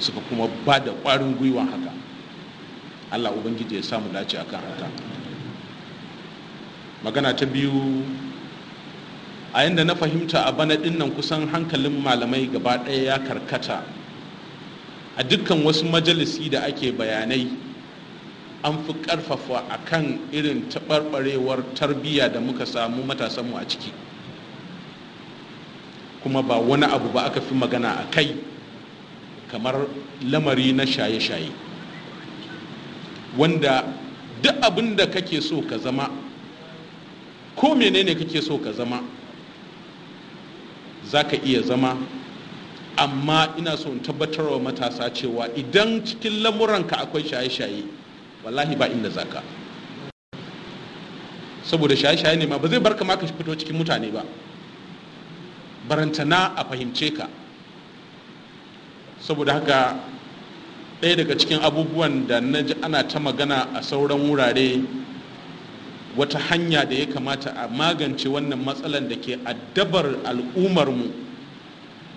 suka kuma ba da ƙwarin gwiwa haka allah ubangiji ya samu dace akan haka magana ta biyu a yadda na fahimta a bana dinnan kusan hankalin malamai gaba ɗaya ya karkata a dukkan wasu majalisi da ake bayanai an fi ƙarfafa a kan irin taɓarɓarewar tarbiyya da muka samu matasanmu a ciki kuma ba wani abu ba aka fi magana a kai kamar lamari na shaye-shaye wanda duk abin da kake so ka zama ko menene kake so ka zama za ka iya zama amma ina so in tabbatar wa matasa cewa idan cikin lamuranka akwai shaye-shaye wallahi ba inda za ka saboda shaye-shaye ne ma ba zai barka ma ka fito cikin mutane ba barantana a fahimce ka saboda haka ɗaya daga cikin abubuwan da na ana ta magana a sauran wurare wata hanya da ya kamata a magance wannan matsalan da ke addabar al'ummarmu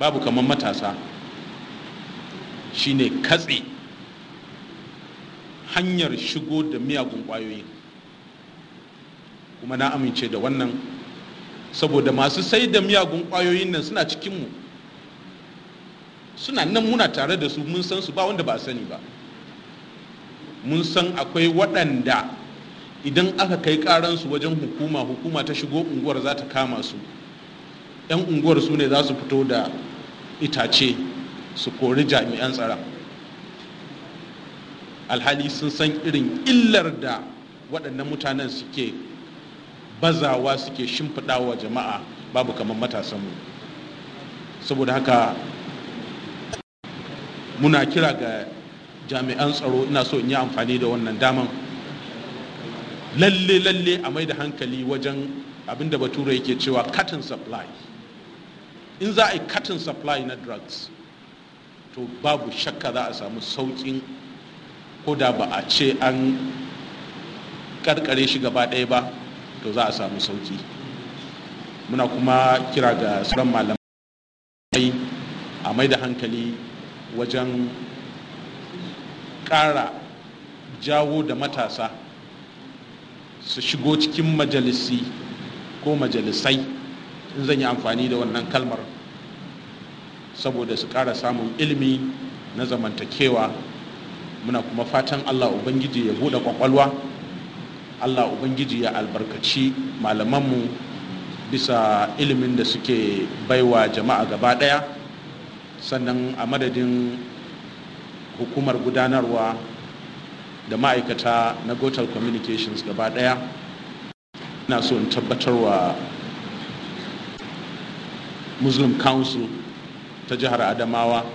babu kamar matasa shine katse hanyar shigo da miyagun kwayoyi kuma na amince da wannan saboda masu sai da miyagun kwayoyin nan suna cikinmu suna nan muna tare da su mun san su ba wanda ba sani ba mun san akwai waɗanda idan aka kai karansu wajen hukuma hukuma ta shigo unguwar za ta kama su 'yan unguwar su ne za su fito da itace su kori jami'an tsara alhali sun san irin illar da waɗannan mutanen suke bazawa suke shimfiɗawa jama'a babu kamar matasanmu saboda haka muna kira ga jami'an tsaro ina so in yi amfani da wannan daman lalle lalle a mai da hankali wajen abinda bature yake cewa cotton supply in za a yi cotton supply na drugs to babu shakka za a samu saukin ko da ba a ce an karkare shi gaba ɗaya ba to za a samu sauki muna kuma kira ga sauran malamai a mai da hankali wajen ƙara jawo da matasa su shigo cikin majalisi ko majalisai in zan yi amfani da wannan kalmar saboda su ƙara samun ilimi na zamantakewa muna kuma fatan allah ubangiji ya buɗe ƙwaƙwalwa allah ubangiji ya albarkaci malamanmu bisa ilimin da suke baiwa jama'a gaba ɗaya sannan a madadin hukumar gudanarwa da ma'aikata na gotal communications gaba daya na so in tabbatarwa muslim council ta jihar adamawa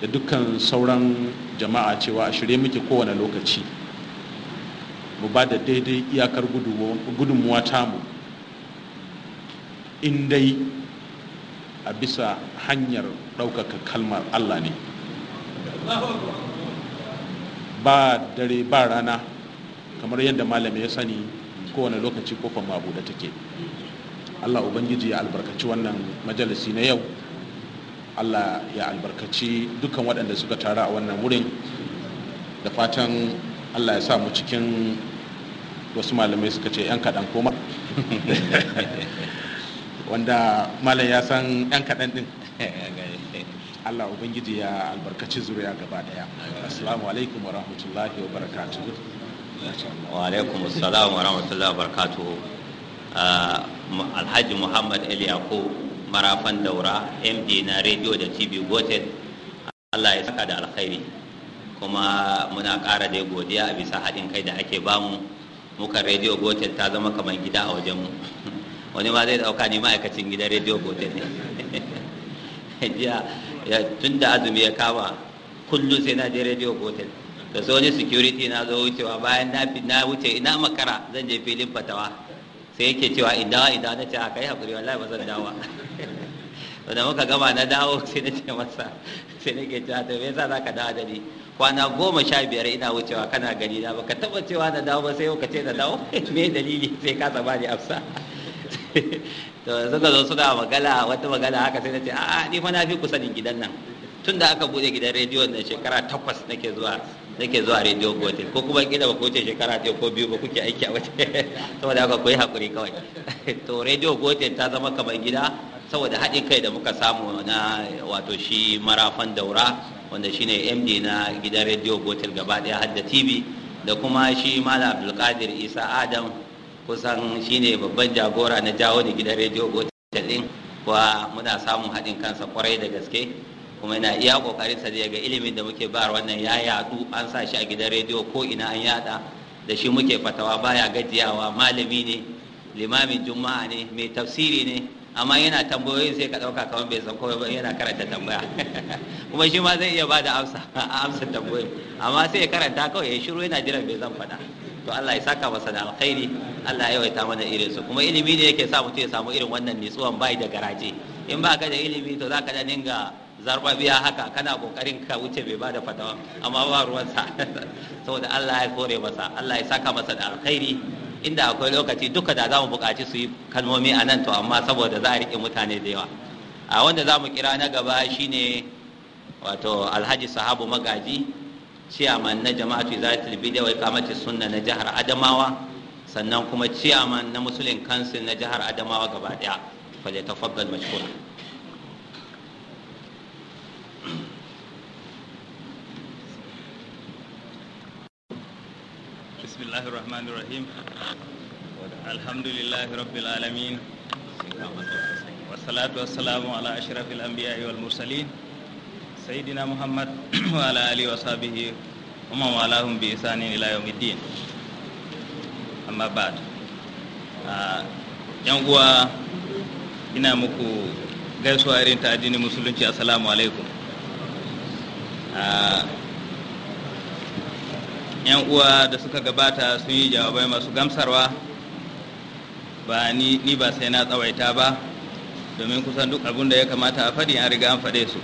da dukkan sauran jama'a cewa a shirye muke kowane lokaci mu ba da daidai iyakar gudunmuwa tamu in dai a bisa hanyar ɗaukaka kalmar allah ne ba dare ba rana kamar yadda malami ya sani kowane lokaci kofar mabuda take allah ubangiji ya albarkaci wannan majalisi na yau allah ya albarkaci dukkan waɗanda suka tara a wannan wurin da fatan allah ya sa mu cikin wasu malamai suka ce 'yan kaɗan koma [LAUGHS] wanda malam ya san 'yan kaɗan ɗin [LAUGHS] Allah ubangiji ya albarkaci zuriya gaba daya assalamu alaikum wa rahmatullahi wa barakatuhu wa alaikum assalam wa rahmatullahi wa barakatuhu ah, alhaji muhammad el marafan daura md na radio da tv gotel Allah ya saka da alkhairi kuma muna ƙara da godiya a bisa haɗin kai da ake bamu muka radio gotel ta zama kamar gida a wajenmu [LAUGHS] wani ma zai ɗauka ni ma'aikacin gidan radio gotel ne [LAUGHS] tun da azumi ya kama kullum sai na je radio hotel da so wani security na zo wucewa bayan na na wuce ina makara zan je filin fatawa sai yake cewa idawa idawa na ce a kai hakuri wallahi ba zan dawo [LAUGHS] da muka gama na dawo [LAUGHS] sai na ce masa sai na ke cewa to me yasa zaka dawo da ni kwana goma sha biyar ina wucewa kana gani na baka taba cewa na dawo ba sai yau ka ce na dawo [LAUGHS] me dalili sai ka zama ni afsa to suka zo suka magana wata magana haka sai na ce a ni fa na fi kusanin gidan nan tun da aka bude gidan rediyo na shekara takwas nake zuwa nake zuwa rediyo gotel ko kuma kila ba kuce shekara ɗaya ko biyu ba kuke aiki a waje [LAUGHS] saboda haka koyi hakuri kawai [LAUGHS] to rediyo gotel ta zama kamar gida saboda haɗin kai da muka samu na wato shi marafan daura wanda shine md na gidan rediyo gotel gaba ɗaya har tv da kuma shi malam abdulkadir isa adam kusan shine babban jagora na jawo da gidan rediyo gotel din kuwa muna samun haɗin kansa kwarai da gaske kuma yana iya ƙoƙarin da ga ilimin da muke bayar wannan ya yaɗu an sa shi a gidan rediyo ko ina an yaɗa da shi muke fatawa baya gajiyawa malami ne limamin juma'a ne mai tafsiri ne amma yana tambayoyi sai ka ɗauka kamar bai san komai ba yana karanta tambaya [LAUGHS] kuma shi ma zai iya ba da amsa [LAUGHS] amsa tambayoyi amma sai ya karanta kawai ya shiru yana jiran bai zan faɗa to Allah ya saka masa da alkhairi Allah ya yawaita mana irin su kuma ilimi ne yake sa mutum ya samu irin wannan nitsuwan bai da garaje in ba ka da ilimi to zaka da zarba biya haka kana kokarin ka wuce bai bada fatawa amma ba sa, [LAUGHS] saboda Allah ya kore masa Allah ya saka masa da alkhairi inda akwai lokaci duka da zamu mu buƙaci su yi kalmomi a nan to amma saboda za a riƙe mutane da yawa a wanda zamu kira na gaba shine wato alhaji sahabu magaji ciyaman na jama'atu izalatul bid'a wa iqamati sunna na jahar Adamawa sannan kuma ciyaman na muslim council na jahar Adamawa gaba daya fale tafaddal mashkura بسم الله الرحمن الرحيم الحمد لله رب العالمين والصلاة والسلام على أشرف الأنبياء والمرسلين سيدنا محمد وعلى آله وصحبه ومن والاهم بإحسان إلى يوم الدين amma بعد ah, yan uwa ina muku غير irin ta addinin musulunci عليكم alaikum ah, yan uwa da suka gabata sun yi jawabai masu gamsarwa ba ni ba sai na tsawaita ba domin kusan duk abin da ya kamata a faɗi an riga an faɗe su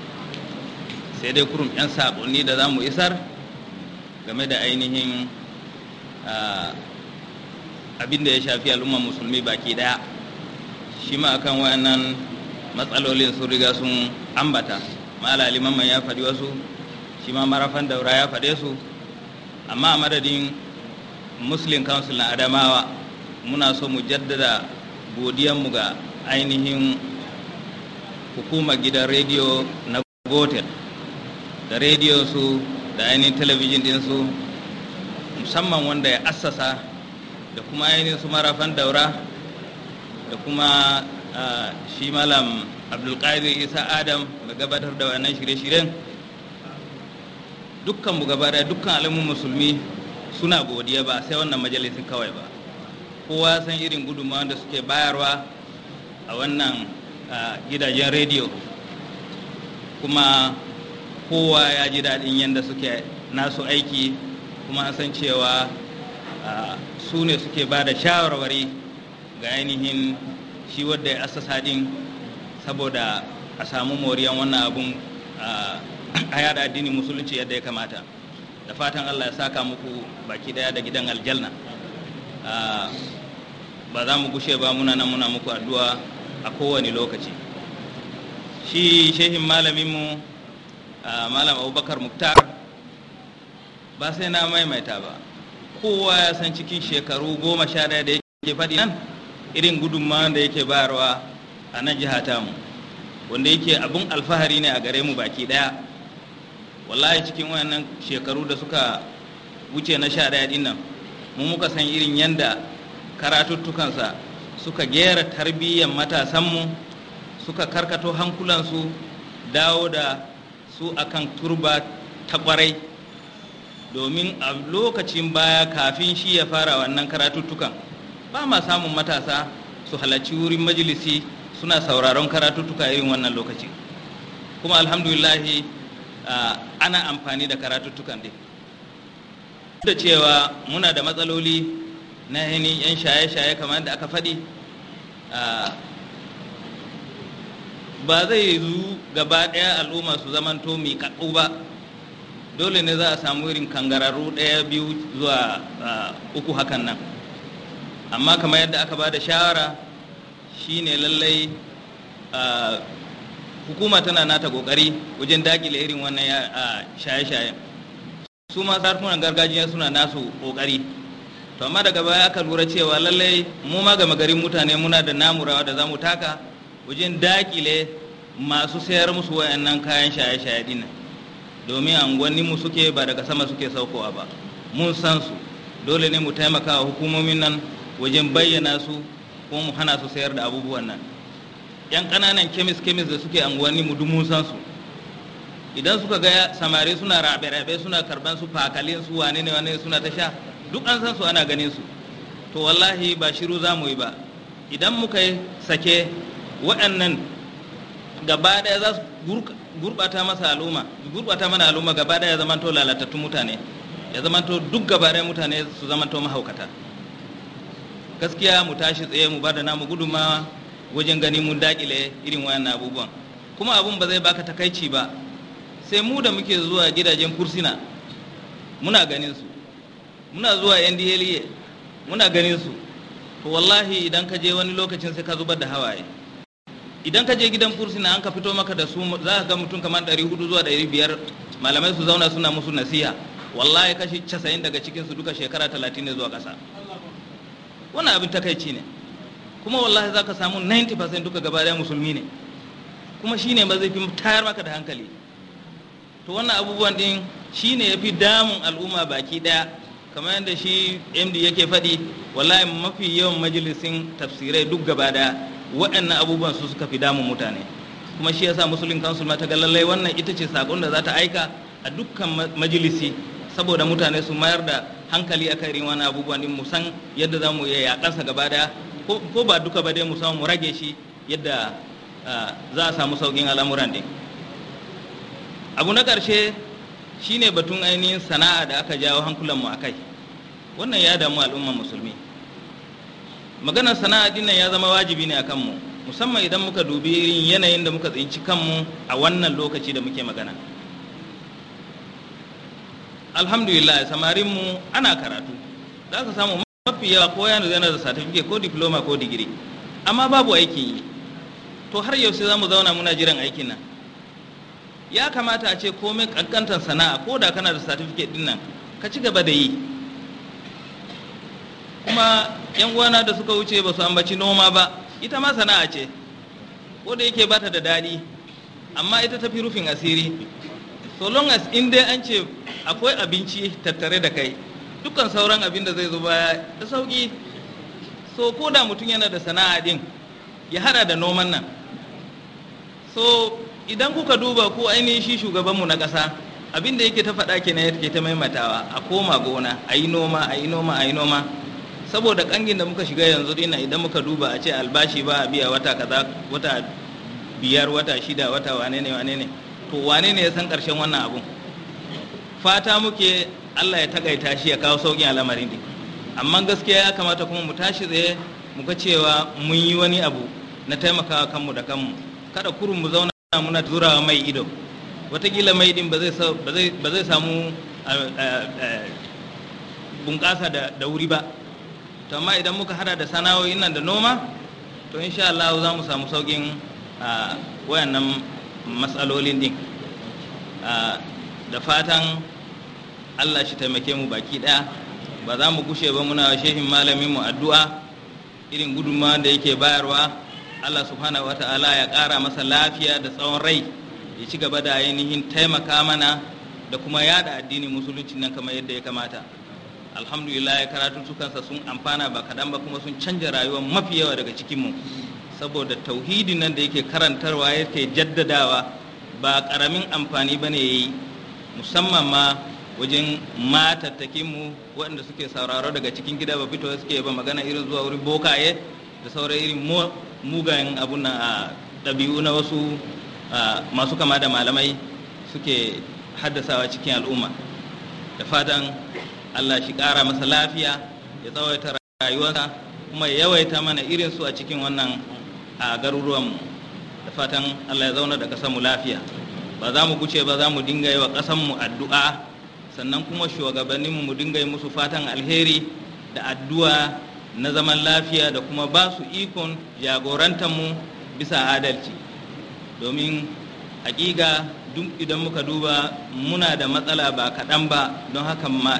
sai dai kurum 'yan saƙonni da za mu isar game da ainihin abin da ya shafi al'umman musulmi baki daya shi ma akan wayannan matsalolin sun riga sun ambata mala limaman ya faɗi wasu shi ma marafan daura ya faɗe su amma a madadin muslim council na adamawa muna so mu jaddada mu ga ainihin hukumar gidan rediyo na gotel da rediyonsu da ainihin talabijin dinsu musamman wanda ya assasa da kuma ainihin su marafan daura da kuma shi malam abdulkadir isa adam da gabatar da wannan shirye-shiryen dukkan gaba daya dukkan alamun musulmi suna godiya ba sai wannan majalisin kawai ba kowa san irin gudunmawa da suke bayarwa a wannan gidajen rediyo kuma kowa ya ji daɗin yadda suke nasu aiki kuma an san cewa su ne suke ba da shawarwari ga ainihin shi wadda ya asasa din saboda a samu moriyan wannan abun a yada addinin musulunci yadda ya kamata da fatan allah ya saka muku baki daya da gidan aljalna ba za mu gushe ba muna nan muna muku addu'a a kowane lokaci shi shehin mu. Ah, malam abubakar muktar ba sai na maimaita ba kowa ya san cikin shekaru goma sha daya da yake faɗi nan irin gudunmawa da yake bayarwa a nan jiha tamu wanda yake abin alfahari ne a gare mu baki ɗaya wallahi cikin wayannan shekaru da suka wuce na sha daya din nan mu muka san irin yanda karatuttukansa suka gera tarbiyyar matasanmu suka karkato hankulansu dawo da su akan turba ta kwarai domin a lokacin baya kafin shi ya fara wannan karatuttukan ba ma samun matasa su halarci wurin majalisi suna sauraron karatuttuka irin wannan lokaci kuma alhamdulillah ana amfani da karatuttukan dai da cewa muna da matsaloli na yanin 'yan shaye-shaye kamar da aka faɗi ba zai zu gaba ɗaya al'umma su zamanto mai kaɗo ba dole ne za a samu irin kangararru ɗaya biyu zuwa uku hakan nan amma kamar yadda aka ba da shawara shine lallai hukuma tana nata ƙoƙari wajen daƙile irin wannan shaye-shaye su ma sarfunan gargajiya suna nasu ƙoƙari. to amma daga baya aka lura cewa lallai mu ma gama garin mutane muna da namu rawa da za mu taka wajen dakile masu sayar musu wayannan kayan shaye-shaye dinnan domin mu suke ba daga sama suke saukowa ba mun san su dole ne mu taimaka wa hukumomin nan wajen bayyana su kuma mu hana su sayar da abubuwan nan yan kananan kemis kemis da suke anguwanni mu duk mun san su idan suka ga samari suna rabe-rabe suna karban su fakalin su wane ne wane suna ta sha duk an san su ana ganin su to wallahi ba shiru za mu yi ba idan muka yi sake waɗannan gaba ɗaya za su gurɓata masa al'umma gurɓata mana al'umma gaba ɗaya ya zamanto lalatattun mutane ya zamanto duk gaba ɗaya mutane su zamanto mahaukata gaskiya mu tashi tsaye mu bada namu gudunmawa wajen gani mun dakile irin wayannan abubuwan kuma abun ba zai baka takaici ba sai mu da muke zuwa gidajen kursina muna ganin su muna zuwa yan muna ganin su to wallahi idan ka je wani lokacin sai ka zubar da hawaye idan ka je gidan fursuna an ka fito maka da su za ka ga mutum kamar hudu zuwa biyar malamai su zauna suna musu nasiha wallahi kashi casain daga cikin su duka shekara talatin ne zuwa ƙasa Wani abin takaici ne kuma wallahi za ka samu 90% duka gaba daya musulmi ne kuma shine ba zai fi tayar maka da hankali to wannan abubuwan din shine fi damun al'umma baki daya kamar yadda shi md yake faɗi wallahi mafi yawan majalisin tafsirai duk gaba daya waɗannan abubuwan su suka fi damun mutane kuma shi yasa musulun council ma ta ga lallai wannan ita ce sakon da za ta aika a dukkan majalisi saboda mutane su mayar da hankali akan irin wani abubuwan din musan yadda za mu iya yaƙarsa gaba daya ko ba duka ba dai mu samu mu rage shi yadda za a samu saukin al'amuran din abu na ƙarshe shine batun ainihin sana'a da aka jawo mu a kai wannan ya damu al'ummar musulmi maganar sana'a din ya zama wajibi ne a kanmu musamman idan muka dubi irin yanayin da muka tsinci kanmu a wannan lokaci da muke magana alhamdulillah mu ana karatu za ka samu mafi yawa ko yana yana da satifike ko diploma ko digiri amma babu aiki. yi to har yau sai za mu zauna muna jiran aikin nan ya kamata a ce komai kankantar sana'a ko da kana da satifiket din ka ci gaba da yi kuma yan uwana da suka wuce ba su ambaci noma ba ita ma sana'a ce ko da yake bata da daɗi amma ita tafi rufin asiri so long as in dai an ce akwai abinci tattare da kai dukkan sauran abin da zai zo baya da sauki so ko da mutum yana da sana'a din ya hada da noman nan so idan kuka duba ko ainihin shi shugabanmu na ƙasa abin da yake ta faɗa kenan yake ta maimatawa a koma gona a yi noma a yi noma a yi noma saboda kangin da muka shiga yanzu dina idan muka duba a ce albashi ba a biya wata kaza wata biyar wata shida wata wane ne wane ne to wane ne ya san karshen wannan abun fata muke allah ya tagaita shi ya kawo sauƙin al'amarin din amma gaskiya ya kamata kuma mu tashi tsaye muka cewa mun yi wani abu na taimakawa kanmu da kanmu kada kurun mu zauna muna zurawa mai ido watakila mai din ba zai samu eh, eh, eh, bunƙasa da wuri ba to amma idan muka hada da sana'o'in nan da noma to insha Allah za mu samu saukin wayannan matsalolin din da fatan Allah shi taimake mu baki daya ba za mu gushe ba muna shehin malamin mu addu'a irin guduma da yake bayarwa Allah subhanahu wata'ala ya kara masa lafiya da tsawon rai ya ci gaba da ainihin taimaka mana da kuma yada addinin musulunci nan kamar yadda ya kamata alhamdulillah ya karatun kansa sun amfana ba kaɗan ba kuma sun canja rayuwar mafi yawa daga cikinmu saboda tauhidi nan da yake karantarwa yake jaddadawa ba ƙaramin amfani ba ne yi musamman ma wajen matattakinmu waɗanda suke sauraro daga cikin gida ba fito suke ba magana irin zuwa wurin bokaye da sauran irin mugayen abun a ɗabi'u na wasu masu kama da malamai suke haddasawa cikin al'umma da fatan Allah shi ƙara masa lafiya ya tsawaita rayuwarsa kuma ya yawaita mana irin su a cikin wannan a garuruwanmu da fatan Allah ya zauna da ƙasarmu lafiya ba za mu guce ba za mu dinga yi wa ƙasarmu addu'a sannan kuma shugabanninmu mu dinga yi musu fatan alheri da addu'a na zaman lafiya da kuma ba su ikon jagorantarmu bisa adalci domin hakika duk idan muka duba muna da matsala ba kaɗan ba don haka ma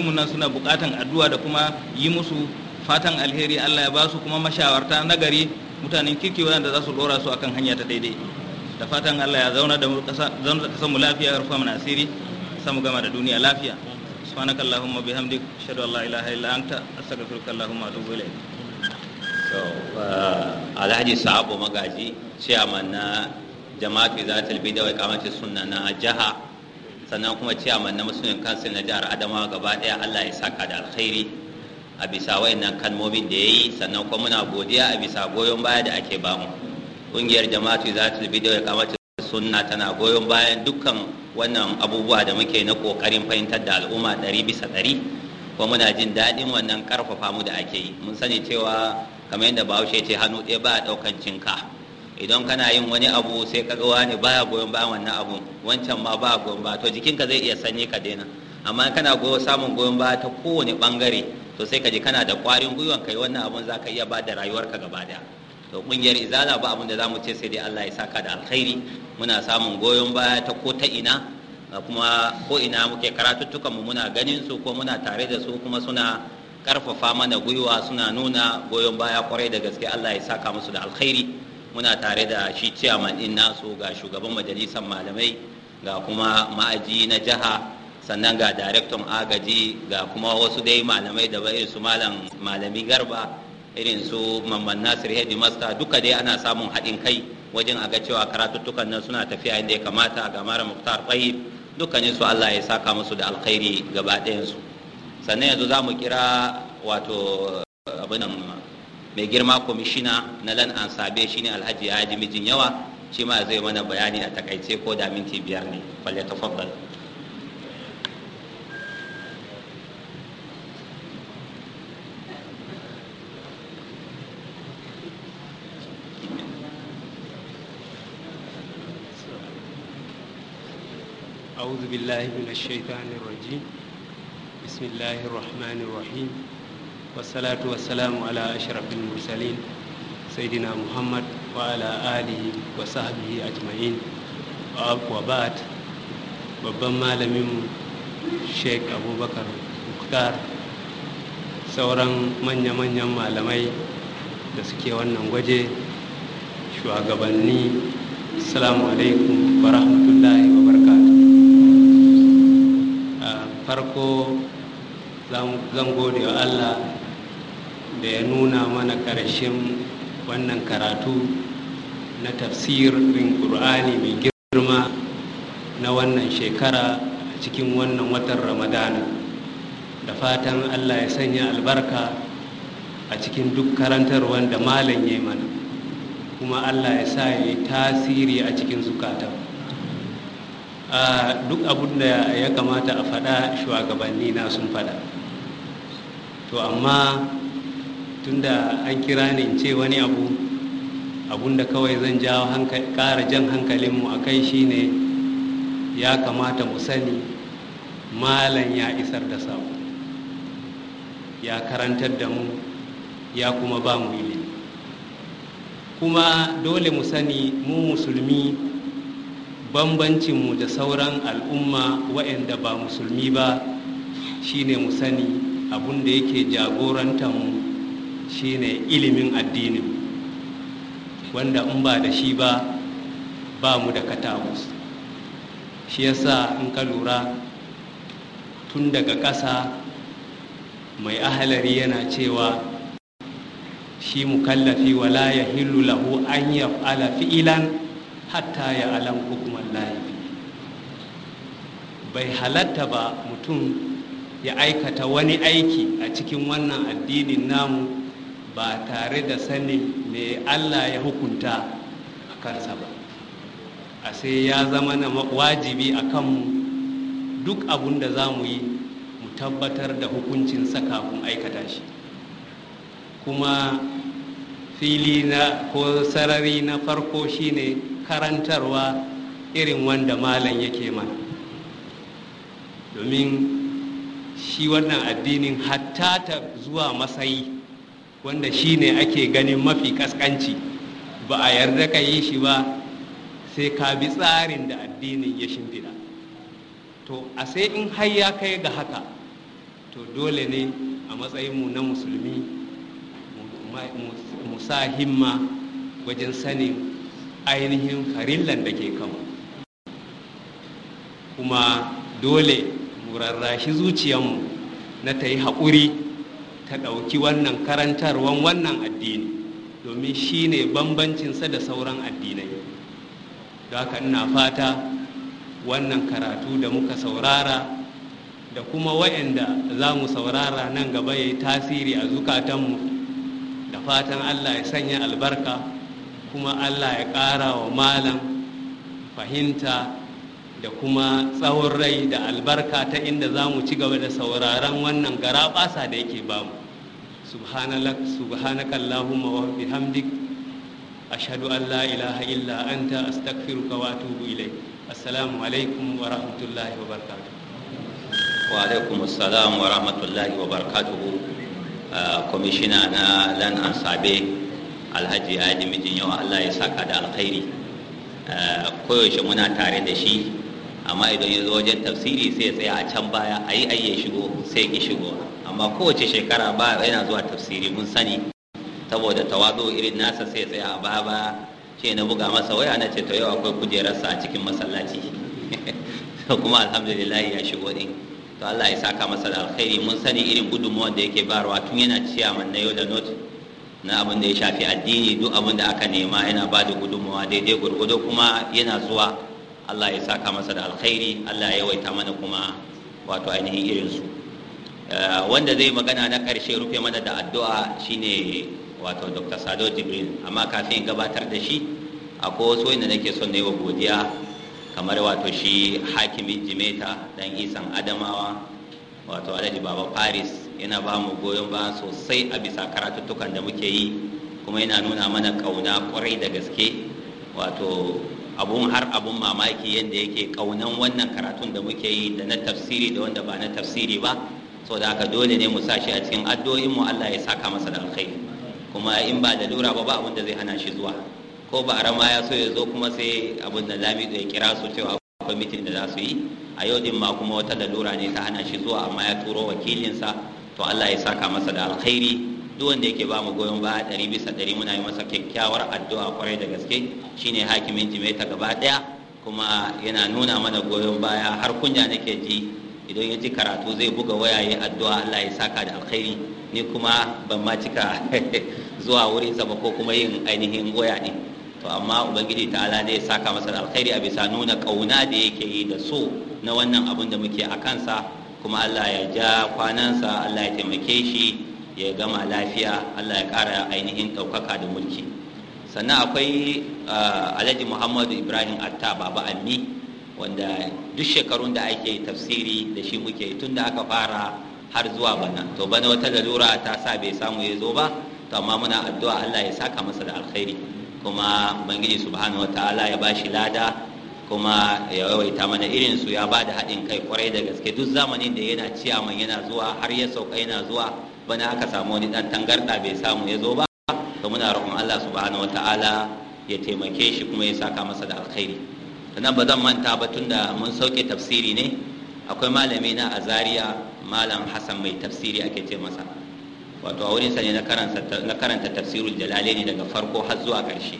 mu nan suna buƙatan addu'a da kuma yi musu fatan alheri Allah ya ba su kuma mashawarta nagari mutanen kirki waɗanda za su ɗora su akan hanya ta daidai da fatan Allah ya zauna da zauna da kasar mu lafiya ya rufa mana asiri samu gama da duniya lafiya subhanaka allahumma bihamdik ashhadu an la ilaha illa anta astaghfiruka allahumma wa atubu ilayk so uh, alhaji sa'abu magaji chairman na Jama'a zatul bid'a wa iqamati sunna na jaha sannan kuma man na musulun kansil na jihar adamawa gaba daya Allah ya saka da alkhairi a bisa wayannan kalmomin da ya yi, sannan kuma muna godiya a bisa goyon baya da ake bamu kungiyar jama'atu bi bid'a wa iqamati sunna tana goyon bayan dukkan wannan abubuwa da muke na kokarin fahimtar da al'umma ɗari bisa ɗari kuma muna jin daɗin wannan ƙarfafa mu da ake yi mun sani cewa kamar yadda bahaushe ce hannu ɗaya ba a ɗaukan cinka idan kana yin wani abu sai kaga wani baya goyon bayan wannan abu wancan ma ba goyon ba to jikinka zai iya sanyi ka daina amma kana goyo samun goyon baya ta kowane bangare to sai ka ji kana da kwarin gwiwan kai wannan abun za ka iya ba da rayuwarka gaba daya to kungiyar izala ba abun da za mu ce sai dai Allah ya saka da alkhairi muna samun goyon baya ta ko ta ina kuma ko ina muke karatuttukan mu muna ganin su ko muna tare da su kuma suna karfafa mana gwiwa suna nuna goyon baya kwarai da gaske Allah ya saka musu da alkhairi muna tare da shi ciyaman din nasu ga shugaban majalisar malamai ga kuma ma'aji na jiha sannan ga daraktan agaji ga kuma wasu dai malamai da ba su malam malami garba irin su mamman nasir Hedi master duka dai ana samun haɗin kai wajen a ga cewa karatuttukan nan suna tafiya inda ya kamata ga mara muktar ƙwai dukkanin su allah ya saka musu da alkhairi gaba ɗayansu sannan yanzu za mu kira wato abinan mai girma kwamishina na lan an sabe shi ne alhaji ya ji mijin yawa shi ma zai mana bayani a takaice ko da minti biyar ne falle ta faddal أعوذ بالله من الشيطان الرجيم بسم الله الرحمن الرحيم والصلاة والسلام على أشرف المرسلين سيدنا محمد وعلى آله وصحبه أجمعين وبعد babban malamin sheik abubakar muktar sauran manya-manyan malamai da suke wannan gwaje shugabanni assalamu alaikum wa rahmatullahi wa barakatu farko zan gode wa allah da ya nuna mana ƙarshen wannan karatu na tafsir tafsirin ƙur'ani mai girma na wannan shekara a cikin wannan watan ramadana da fatan allah ya sanya albarka a cikin duk karantarwar da malam ya mana kuma allah ya sa ya yi tasiri a cikin zukatan duk abin da ya kamata a faɗa shugabanni na sun faɗa to amma tunda an kira ni in ce wani abu da kawai zan jawo kara jan hankalinmu a kai shine ya kamata mu sani malam ya isar da sabo ya karantar da mu ya kuma ba mu ile kuma dole mu sani mu musulmi bambancinmu da sauran al'umma waɗanda ba musulmi ba shine mu sani abun da yake jagorantar mu shine ilimin addinin wanda in ba da shi ba ba mu da katamus shi yasa in ka lura tun daga ƙasa mai ahalari yana cewa shi mukallafi wala ya hillu lahu an ala fi'ilan hatta ya alam hukumar laifi bai halatta ba mutum ya aikata wani aiki a cikin wannan addinin namu ba tare da sanin me Allah ya hukunta a kansa ba a sai ya zama na wajibi a kanmu duk abun da za mu yi mu tabbatar da hukuncin kafin aikata shi kuma fili na ko sarari na farko shine karantarwa irin wanda malam yake mana domin shi wannan addinin hatta ta zuwa matsayi wanda shi ne ake ganin mafi kaskanci ba a yarda ka yi shi ba sai ka bi tsarin da addinin ya shimfiɗa to a sai in har ya kai ga haka to dole ne a matsayinmu na musulmi mu sa himma wajen sanin ainihin farillan da ke kama kuma dole mu rarrashi zuciyarmu na ta yi haƙuri Ka ɗauki wannan karantarwan wannan addini domin shi ne bambancinsa da sauran addinai da haka ina fata wannan karatu da muka saurara da kuma waɗanda za mu saurara nan gaba ya yi tasiri a zukatanmu da fatan allah ya sanya albarka kuma allah ya ƙara wa malam fahimta da kuma tsawon rai da albarka ta inda za mu ci gaba da sauraron wannan garaɓasa da yake bamu subhanaka allahumma wa bihamdik ashhadu an la ilaha illa anta astaghfiruka wa atubu ilayk assalamu alaikum wa rahmatullahi wa barakatuh wa alaikum assalam wa rahmatullahi wa barakatuh kwamishina uh, na lan asabe alhaji Ali mijin yau allah ya saka da alkhairi uh, koyaushe muna tare da shi amma idan ya zo wajen tafsiri sai ya tsaya a can baya a yi ayye shigo sai ki shigo amma kowace shekara ba yana zuwa tafsiri mun sani saboda tawazo irin nasa sai tsaya a baba ce na buga masa waya na ce ta yau akwai kujerarsa a cikin masallaci [LAUGHS] kuma alhamdulillah ya shigo din to Allah ya saka masa da alkhairi mun sani irin gudunmuwar da yake barwa tun yana man na yau da not na abin da ya shafi addini duk abin da aka nema yana ba da gudunmuwa daidai gurgudo kuma yana zuwa Allah ya saka masa da alkhairi Allah ya yawaita mana kuma wato ainihin irinsu Eh, wanda zai magana na karshe rufe mana da addu'a shine wato dr sado jibril amma kafin gabatar da shi akwai wasu wanda nake son na yi wa godiya kamar wato shi hakimin jimeta dan isan adamawa wato alhaji baba paris yana ba mu goyon ba sosai a bisa karatuttukan da muke yi kuma yana nuna mana kauna kwarai da gaske wato abun har abun mamaki yadda yake kaunan wannan karatun da muke yi da na tafsiri da wanda ba na tafsiri ba so da haka dole ne mu sashi a cikin addu'o'inmu Allah ya saka masa da alkhairi kuma in ba da lura ba ba abin da zai hana shi zuwa ko ba rama ya so ya zo kuma sai abin da lami ya kira su cewa akwai mitin da za su yi a yau din ma kuma wata lalura ne ta hana shi zuwa amma ya turo wakilinsa to Allah ya saka masa da alkhairi duk wanda yake ba mu goyon ba ɗari bisa ɗari muna yi masa kyakkyawar addu'a kwarai da gaske shine hakimin jimeta gaba ɗaya kuma yana nuna mana goyon baya har kunya nake ji idan ya ji karatu zai buga wayaye addu'a Allah ya saka da alkhairi ni kuma ban ma cika [LAUGHS] zuwa wurin sa ko kuma yin ainihin waya ne to amma ubangiji ta'ala ne ya saka masa da alkhairi a bisa nuna kauna da yake yi da so na wannan abun da muke a kansa kuma Allah ya ja kwanansa Allah ya taimake shi ya gama lafiya Allah ya kara ainihin ɗaukaka da mulki sannan akwai ah, alhaji muhammadu ibrahim atta baba ammi wanda duk shekarun da ake tafsiri da shi muke tun da aka fara har zuwa bana to bana wata lalura ta sa bai samu ya zo ba to amma muna addu'a Allah ya saka masa da alkhairi kuma ubangiji subhanahu wataala ya ba shi lada kuma ya yawaita mana irin su ya bada haɗin kai kwarai da gaske duk zamanin da yana ciya man yana zuwa har ya sauka yana zuwa bana aka samu wani dan tangarda bai samu ya zo ba to muna roƙon Allah subhanahu wataala ya taimake shi kuma ya saka masa da alkhairi sannan ba zan manta ba tunda mun sauke tafsiri ne akwai malami na Zariya malam hassan mai tafsiri ake ce masa wato a wurinsa ne na karanta tafsirul jalale ne daga farko har zuwa ƙarshe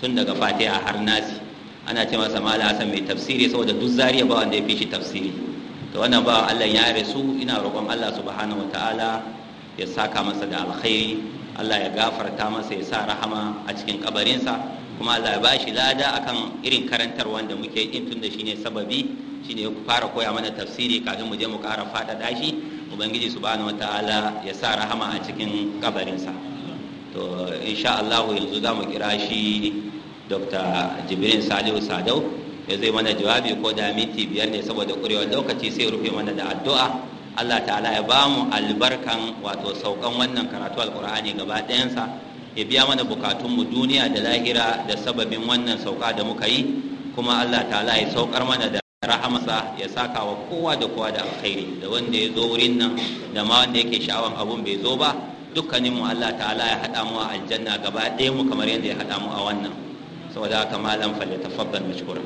tun daga a har nasi ana ce masa malam hassan mai tafsiri saboda duk zariya ba wanda ya fi shi tafsiri to wannan ba Allah ya rasu ina roƙon Allah subhanahu wataala ya saka masa da alkhairi Allah ya gafarta masa ya sa rahama a cikin kabarinsa kuma Allah ya bashi lada akan irin karantar wanda muke yin tun da shine sababi shine ya fara koya mana tafsiri kafin mu je mu ƙara faɗaɗa shi ubangiji subhanahu wataala ya sa rahama a cikin kabarinsa to insha Allah yanzu za mu kira shi Dr. Jibrin Salihu Sadau ya zai mana jawabi ko da minti biyar ne saboda kurewar lokaci sai rufe mana da addu'a Allah ta'ala ya bamu albarkan wato saukan wannan karatu alkur'ani gaba ɗayansa ya biya mana bukatunmu duniya da lahira da sababin wannan sauka da muka yi kuma Allah ta'ala ya saukar mana da rahamarsa ya saka wa kowa da kowa da alkhairi da wanda ya zo wurin nan da ma wanda yake sha'awan abun bai zo ba dukkaninmu Allah ta'ala ya haɗa mu a aljanna gaba ɗaya mu kamar yadda ya haɗa mu a wannan saboda haka malam tafaddal mashkura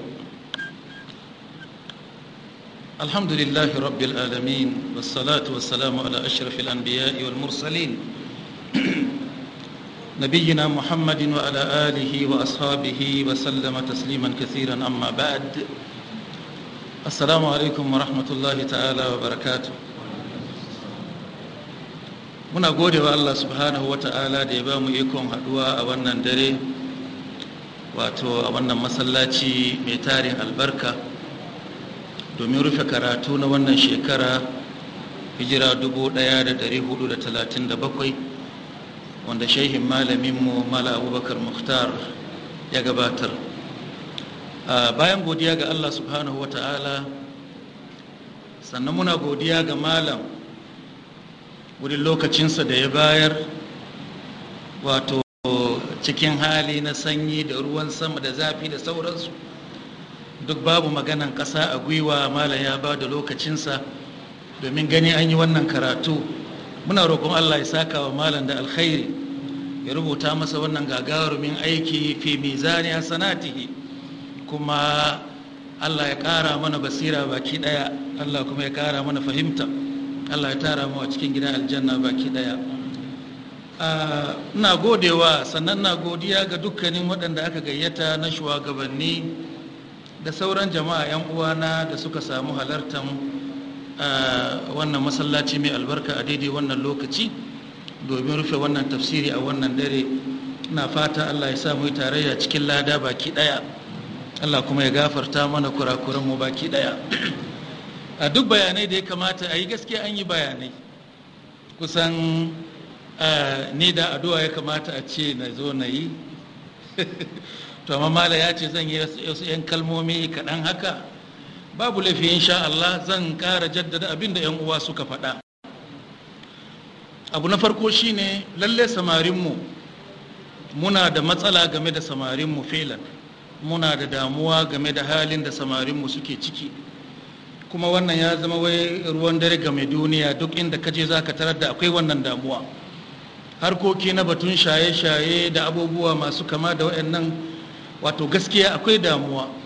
الحمد لله رب العالمين والصلاة والسلام على أشرف الأنبياء والمرسلين نبينا محمد وعلى آله وأصحابه وسلم تسليما كثيرا أما بعد السلام عليكم ورحمة الله تعالى وبركاته muna gode wa Allah subhanahu wa ta'ala da ya ba mu ikon haduwa a wannan dare wato a wannan masallaci mai tarin albarka domin rufe karatu na wannan shekara hijira 1437 wanda shehin malaminmu mala abubakar muhtar ya gabatar bayan godiya ga allah subhanahu wa ta'ala sannan muna godiya ga malam wurin lokacinsa da ya bayar wato cikin hali na sanyi da ruwan sama da zafi da sauransu duk babu maganan ƙasa a gwiwa malam ya ba da lokacinsa domin gani an yi wannan karatu muna roƙon allah ya saka wa malam da alkhairi ya rubuta masa wannan gagarumin aiki fi mizani hasanatihi kuma allah ya ƙara mana basira baki ɗaya allah kuma ya ƙara mana fahimta allah ya tara mu a cikin gidan aljanna baki ɗaya ah, ina godewa sannan na godiya ga dukkanin waɗanda aka gayyata na shugabanni da sauran jama'a 'yan uwana da suka samu halartar wannan masallaci mai albarka a daidai wannan lokaci domin rufe wannan tafsiri a wannan dare na fata allah ya samu tarayya cikin lada baki daya allah kuma ya gafarta mana kurakuran mu baki ɗaya. a duk bayanai da ya kamata a yi gaskiya an yi bayanai kusan ni da addu'a ya kamata a ce na zo na yi [LAUGHS] to amma mala ya ce zan yi wasu 'yan kalmomi kaɗan haka babu laifi sha Allah zan kara jaddada abin da 'yan uwa suka faɗa abu na farko shine lalle samarinmu muna da matsala game da samarinmu filan, muna da damuwa game da halin da samarinmu suke ciki kuma wannan ya zama wai ruwan dare game duniya duk inda kaje za ka tarar da akwai wannan damuwa harkoki na batun shaye-shaye da abubuwa masu kama da wa'annan wato gaskiya akwai damuwa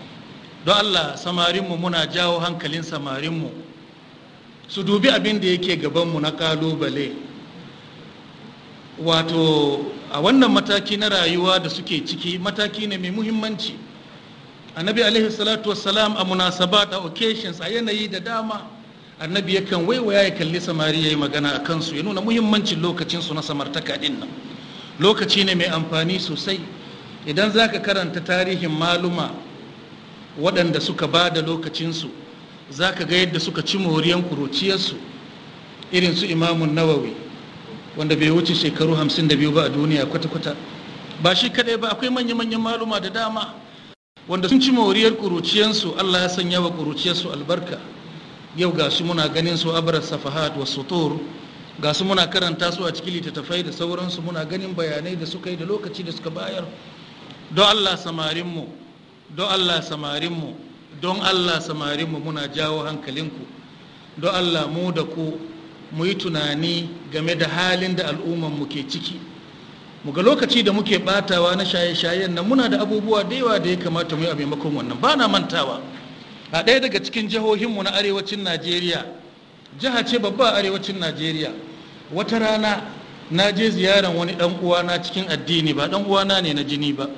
don allah samarinmu muna jawo hankalin samarinmu su dubi abin da yake gabanmu na kalubale wato a wannan mataki na rayuwa da suke ciki mataki ne mai muhimmanci annabi alaihi salatu wassalam a munasabat a occasions a yanayi da dama annabi yakan waiwaya ya kalli samari ya yi magana a kansu ya nuna muhimmancin lokacinsu na samartaka din nan lokaci ne mai amfani sosai idan za ka karanta tarihin maluma waɗanda suka ba da lokacinsu za ka ga yadda suka ci moriyan kuruciyarsu irin su imamun nawawi wanda bai wuce shekaru 52 ba a duniya kwata-kwata ba shi kaɗai ba akwai manya-manyan maluma da dama wanda sun ci moriyar kuruciyarsu allah ya sanya wa kuruciyarsu albarka yau ga su muna ganin su abar safahat wa sutur ga su muna karanta su a cikin littattafai da sauransu muna ganin bayanai da suka yi da lokaci da suka bayar don allah samarinmu don allah samarinmu don allah samarinmu muna jawo hankalinku don allah mu da ku mu yi tunani game da halin da mu ke ciki mu ga lokaci da muke batawa na shaye-shayen nan muna da abubuwa da yawa da ya kamata mu yi a maimakon wannan ba na mantawa a ɗaya daga cikin jihohinmu na arewacin najeriya jiha ce babba arewacin najeriya wata rana na je ziyaran wani ɗan uwana cikin addini ba ɗan uwana ne na jini ba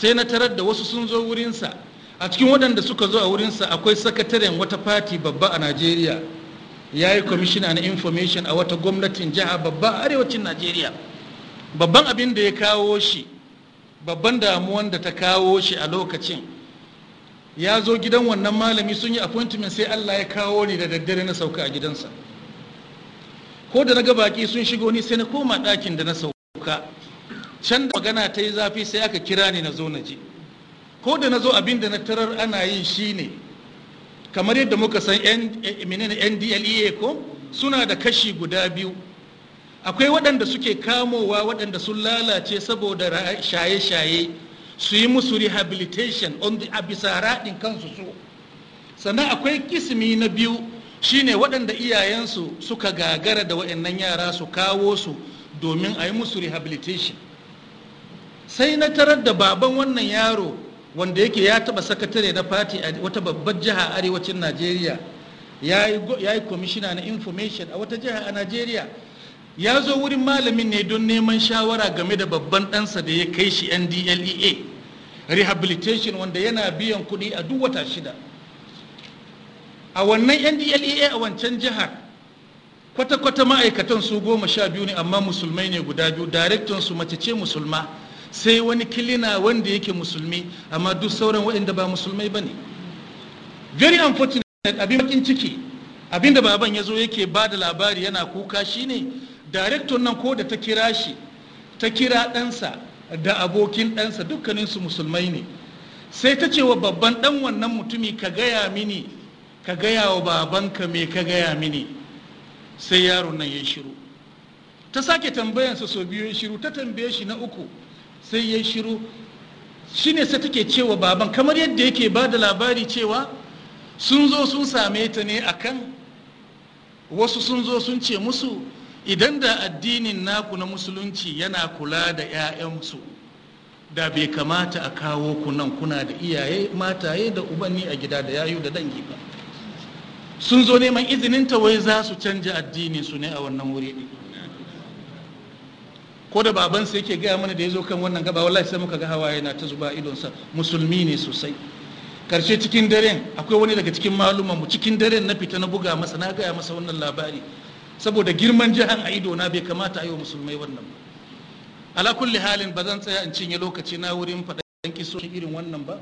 sai na tarar da wasu sun zo wurinsa a cikin waɗanda suka zo a wurinsa akwai sakataren wata fati babba a najeriya ya yi commission na information a wata gwamnatin jiha babba a arewacin najeriya babban abin da ya kawo shi babban damuwan da ta kawo shi a lokacin ya zo gidan wannan malami sun yi appointment sai allah ya kawo ni da daddare na sauka a gidansa ko da na ga baki sun shigo ni sai na koma ɗakin da na sauka can da magana ta yi zafi sai aka kira ni na zo na ji ko da na zo abin da na tarar ana yin shi ne kamar yadda muka san ndlea ko suna da kashi guda biyu akwai waɗanda suke kamowa waɗanda sun lalace saboda shaye-shaye su yi musu rehabilitation on the bisa raɗin kansu su sannan akwai kismi na biyu shine waɗanda iyayensu suka gagara da waɗannan yara su kawo su domin a yi musu rehabilitation sai na tarar da baban wannan yaro wanda yake ya taba sakatare na fati a wata babbar jiha arewacin najeriya ya yi komishina na information a wata jiha a najeriya ya zo wurin malamin ne don neman shawara game da babban ɗansa da ya kai shi ndlea rehabilitation wanda yana biyan kuɗi a duk wata shida a wannan ndlea a wancan jihar kwata-kwata ma'aikatan su goma sha biyu ne amma musulmai ne guda biyu darektan su mace ce musulma sai wani kilina wanda yake musulmi amma duk sauran waɗanda ba musulmai ba ne very unfortunate abin bakin ciki abinda baban ya zo yake ba da labari yana kuka shine director nan ko da ta kira shi ta kira ɗansa da abokin ɗansa dukkaninsu musulmai ne sai ta ce wa babban ɗan wannan mutumi ka gaya mini ka gaya wa babanka me ka gaya mini sai yaron nan ya shiru ta sake tambayansa sau biyu ya shiru ta tambaye shi na uku sai ya shiru shi ne sai take cewa baban kamar yadda yake ba da labari cewa sun zo sun same ta ne akan wasu sun zo sun ce musu idan da addinin naku na musulunci yana kula da 'ya'yansu da bai kamata a kawo ku nan kuna da iyaye mataye da ubanni a gida da yayu da dangi ba sun zo neman izinin ta wai za su canja addininsu ne a wannan wuri ɗin ko da babansa yake gaya mana da ya zo kan wannan gaba wallahi sai muka ga hawaye na ta zuba idonsa musulmi ne sosai karshe cikin daren akwai wani daga cikin maluma mu cikin daren na fita na buga masa na gaya masa wannan labari saboda girman jihan a ido na bai kamata a yi wa musulmai wannan ba ala kulli halin ba zan tsaya in cinye lokaci na wurin faɗan kiso irin wannan ba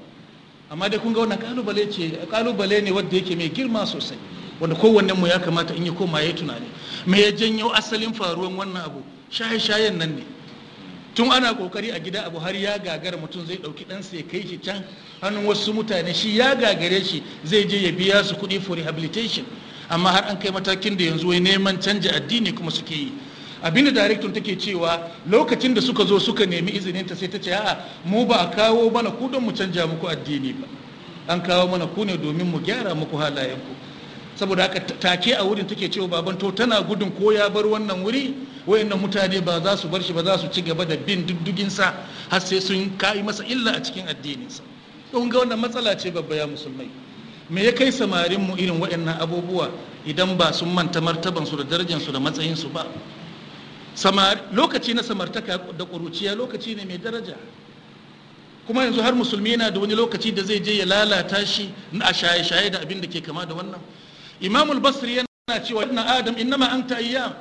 amma dai kun ga wannan kalubale ce kalubale ne wanda yake mai girma sosai wanda kowannen mu ya kamata in yi koma ya tunani me ya janyo asalin faruwan wannan abu shaye-shayen nan ne tun ana kokari a gida abu har ya gagara mutum zai dauki ɗansa ya kai shi can hannun wasu mutane shi ya gagare shi zai je ya biya su kuɗi for rehabilitation amma har an kai matakin da yanzu wai neman canja addini kuma suke yi abinda director take cewa lokacin da suka zo suka nemi izinin ta sai ta ce a'a mu ba a kawo mana ku don mu canja muku addini ba an kawo mana ku ne domin mu gyara muku halayenku saboda haka take a wurin take cewa baban to tana gudun ko ya bar wannan wuri wayannan mutane ba za su bar shi ba za su ci gaba da bin diddiginsa har sai sun kai masa illa a cikin addininsa don ga wannan matsala ce babba ya musulmai me ya kai samarin mu irin wayannan abubuwa idan ba sun manta su da su da matsayinsu ba lokaci na samartaka da ƙuruciya lokaci ne mai daraja kuma yanzu har musulmi yana da wani lokaci da zai je ya lalata shi a shaye-shaye da abin da ke kama da wannan imamul basri yana cewa inna adam innama anta ayyam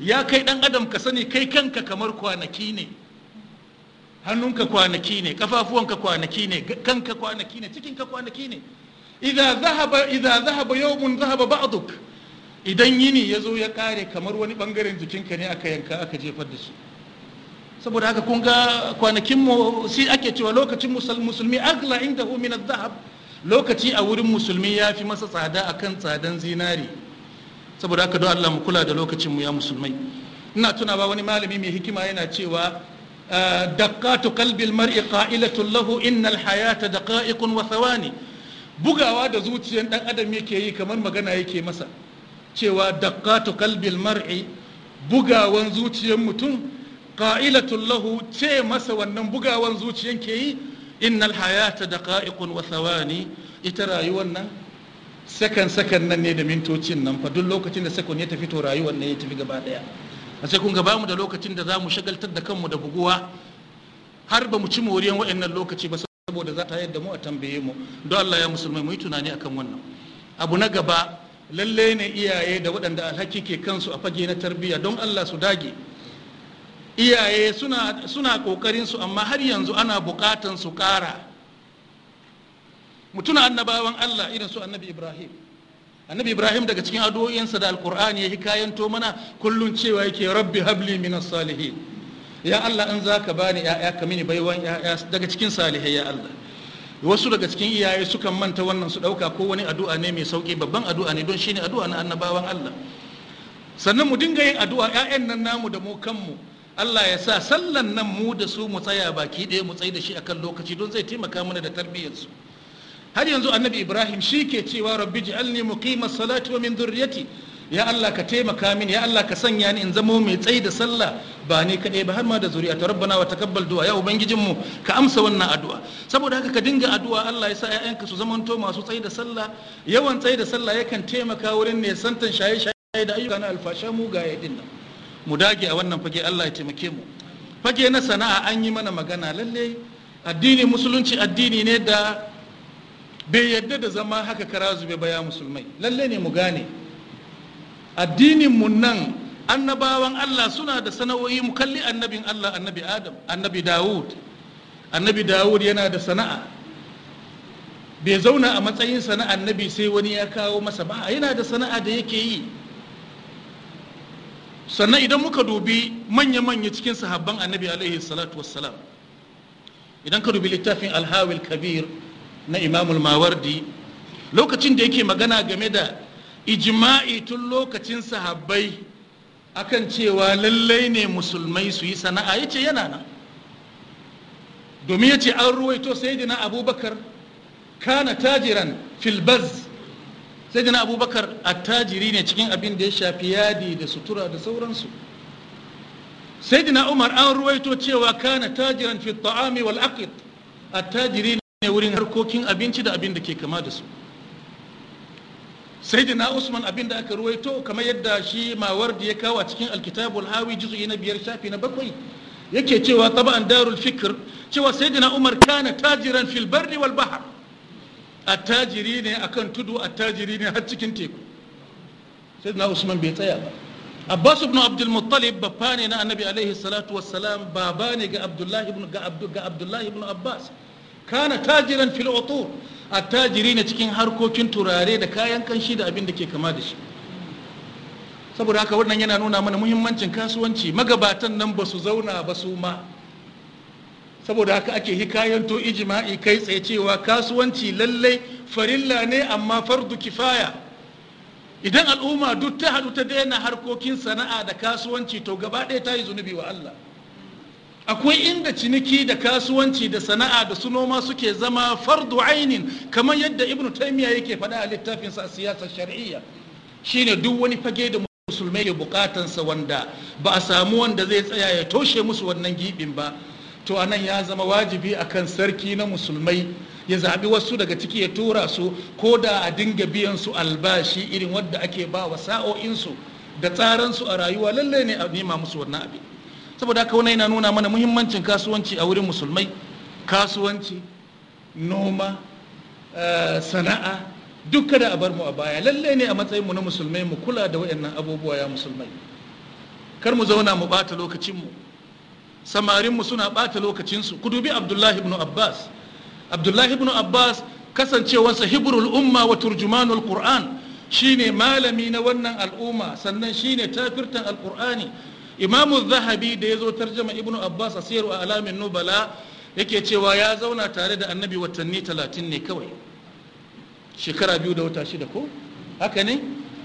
ya kai dan adam ka sani kai kanka kamar kwanaki ne hannunka kwanaki ne kafafuwanka kwanaki ne kanka kwanaki ne cikinka kwanaki ne idan zahaba idza zahaba yawmun zahaba ba'duk idan yini ya zo ya kare kamar wani bangaren jikinka ne aka yanka aka jefar da shi saboda haka kun ga kwanakin mu shi ake cewa lokacin musulmi agla hu min zahab lokaci a wurin musulmi ya fi masa tsada akan tsadan zinari saboda haka don Allah mu kula da lokacin mu ya musulmai ina tuna ba wani malami mai hikima yana cewa ah, daqqatu qalbil mar'i qa'ilatun lahu innal hayata daqa'iqun wa thawani bugawa da zuciyar dan adam yake yi kamar magana yake masa cewa daqqatu qalbil mar'i bugawan zuciyar mutum qa'ilatun lahu ce masa wannan bugawan zuciyar ke yi innal hayata daqa'iqun wa thawani ita rayuwar nan sakan sakan nan ne da mintocin nan fa duk lokacin da sakon ya tafi to rayuwar ne ya tafi gaba daya a sai kun gaba mu da lokacin da za mu shagaltar da kanmu da buguwa har ba mu ci moriyan waɗannan lokaci ba saboda za ta yadda mu a tambaye mu don Allah ya musulmai mu yi tunani akan wannan abu na gaba lalle ne iyaye da waɗanda alhaki ke kansu a fage na tarbiyya don Allah su dage iyaye suna suna kokarin su amma har yanzu ana buƙatan su ƙara mutuna annabawan Allah irin su annabi Ibrahim annabi Ibrahim daga cikin addu'o'insa da alkur'ani ya hikayanto mana kullun cewa yake rabbi habli minas salihin ya Allah in zaka bani yaya ka mini baiwan ƴaƴa daga cikin salihai ya Allah wasu daga cikin iyaye sukan manta wannan su dauka ko wani addu'a ne mai sauki babban addu'a ne don shine addu'a na annabawan Allah sannan mu dinga yin addu'a yayan nan namu da mu kanmu Allah ya sa sallan nan mu da su mu tsaya baki ɗaya mu tsaye da shi akan lokaci don zai taimaka mana da tarbiyyarsu har yanzu annabi ibrahim shi ke cewa rabbi ji'alni muqima salati wa min dhurriyyati ya Allah ka taimaka min ya Allah ka sanya ni in zamo mai tsayi da sallah ba ni kaɗai ba har ma da zuri'a ta rabbana wa takabbal du'a ya mu ka amsa wannan addu'a saboda haka ka dinga addu'a Allah ya sa ƴaƴanka su zamanto masu tsayi da sallah yawan tsayi da sallah yakan taimaka wurin ne santan shaye shaye da ayyuka na alfasha mu ga yadin nan mu dage a wannan fage Allah ya taimake mu fage na sana'a an yi mana magana lalle addini musulunci addini ne da bai yadda da zama haka kara zube ba ya musulmai lalle ne mu gane addininmu nan annabawan allah suna da sana'o'i mu kalli annabin allah annabi adam annabi dawud annabi dawud yana da sana'a bai zauna a matsayin sana'a annabi sai wani ya kawo masa ba yana da sana'a da yake yi sannan idan muka dubi manya-manya cikin sahabban annabi alaihi salatu wassalam idan ka dubi littafin alhawil kabir na imamul mawardi lokacin da yake magana game da ijima'i tun lokacin sahabbai akan cewa lallai ne musulmai su yi sana'a ya ce yana nan domin ya ce an ruwaito Saidina abubakar kana tajiran filbaz Saidina abubakar attajiri ne cikin abin da ya shafi yadi da sutura da sauransu Saidina umar an ruwaito cewa kana tajiran fi ta'ami wal aqid attajiri ne wurin harkokin abinci da abin da ke kama da su sai da na usman abin da aka ruwaito kamar yadda shi mawar da ya kawo a cikin alkitabul hawi juzu'i na biyar shafi na bakwai yake cewa taba'an darul fikir cewa sai da na umar kana tajiran fil barri wal bahar attajiri ne akan tudu tajiri ne har cikin teku sai usman bai tsaya ba abbas ibn abdul muttalib babba ne na annabi alaihi salatu wassalam baba ne ga abdullahi ibn abbas kana tajiran fil utur attajiri ne cikin harkokin turare da kayan kanshi da abin da ke kama da shi saboda haka wannan yana nuna mana muhimmancin kasuwanci magabatan nan ba su zauna ba su ma saboda haka ake hikayanto ijima'i kai tsaye cewa kasuwanci lallai farilla ne amma fardu kifaya idan al'umma duk ta haɗu ta daina harkokin sana'a da kasuwanci to gaba ɗaya ta yi zunubi wa Allah akwai inda ciniki da kasuwanci da sana'a da su noma suke zama fardu ainin kamar yadda ibnu taymiya yake faɗa a littafinsa a siyasar shar'iyya shine duk wani fage da musulmai ke bukatansa wanda ba a samu wanda zai tsaya ya toshe musu wannan gibin ba to anan ya zama wajibi akan sarki na musulmai ya zaɓi wasu daga ciki ya tura su ko da a dinga biyan su albashi irin wadda ake ba wa sa'o'insu da tsaransu a rayuwa lallai ne a nema musu wannan abin saboda haka wannan yana nuna mana muhimmancin kasuwanci a wurin musulmai kasuwanci noma eh, sana'a duk kada a bar mu a baya lalle ne a matsayin mu na musulmai mu kula da wayannan abubuwa ya musulmai kar mu zauna mu bata lokacinmu. Samarinmu suna bata lokacinsu. ku dubi Abdullahi ibn Abbas Abdullahi ibn Abbas kasancewarsa hibrul umma wa turjumanul Qur'an shine malami na wannan al'umma sannan shine tafirtan alqur'ani imamu zahabi da ya zo tarjama ibnu abbas a sayar a alamin nubala yake cewa ya zauna tare da annabi watanni talatin ne kawai shekara biyu da wata shida ko haka ne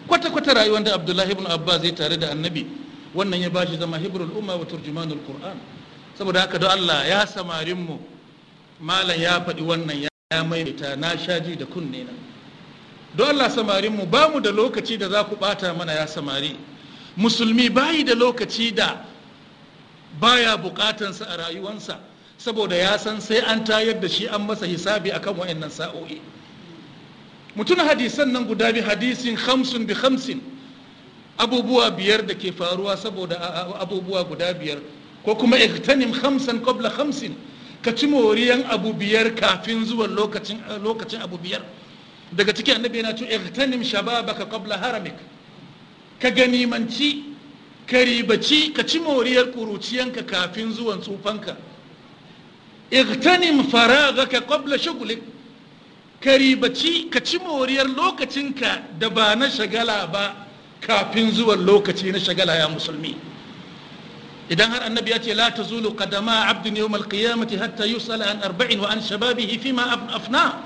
kwata-kwata rayuwar da abdullahi ibn abbas zai tare da annabi wannan ya bashi zama hibrul umma wa turjumanul qur'an saboda haka don allah ya samarin mu malam ya faɗi wannan ya maimaita na sha ji da kunne na don allah samarin mu ba mu da lokaci da za ku ɓata mana ya samari musulmi bayi da lokaci da baya bukatansa a rayuwansa saboda ya san sai an tayar da shi an masa hisabi akan wa'annan sa'o'i mutum hadisan nan guda bi hadisin hamsin bi hamsin abubuwa biyar da ke faruwa saboda abubuwa guda biyar ko kuma iktanim khamsan qabla hamsin ka ci moriyan abu biyar kafin zuwa lokacin abu biyar daga ciki annabi yana to iktanim shababaka qabla haramik ka ganimanci ka ribaci ka ci moriyar ƙuruciyanka kafin zuwan tsufanka igtanim ka qabla shughlik ka ribaci ka ci moriyar lokacinka da ba na shagala ba kafin zuwan lokaci na shagala ya musulmi idan har annabi ya ce la tazulu qadama abdin yawm alqiyamati hatta yusala an arba'in wa an shababihi fima afna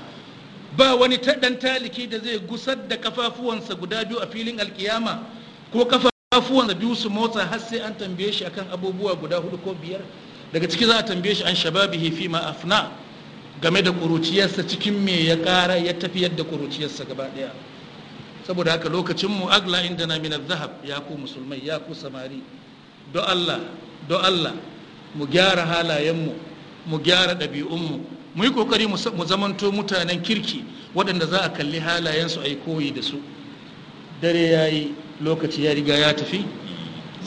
ba wani taɗan taliki da zai gusar da kafafuwansa guda biyu a filin alkiyama ko kafafuwan da biyu su motsa har sai an tambaye shi akan abubuwa guda hudu ko biyar daga ciki za a tambaye shi an shababihi fi ma afna game da kuruciyarsa cikin me ya kara ya tafiyar da kuruciyarsa gaba daya saboda haka lokacin mu agla inda na minar zahab ya ku musulmai ya ku samari do Allah do Allah mu gyara halayenmu mu gyara ɗabi'unmu mu yi ƙoƙari mu zamanto mutanen kirki waɗanda za a kalli halayen su yi koyi da su dare ya yi lokaci ya riga ya tafi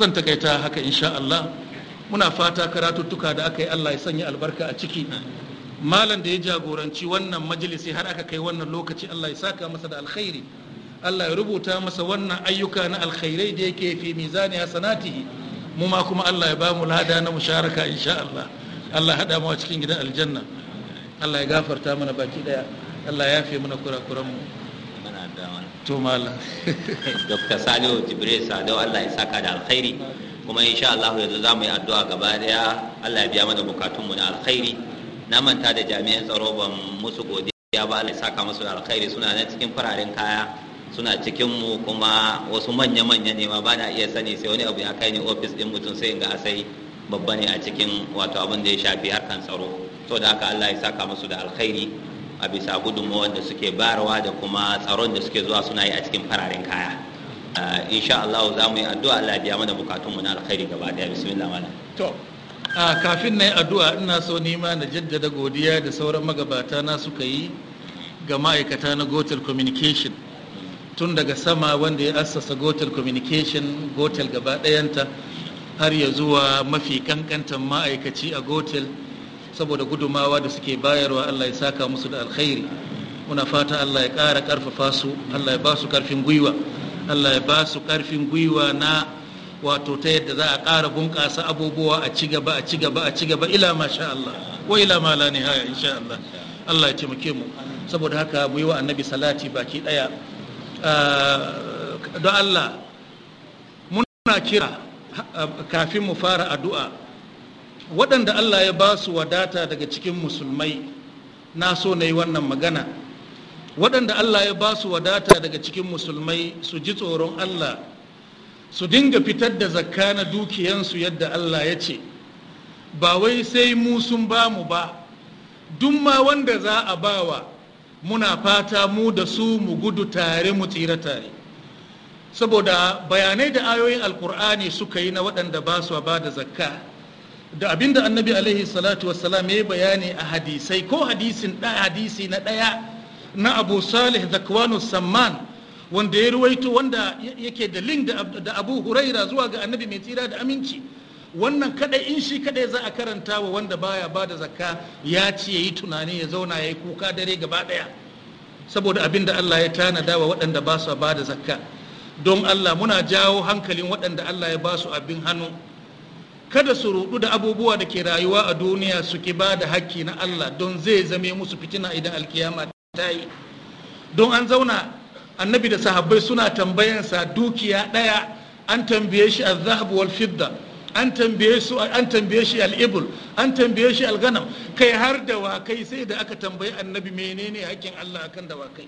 zan takaita haka insha Allah muna fata karatuttuka da aka yi Allah ya sanya albarka a ciki malam da ya jagoranci wannan majalisi har aka kai wannan lokaci Allah ya saka masa da alkhairi Allah ya rubuta masa wannan ayyuka na alkhairai da yake fi mizani hasanatihi mu ma kuma Allah ya ba mu lada na musharaka insha Allah Allah ya hada mu cikin gidan aljanna Allah ya gafarta mana baki daya Allah ya yafe mana kurakuran mu to malam dr salihu jibril sani allah ya saka da alkhairi kuma insha Allah yanzu za mu yi addu'a gaba daya allah ya biya mana bukatunmu na alkhairi na manta da jami'an tsaro ban musu godiya ba Allah ya saka musu da alkhairi suna na cikin fararen kaya suna cikin mu kuma wasu manya-manya ne ma bana iya sani sai wani abu ya kai ni ofis din mutum sai in ga asai babba ne a cikin wato abin da ya shafi harkan tsaro to da haka Allah ya saka musu da alkhairi a bisa gudunmawar da suke barawa da kuma tsaron da suke zuwa suna yi a cikin fararen kaya eh, insha Allah za mu yi addu'a Allah biya mana bukatun mu na alkhairi gaba daya bismillah malam to a kafin na yi addu'a ina so nima na jaddada godiya da sauran magabata na suka yi ga ma'aikata na gotel communication tun daga sama wanda ya assasa gotel communication gotel gaba ɗayanta har ya zuwa mafi kankantan ma'aikaci a gotel saboda gudumawa da suke bayarwa Allah ya saka musu da alkhairi muna fata Allah ya ƙara ƙarfafa su Allah ya ba su ƙarfin gwiwa Allah ya ba su ƙarfin gwiwa na wato ta yadda za a ƙara bunƙasa abubuwa a ci gaba a ci gaba a ci gaba ila ma sha Allah wa ila ma la nihaya insha Allah Allah ya taimake mu saboda haka mu yi wa annabi salati baki ɗaya ah, don Allah muna kira ah, kafin mu fara addu'a waɗanda allah ya ba su wadata daga cikin musulmai na so na yi wannan magana waɗanda allah ya ba su wadata daga cikin musulmai su ji tsoron allah su dinga fitar da zakka na dukiyansu yadda allah ya ce ba wai sai mu sun ba mu ba duk ma wanda za a bawa muna fata mu da su mu gudu tare mu tsira tare saboda bayanai da ayoyin alkur'ani suka yi na waɗanda ba su ba da zakka da abinda annabi alaihi salatu wassalam ya bayani a hadisai ko hadisin da hadisi na ɗaya na abu salih zakwanu samman wanda ya ruwaito wanda yake da link da abu huraira zuwa ga annabi mai tsira da aminci wannan kadai in shi kadai za a karanta wa wanda baya ba da zakka ya ci ya yi tunani ya zauna ya yi kuka dare gaba ɗaya. saboda abin da allah ya tanada wa waɗanda ba su ba da zakka don allah muna jawo hankalin waɗanda allah ya ba su abin hannu kada su rudu da abubuwa da ke rayuwa a duniya su ki ba da hakki na Allah don zai zame musu fitina idan alkiyama ta yi don an zauna annabi da sahabbai suna tambayansa dukiya ɗaya an tambaye shi al-zahabu wal fidda an tambaye su an tambaye shi al-ibul an tambaye shi al-ganam kai har da wakai sai da aka tambayi annabi menene haƙƙin Allah akan da wakai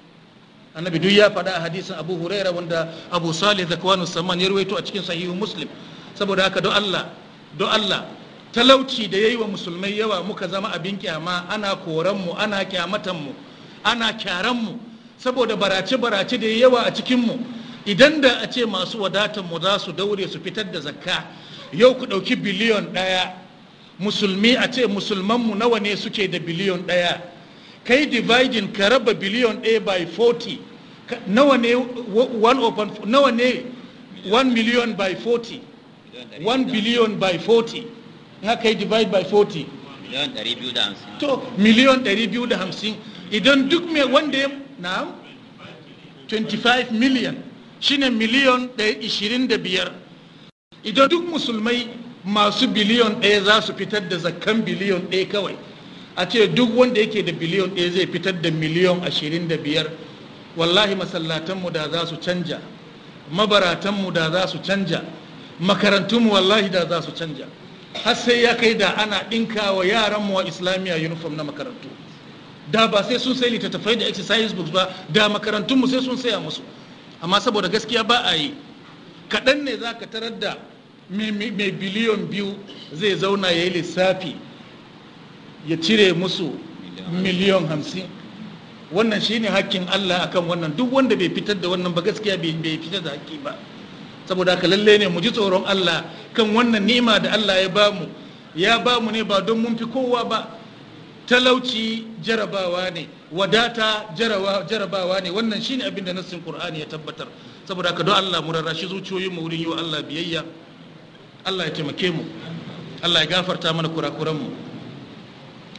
annabi duk ya faɗa a hadisin abu huraira wanda abu salih zakwanu saman ya rawaito a cikin sahihu muslim saboda haka don Allah don Allah talauci da yayi wa musulmai yawa muka zama abin kyama ana koranmu ana kyamatanmu ana kyaranmu saboda barace-barace da yawa a cikinmu idan da a ce masu wadatanmu za su daure su fitar da zakka yau ku ɗauki biliyon ɗaya musulmi a ce musulmanmu nawa ne suke da biliyon ɗaya kai dividing ka raba biliyon ɗaya by 40 nawa ne 1 million by 40 1 billion by 40 in aka yi divide by 40 to miliyon 250 idan duk mai wanda ya na 25 million shine miliyon 125 idan duk musulmai masu biliyon ɗaya za su fitar da zakkan biliyon ɗaya kawai a ce duk wanda yake da biliyon ɗaya zai fitar da miliyon ashirin da biyar wallahi masallatanmu da za su canja mabaratanmu da za su canja makarantunmu wallahi da za su canja har sai ya kai da ana ɗinka wa yaran wa islamiyya uniform na makarantu da ba sai sun sai littattafai da exercise books ba da mu sai sun saya musu amma saboda gaskiya ba a yi kaɗan ne za ka tarar da mai biliyon biyu zai zauna ya yi lissafi ya cire musu miliyon hamsin wannan shine hakkin allah akan wannan duk wanda bai fitar da wannan ba gaskiya bai fitar da hakki ba saboda ka lalle ne mu ji tsoron Allah kan wannan ni'ima da Allah ya bamu ya bamu ne ba don mun fi kowa ba talauci jarabawa ne wadata jarabawa ne wannan shine abin da nassin Qur'ani ya tabbatar saboda haka don Allah mu rarrashi zuciyoyin mu wurin yi wa Allah biyayya Allah ya taimake mu Allah ya gafarta mana kurakuran mu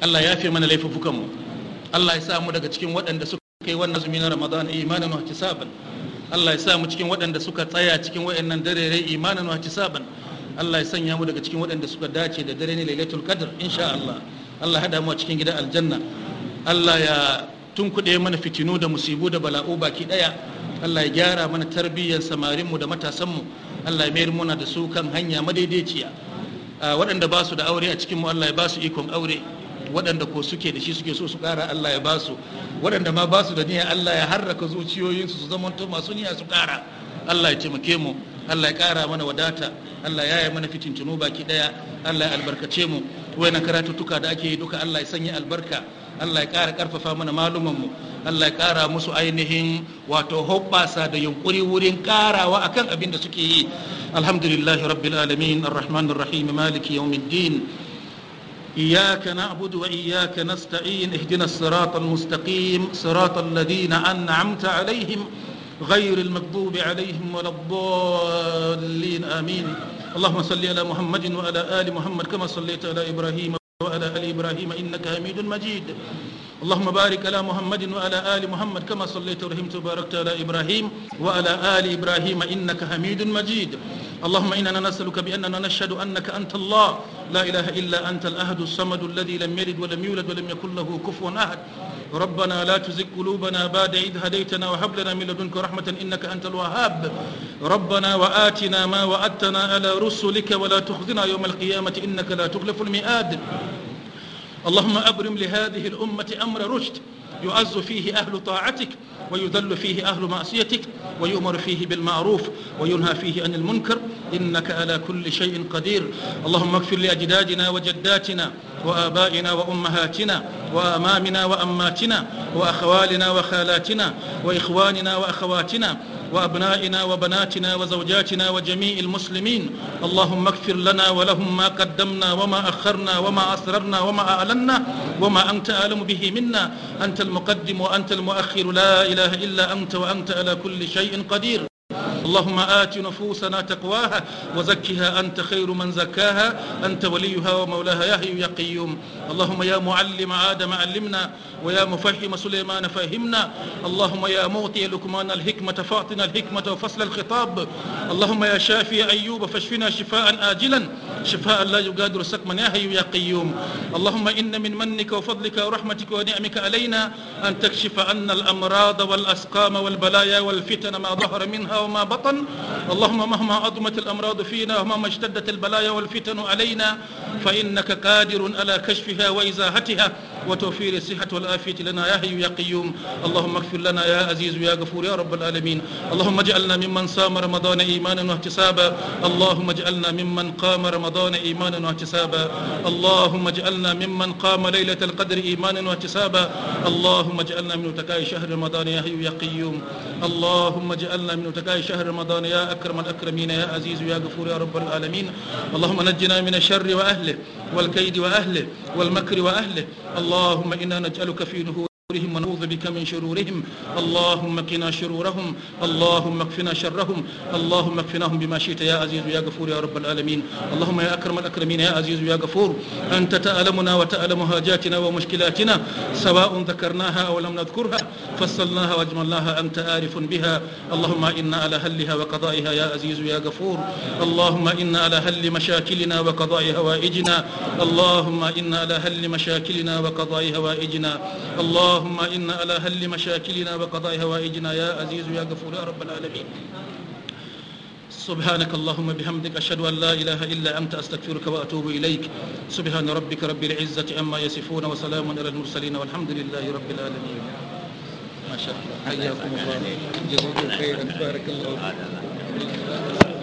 Allah ya fi mana laifukan mu Allah ya sa mu daga cikin waɗanda suka kai wannan azumi na Ramadan imanan wa ihtisaban Allah ya sa mu cikin waɗanda suka tsaya cikin waɗannan darere imanin wa saban Allah ya sanya mu daga cikin waɗanda suka dace da dare ne lailatul qadr insha Allah Allah hada mu a cikin gidan aljanna Allah ya tunkuɗe mana fitinu da musibu da bala'u baki ɗaya Allah ya gyara mana tarbiyyar samarinmu da matasanmu Allah ya mayar muna da su kan hanya madaidaiciya ah, waɗanda ba su da aure a cikinmu Allah ya ba su ikon aure waɗanda ko suke da shi suke so su ƙara Allah ya basu waɗanda ma basu da niyya Allah ya harraka zuciyoyinsu su zamanto masu niyya su ƙara Allah ya taimake mu Allah ya ƙara mana wadata Allah ya yi mana fitintunu baki ɗaya Allah ya albarkace mu wayannan karatuttuka da ake yi duka Allah ya sanya albarka Allah ya ƙara ƙarfafa mana malumanmu Allah ya ƙara musu ainihin wato hoɓɓasa da yunƙuri wurin ƙarawa akan abin da suke yi alhamdulillahi rabbil alamin arrahmanir rahim maliki yawmiddin إياك نعبد وإياك نستعين اهدنا الصراط المستقيم صراط الذين أنعمت عليهم غير المكذوب عليهم ولا الضالين آمين اللهم صل على محمد وعلى آل محمد كما صليت على إبراهيم وعلى آل إبراهيم إنك حميد مجيد اللهم بارك على محمد وعلى آل محمد كما صليت ورحمت وباركت على إبراهيم وعلى آل إبراهيم إنك حميد مجيد اللهم إننا نسألك بأننا نشهد أنك أنت الله لا إله إلا أنت الأهد الصمد الذي لم يلد ولم يولد ولم يكن له كفوا أحد ربنا لا تزغ قلوبنا بعد إذ هديتنا وهب لنا من لدنك رحمة إنك أنت الوهاب ربنا وآتنا ما وعدتنا على رسلك ولا تخزنا يوم القيامة إنك لا تخلف المئاد اللهم أبرم لهذه الأمة أمر رشد يعز فيه أهل طاعتك ويذل فيه أهل معصيتك ويؤمر فيه بالمعروف وينهى فيه عن المنكر إنك على كل شيء قدير اللهم اغفر لأجدادنا وجداتنا وآبائنا وأمهاتنا وأمامنا وأماتنا وأخوالنا وخالاتنا وإخواننا وأخواتنا وأبنائنا وبناتنا وزوجاتنا وجميع المسلمين اللهم اغفر لنا ولهم ما قدمنا وما أخرنا وما أسررنا وما أعلنا وما أنت أعلم به منا أنت المقدم وأنت المؤخر لا إله إلا أنت وأنت على كل شيء قدير اللهم آت نفوسنا تقواها وزكها أنت خير من زكاها أنت وليها ومولاها يا حي يا قيوم اللهم يا معلم آدم علمنا ويا مفهم سليمان فهمنا اللهم يا موطي لكمان الحكمة فاعطنا الحكمة وفصل الخطاب اللهم يا شافي أيوب فاشفنا شفاء آجلا شفاء لا يغادر سقما يا حي يا قيوم اللهم إن من منك وفضلك ورحمتك ونعمك علينا أن تكشف عنا الأمراض والأسقام والبلايا والفتن ما ظهر منها وما بطن الوطن اللهم مهما عظمت الأمراض فينا ومهما اشتدت البلايا والفتن علينا فإنك قادر على كشفها وإزاحتها وتوفير الصحة والآفية لنا يا حي يا قيوم اللهم اغفر لنا يا عزيز يا غفور يا رب العالمين اللهم اجعلنا ممن صام رمضان إيمانا واحتسابا اللهم اجعلنا ممن قام رمضان إيمانا واحتسابا اللهم اجعلنا ممن قام ليلة القدر إيمانا واحتسابا اللهم اجعلنا من اتقاء شهر رمضان يا حي يا قيوم اللهم اجعلنا من اتقاء شهر رمضان يا أكرم الأكرمين يا عزيز يا غفور يا رب العالمين اللهم نجنا من الشر وأهله والكيد وأهله والمكر وأهله اللهم إنا نجعلك في نهور شرورهم ونعوذ بك من شرورهم اللهم قنا شرورهم اللهم اكفنا شرهم اللهم اكفناهم بما شئت يا عزيز يا غفور يا رب العالمين اللهم يا اكرم الاكرمين يا عزيز يا غفور انت تألمنا وتألم حاجاتنا ومشكلاتنا سواء ذكرناها او لم نذكرها فصلناها واجملناها انت عارف بها اللهم انا على حلها وقضائها يا عزيز يا غفور اللهم انا على حل مشاكلنا وقضاء هوائجنا اللهم انا على حل مشاكلنا وقضاء هوائجنا الله اللهم إنا على هل مشاكلنا وقضاء هوائجنا يا عزيز يا غفور يا رب العالمين سبحانك اللهم بحمدك أشهد أن لا إله إلا أنت أستغفرك وأتوب إليك سبحان ربك رب العزة عما يصفون وسلام على المرسلين والحمد لله رب العالمين ما شاء الله حياكم الله جزاكم خيرا بارك الله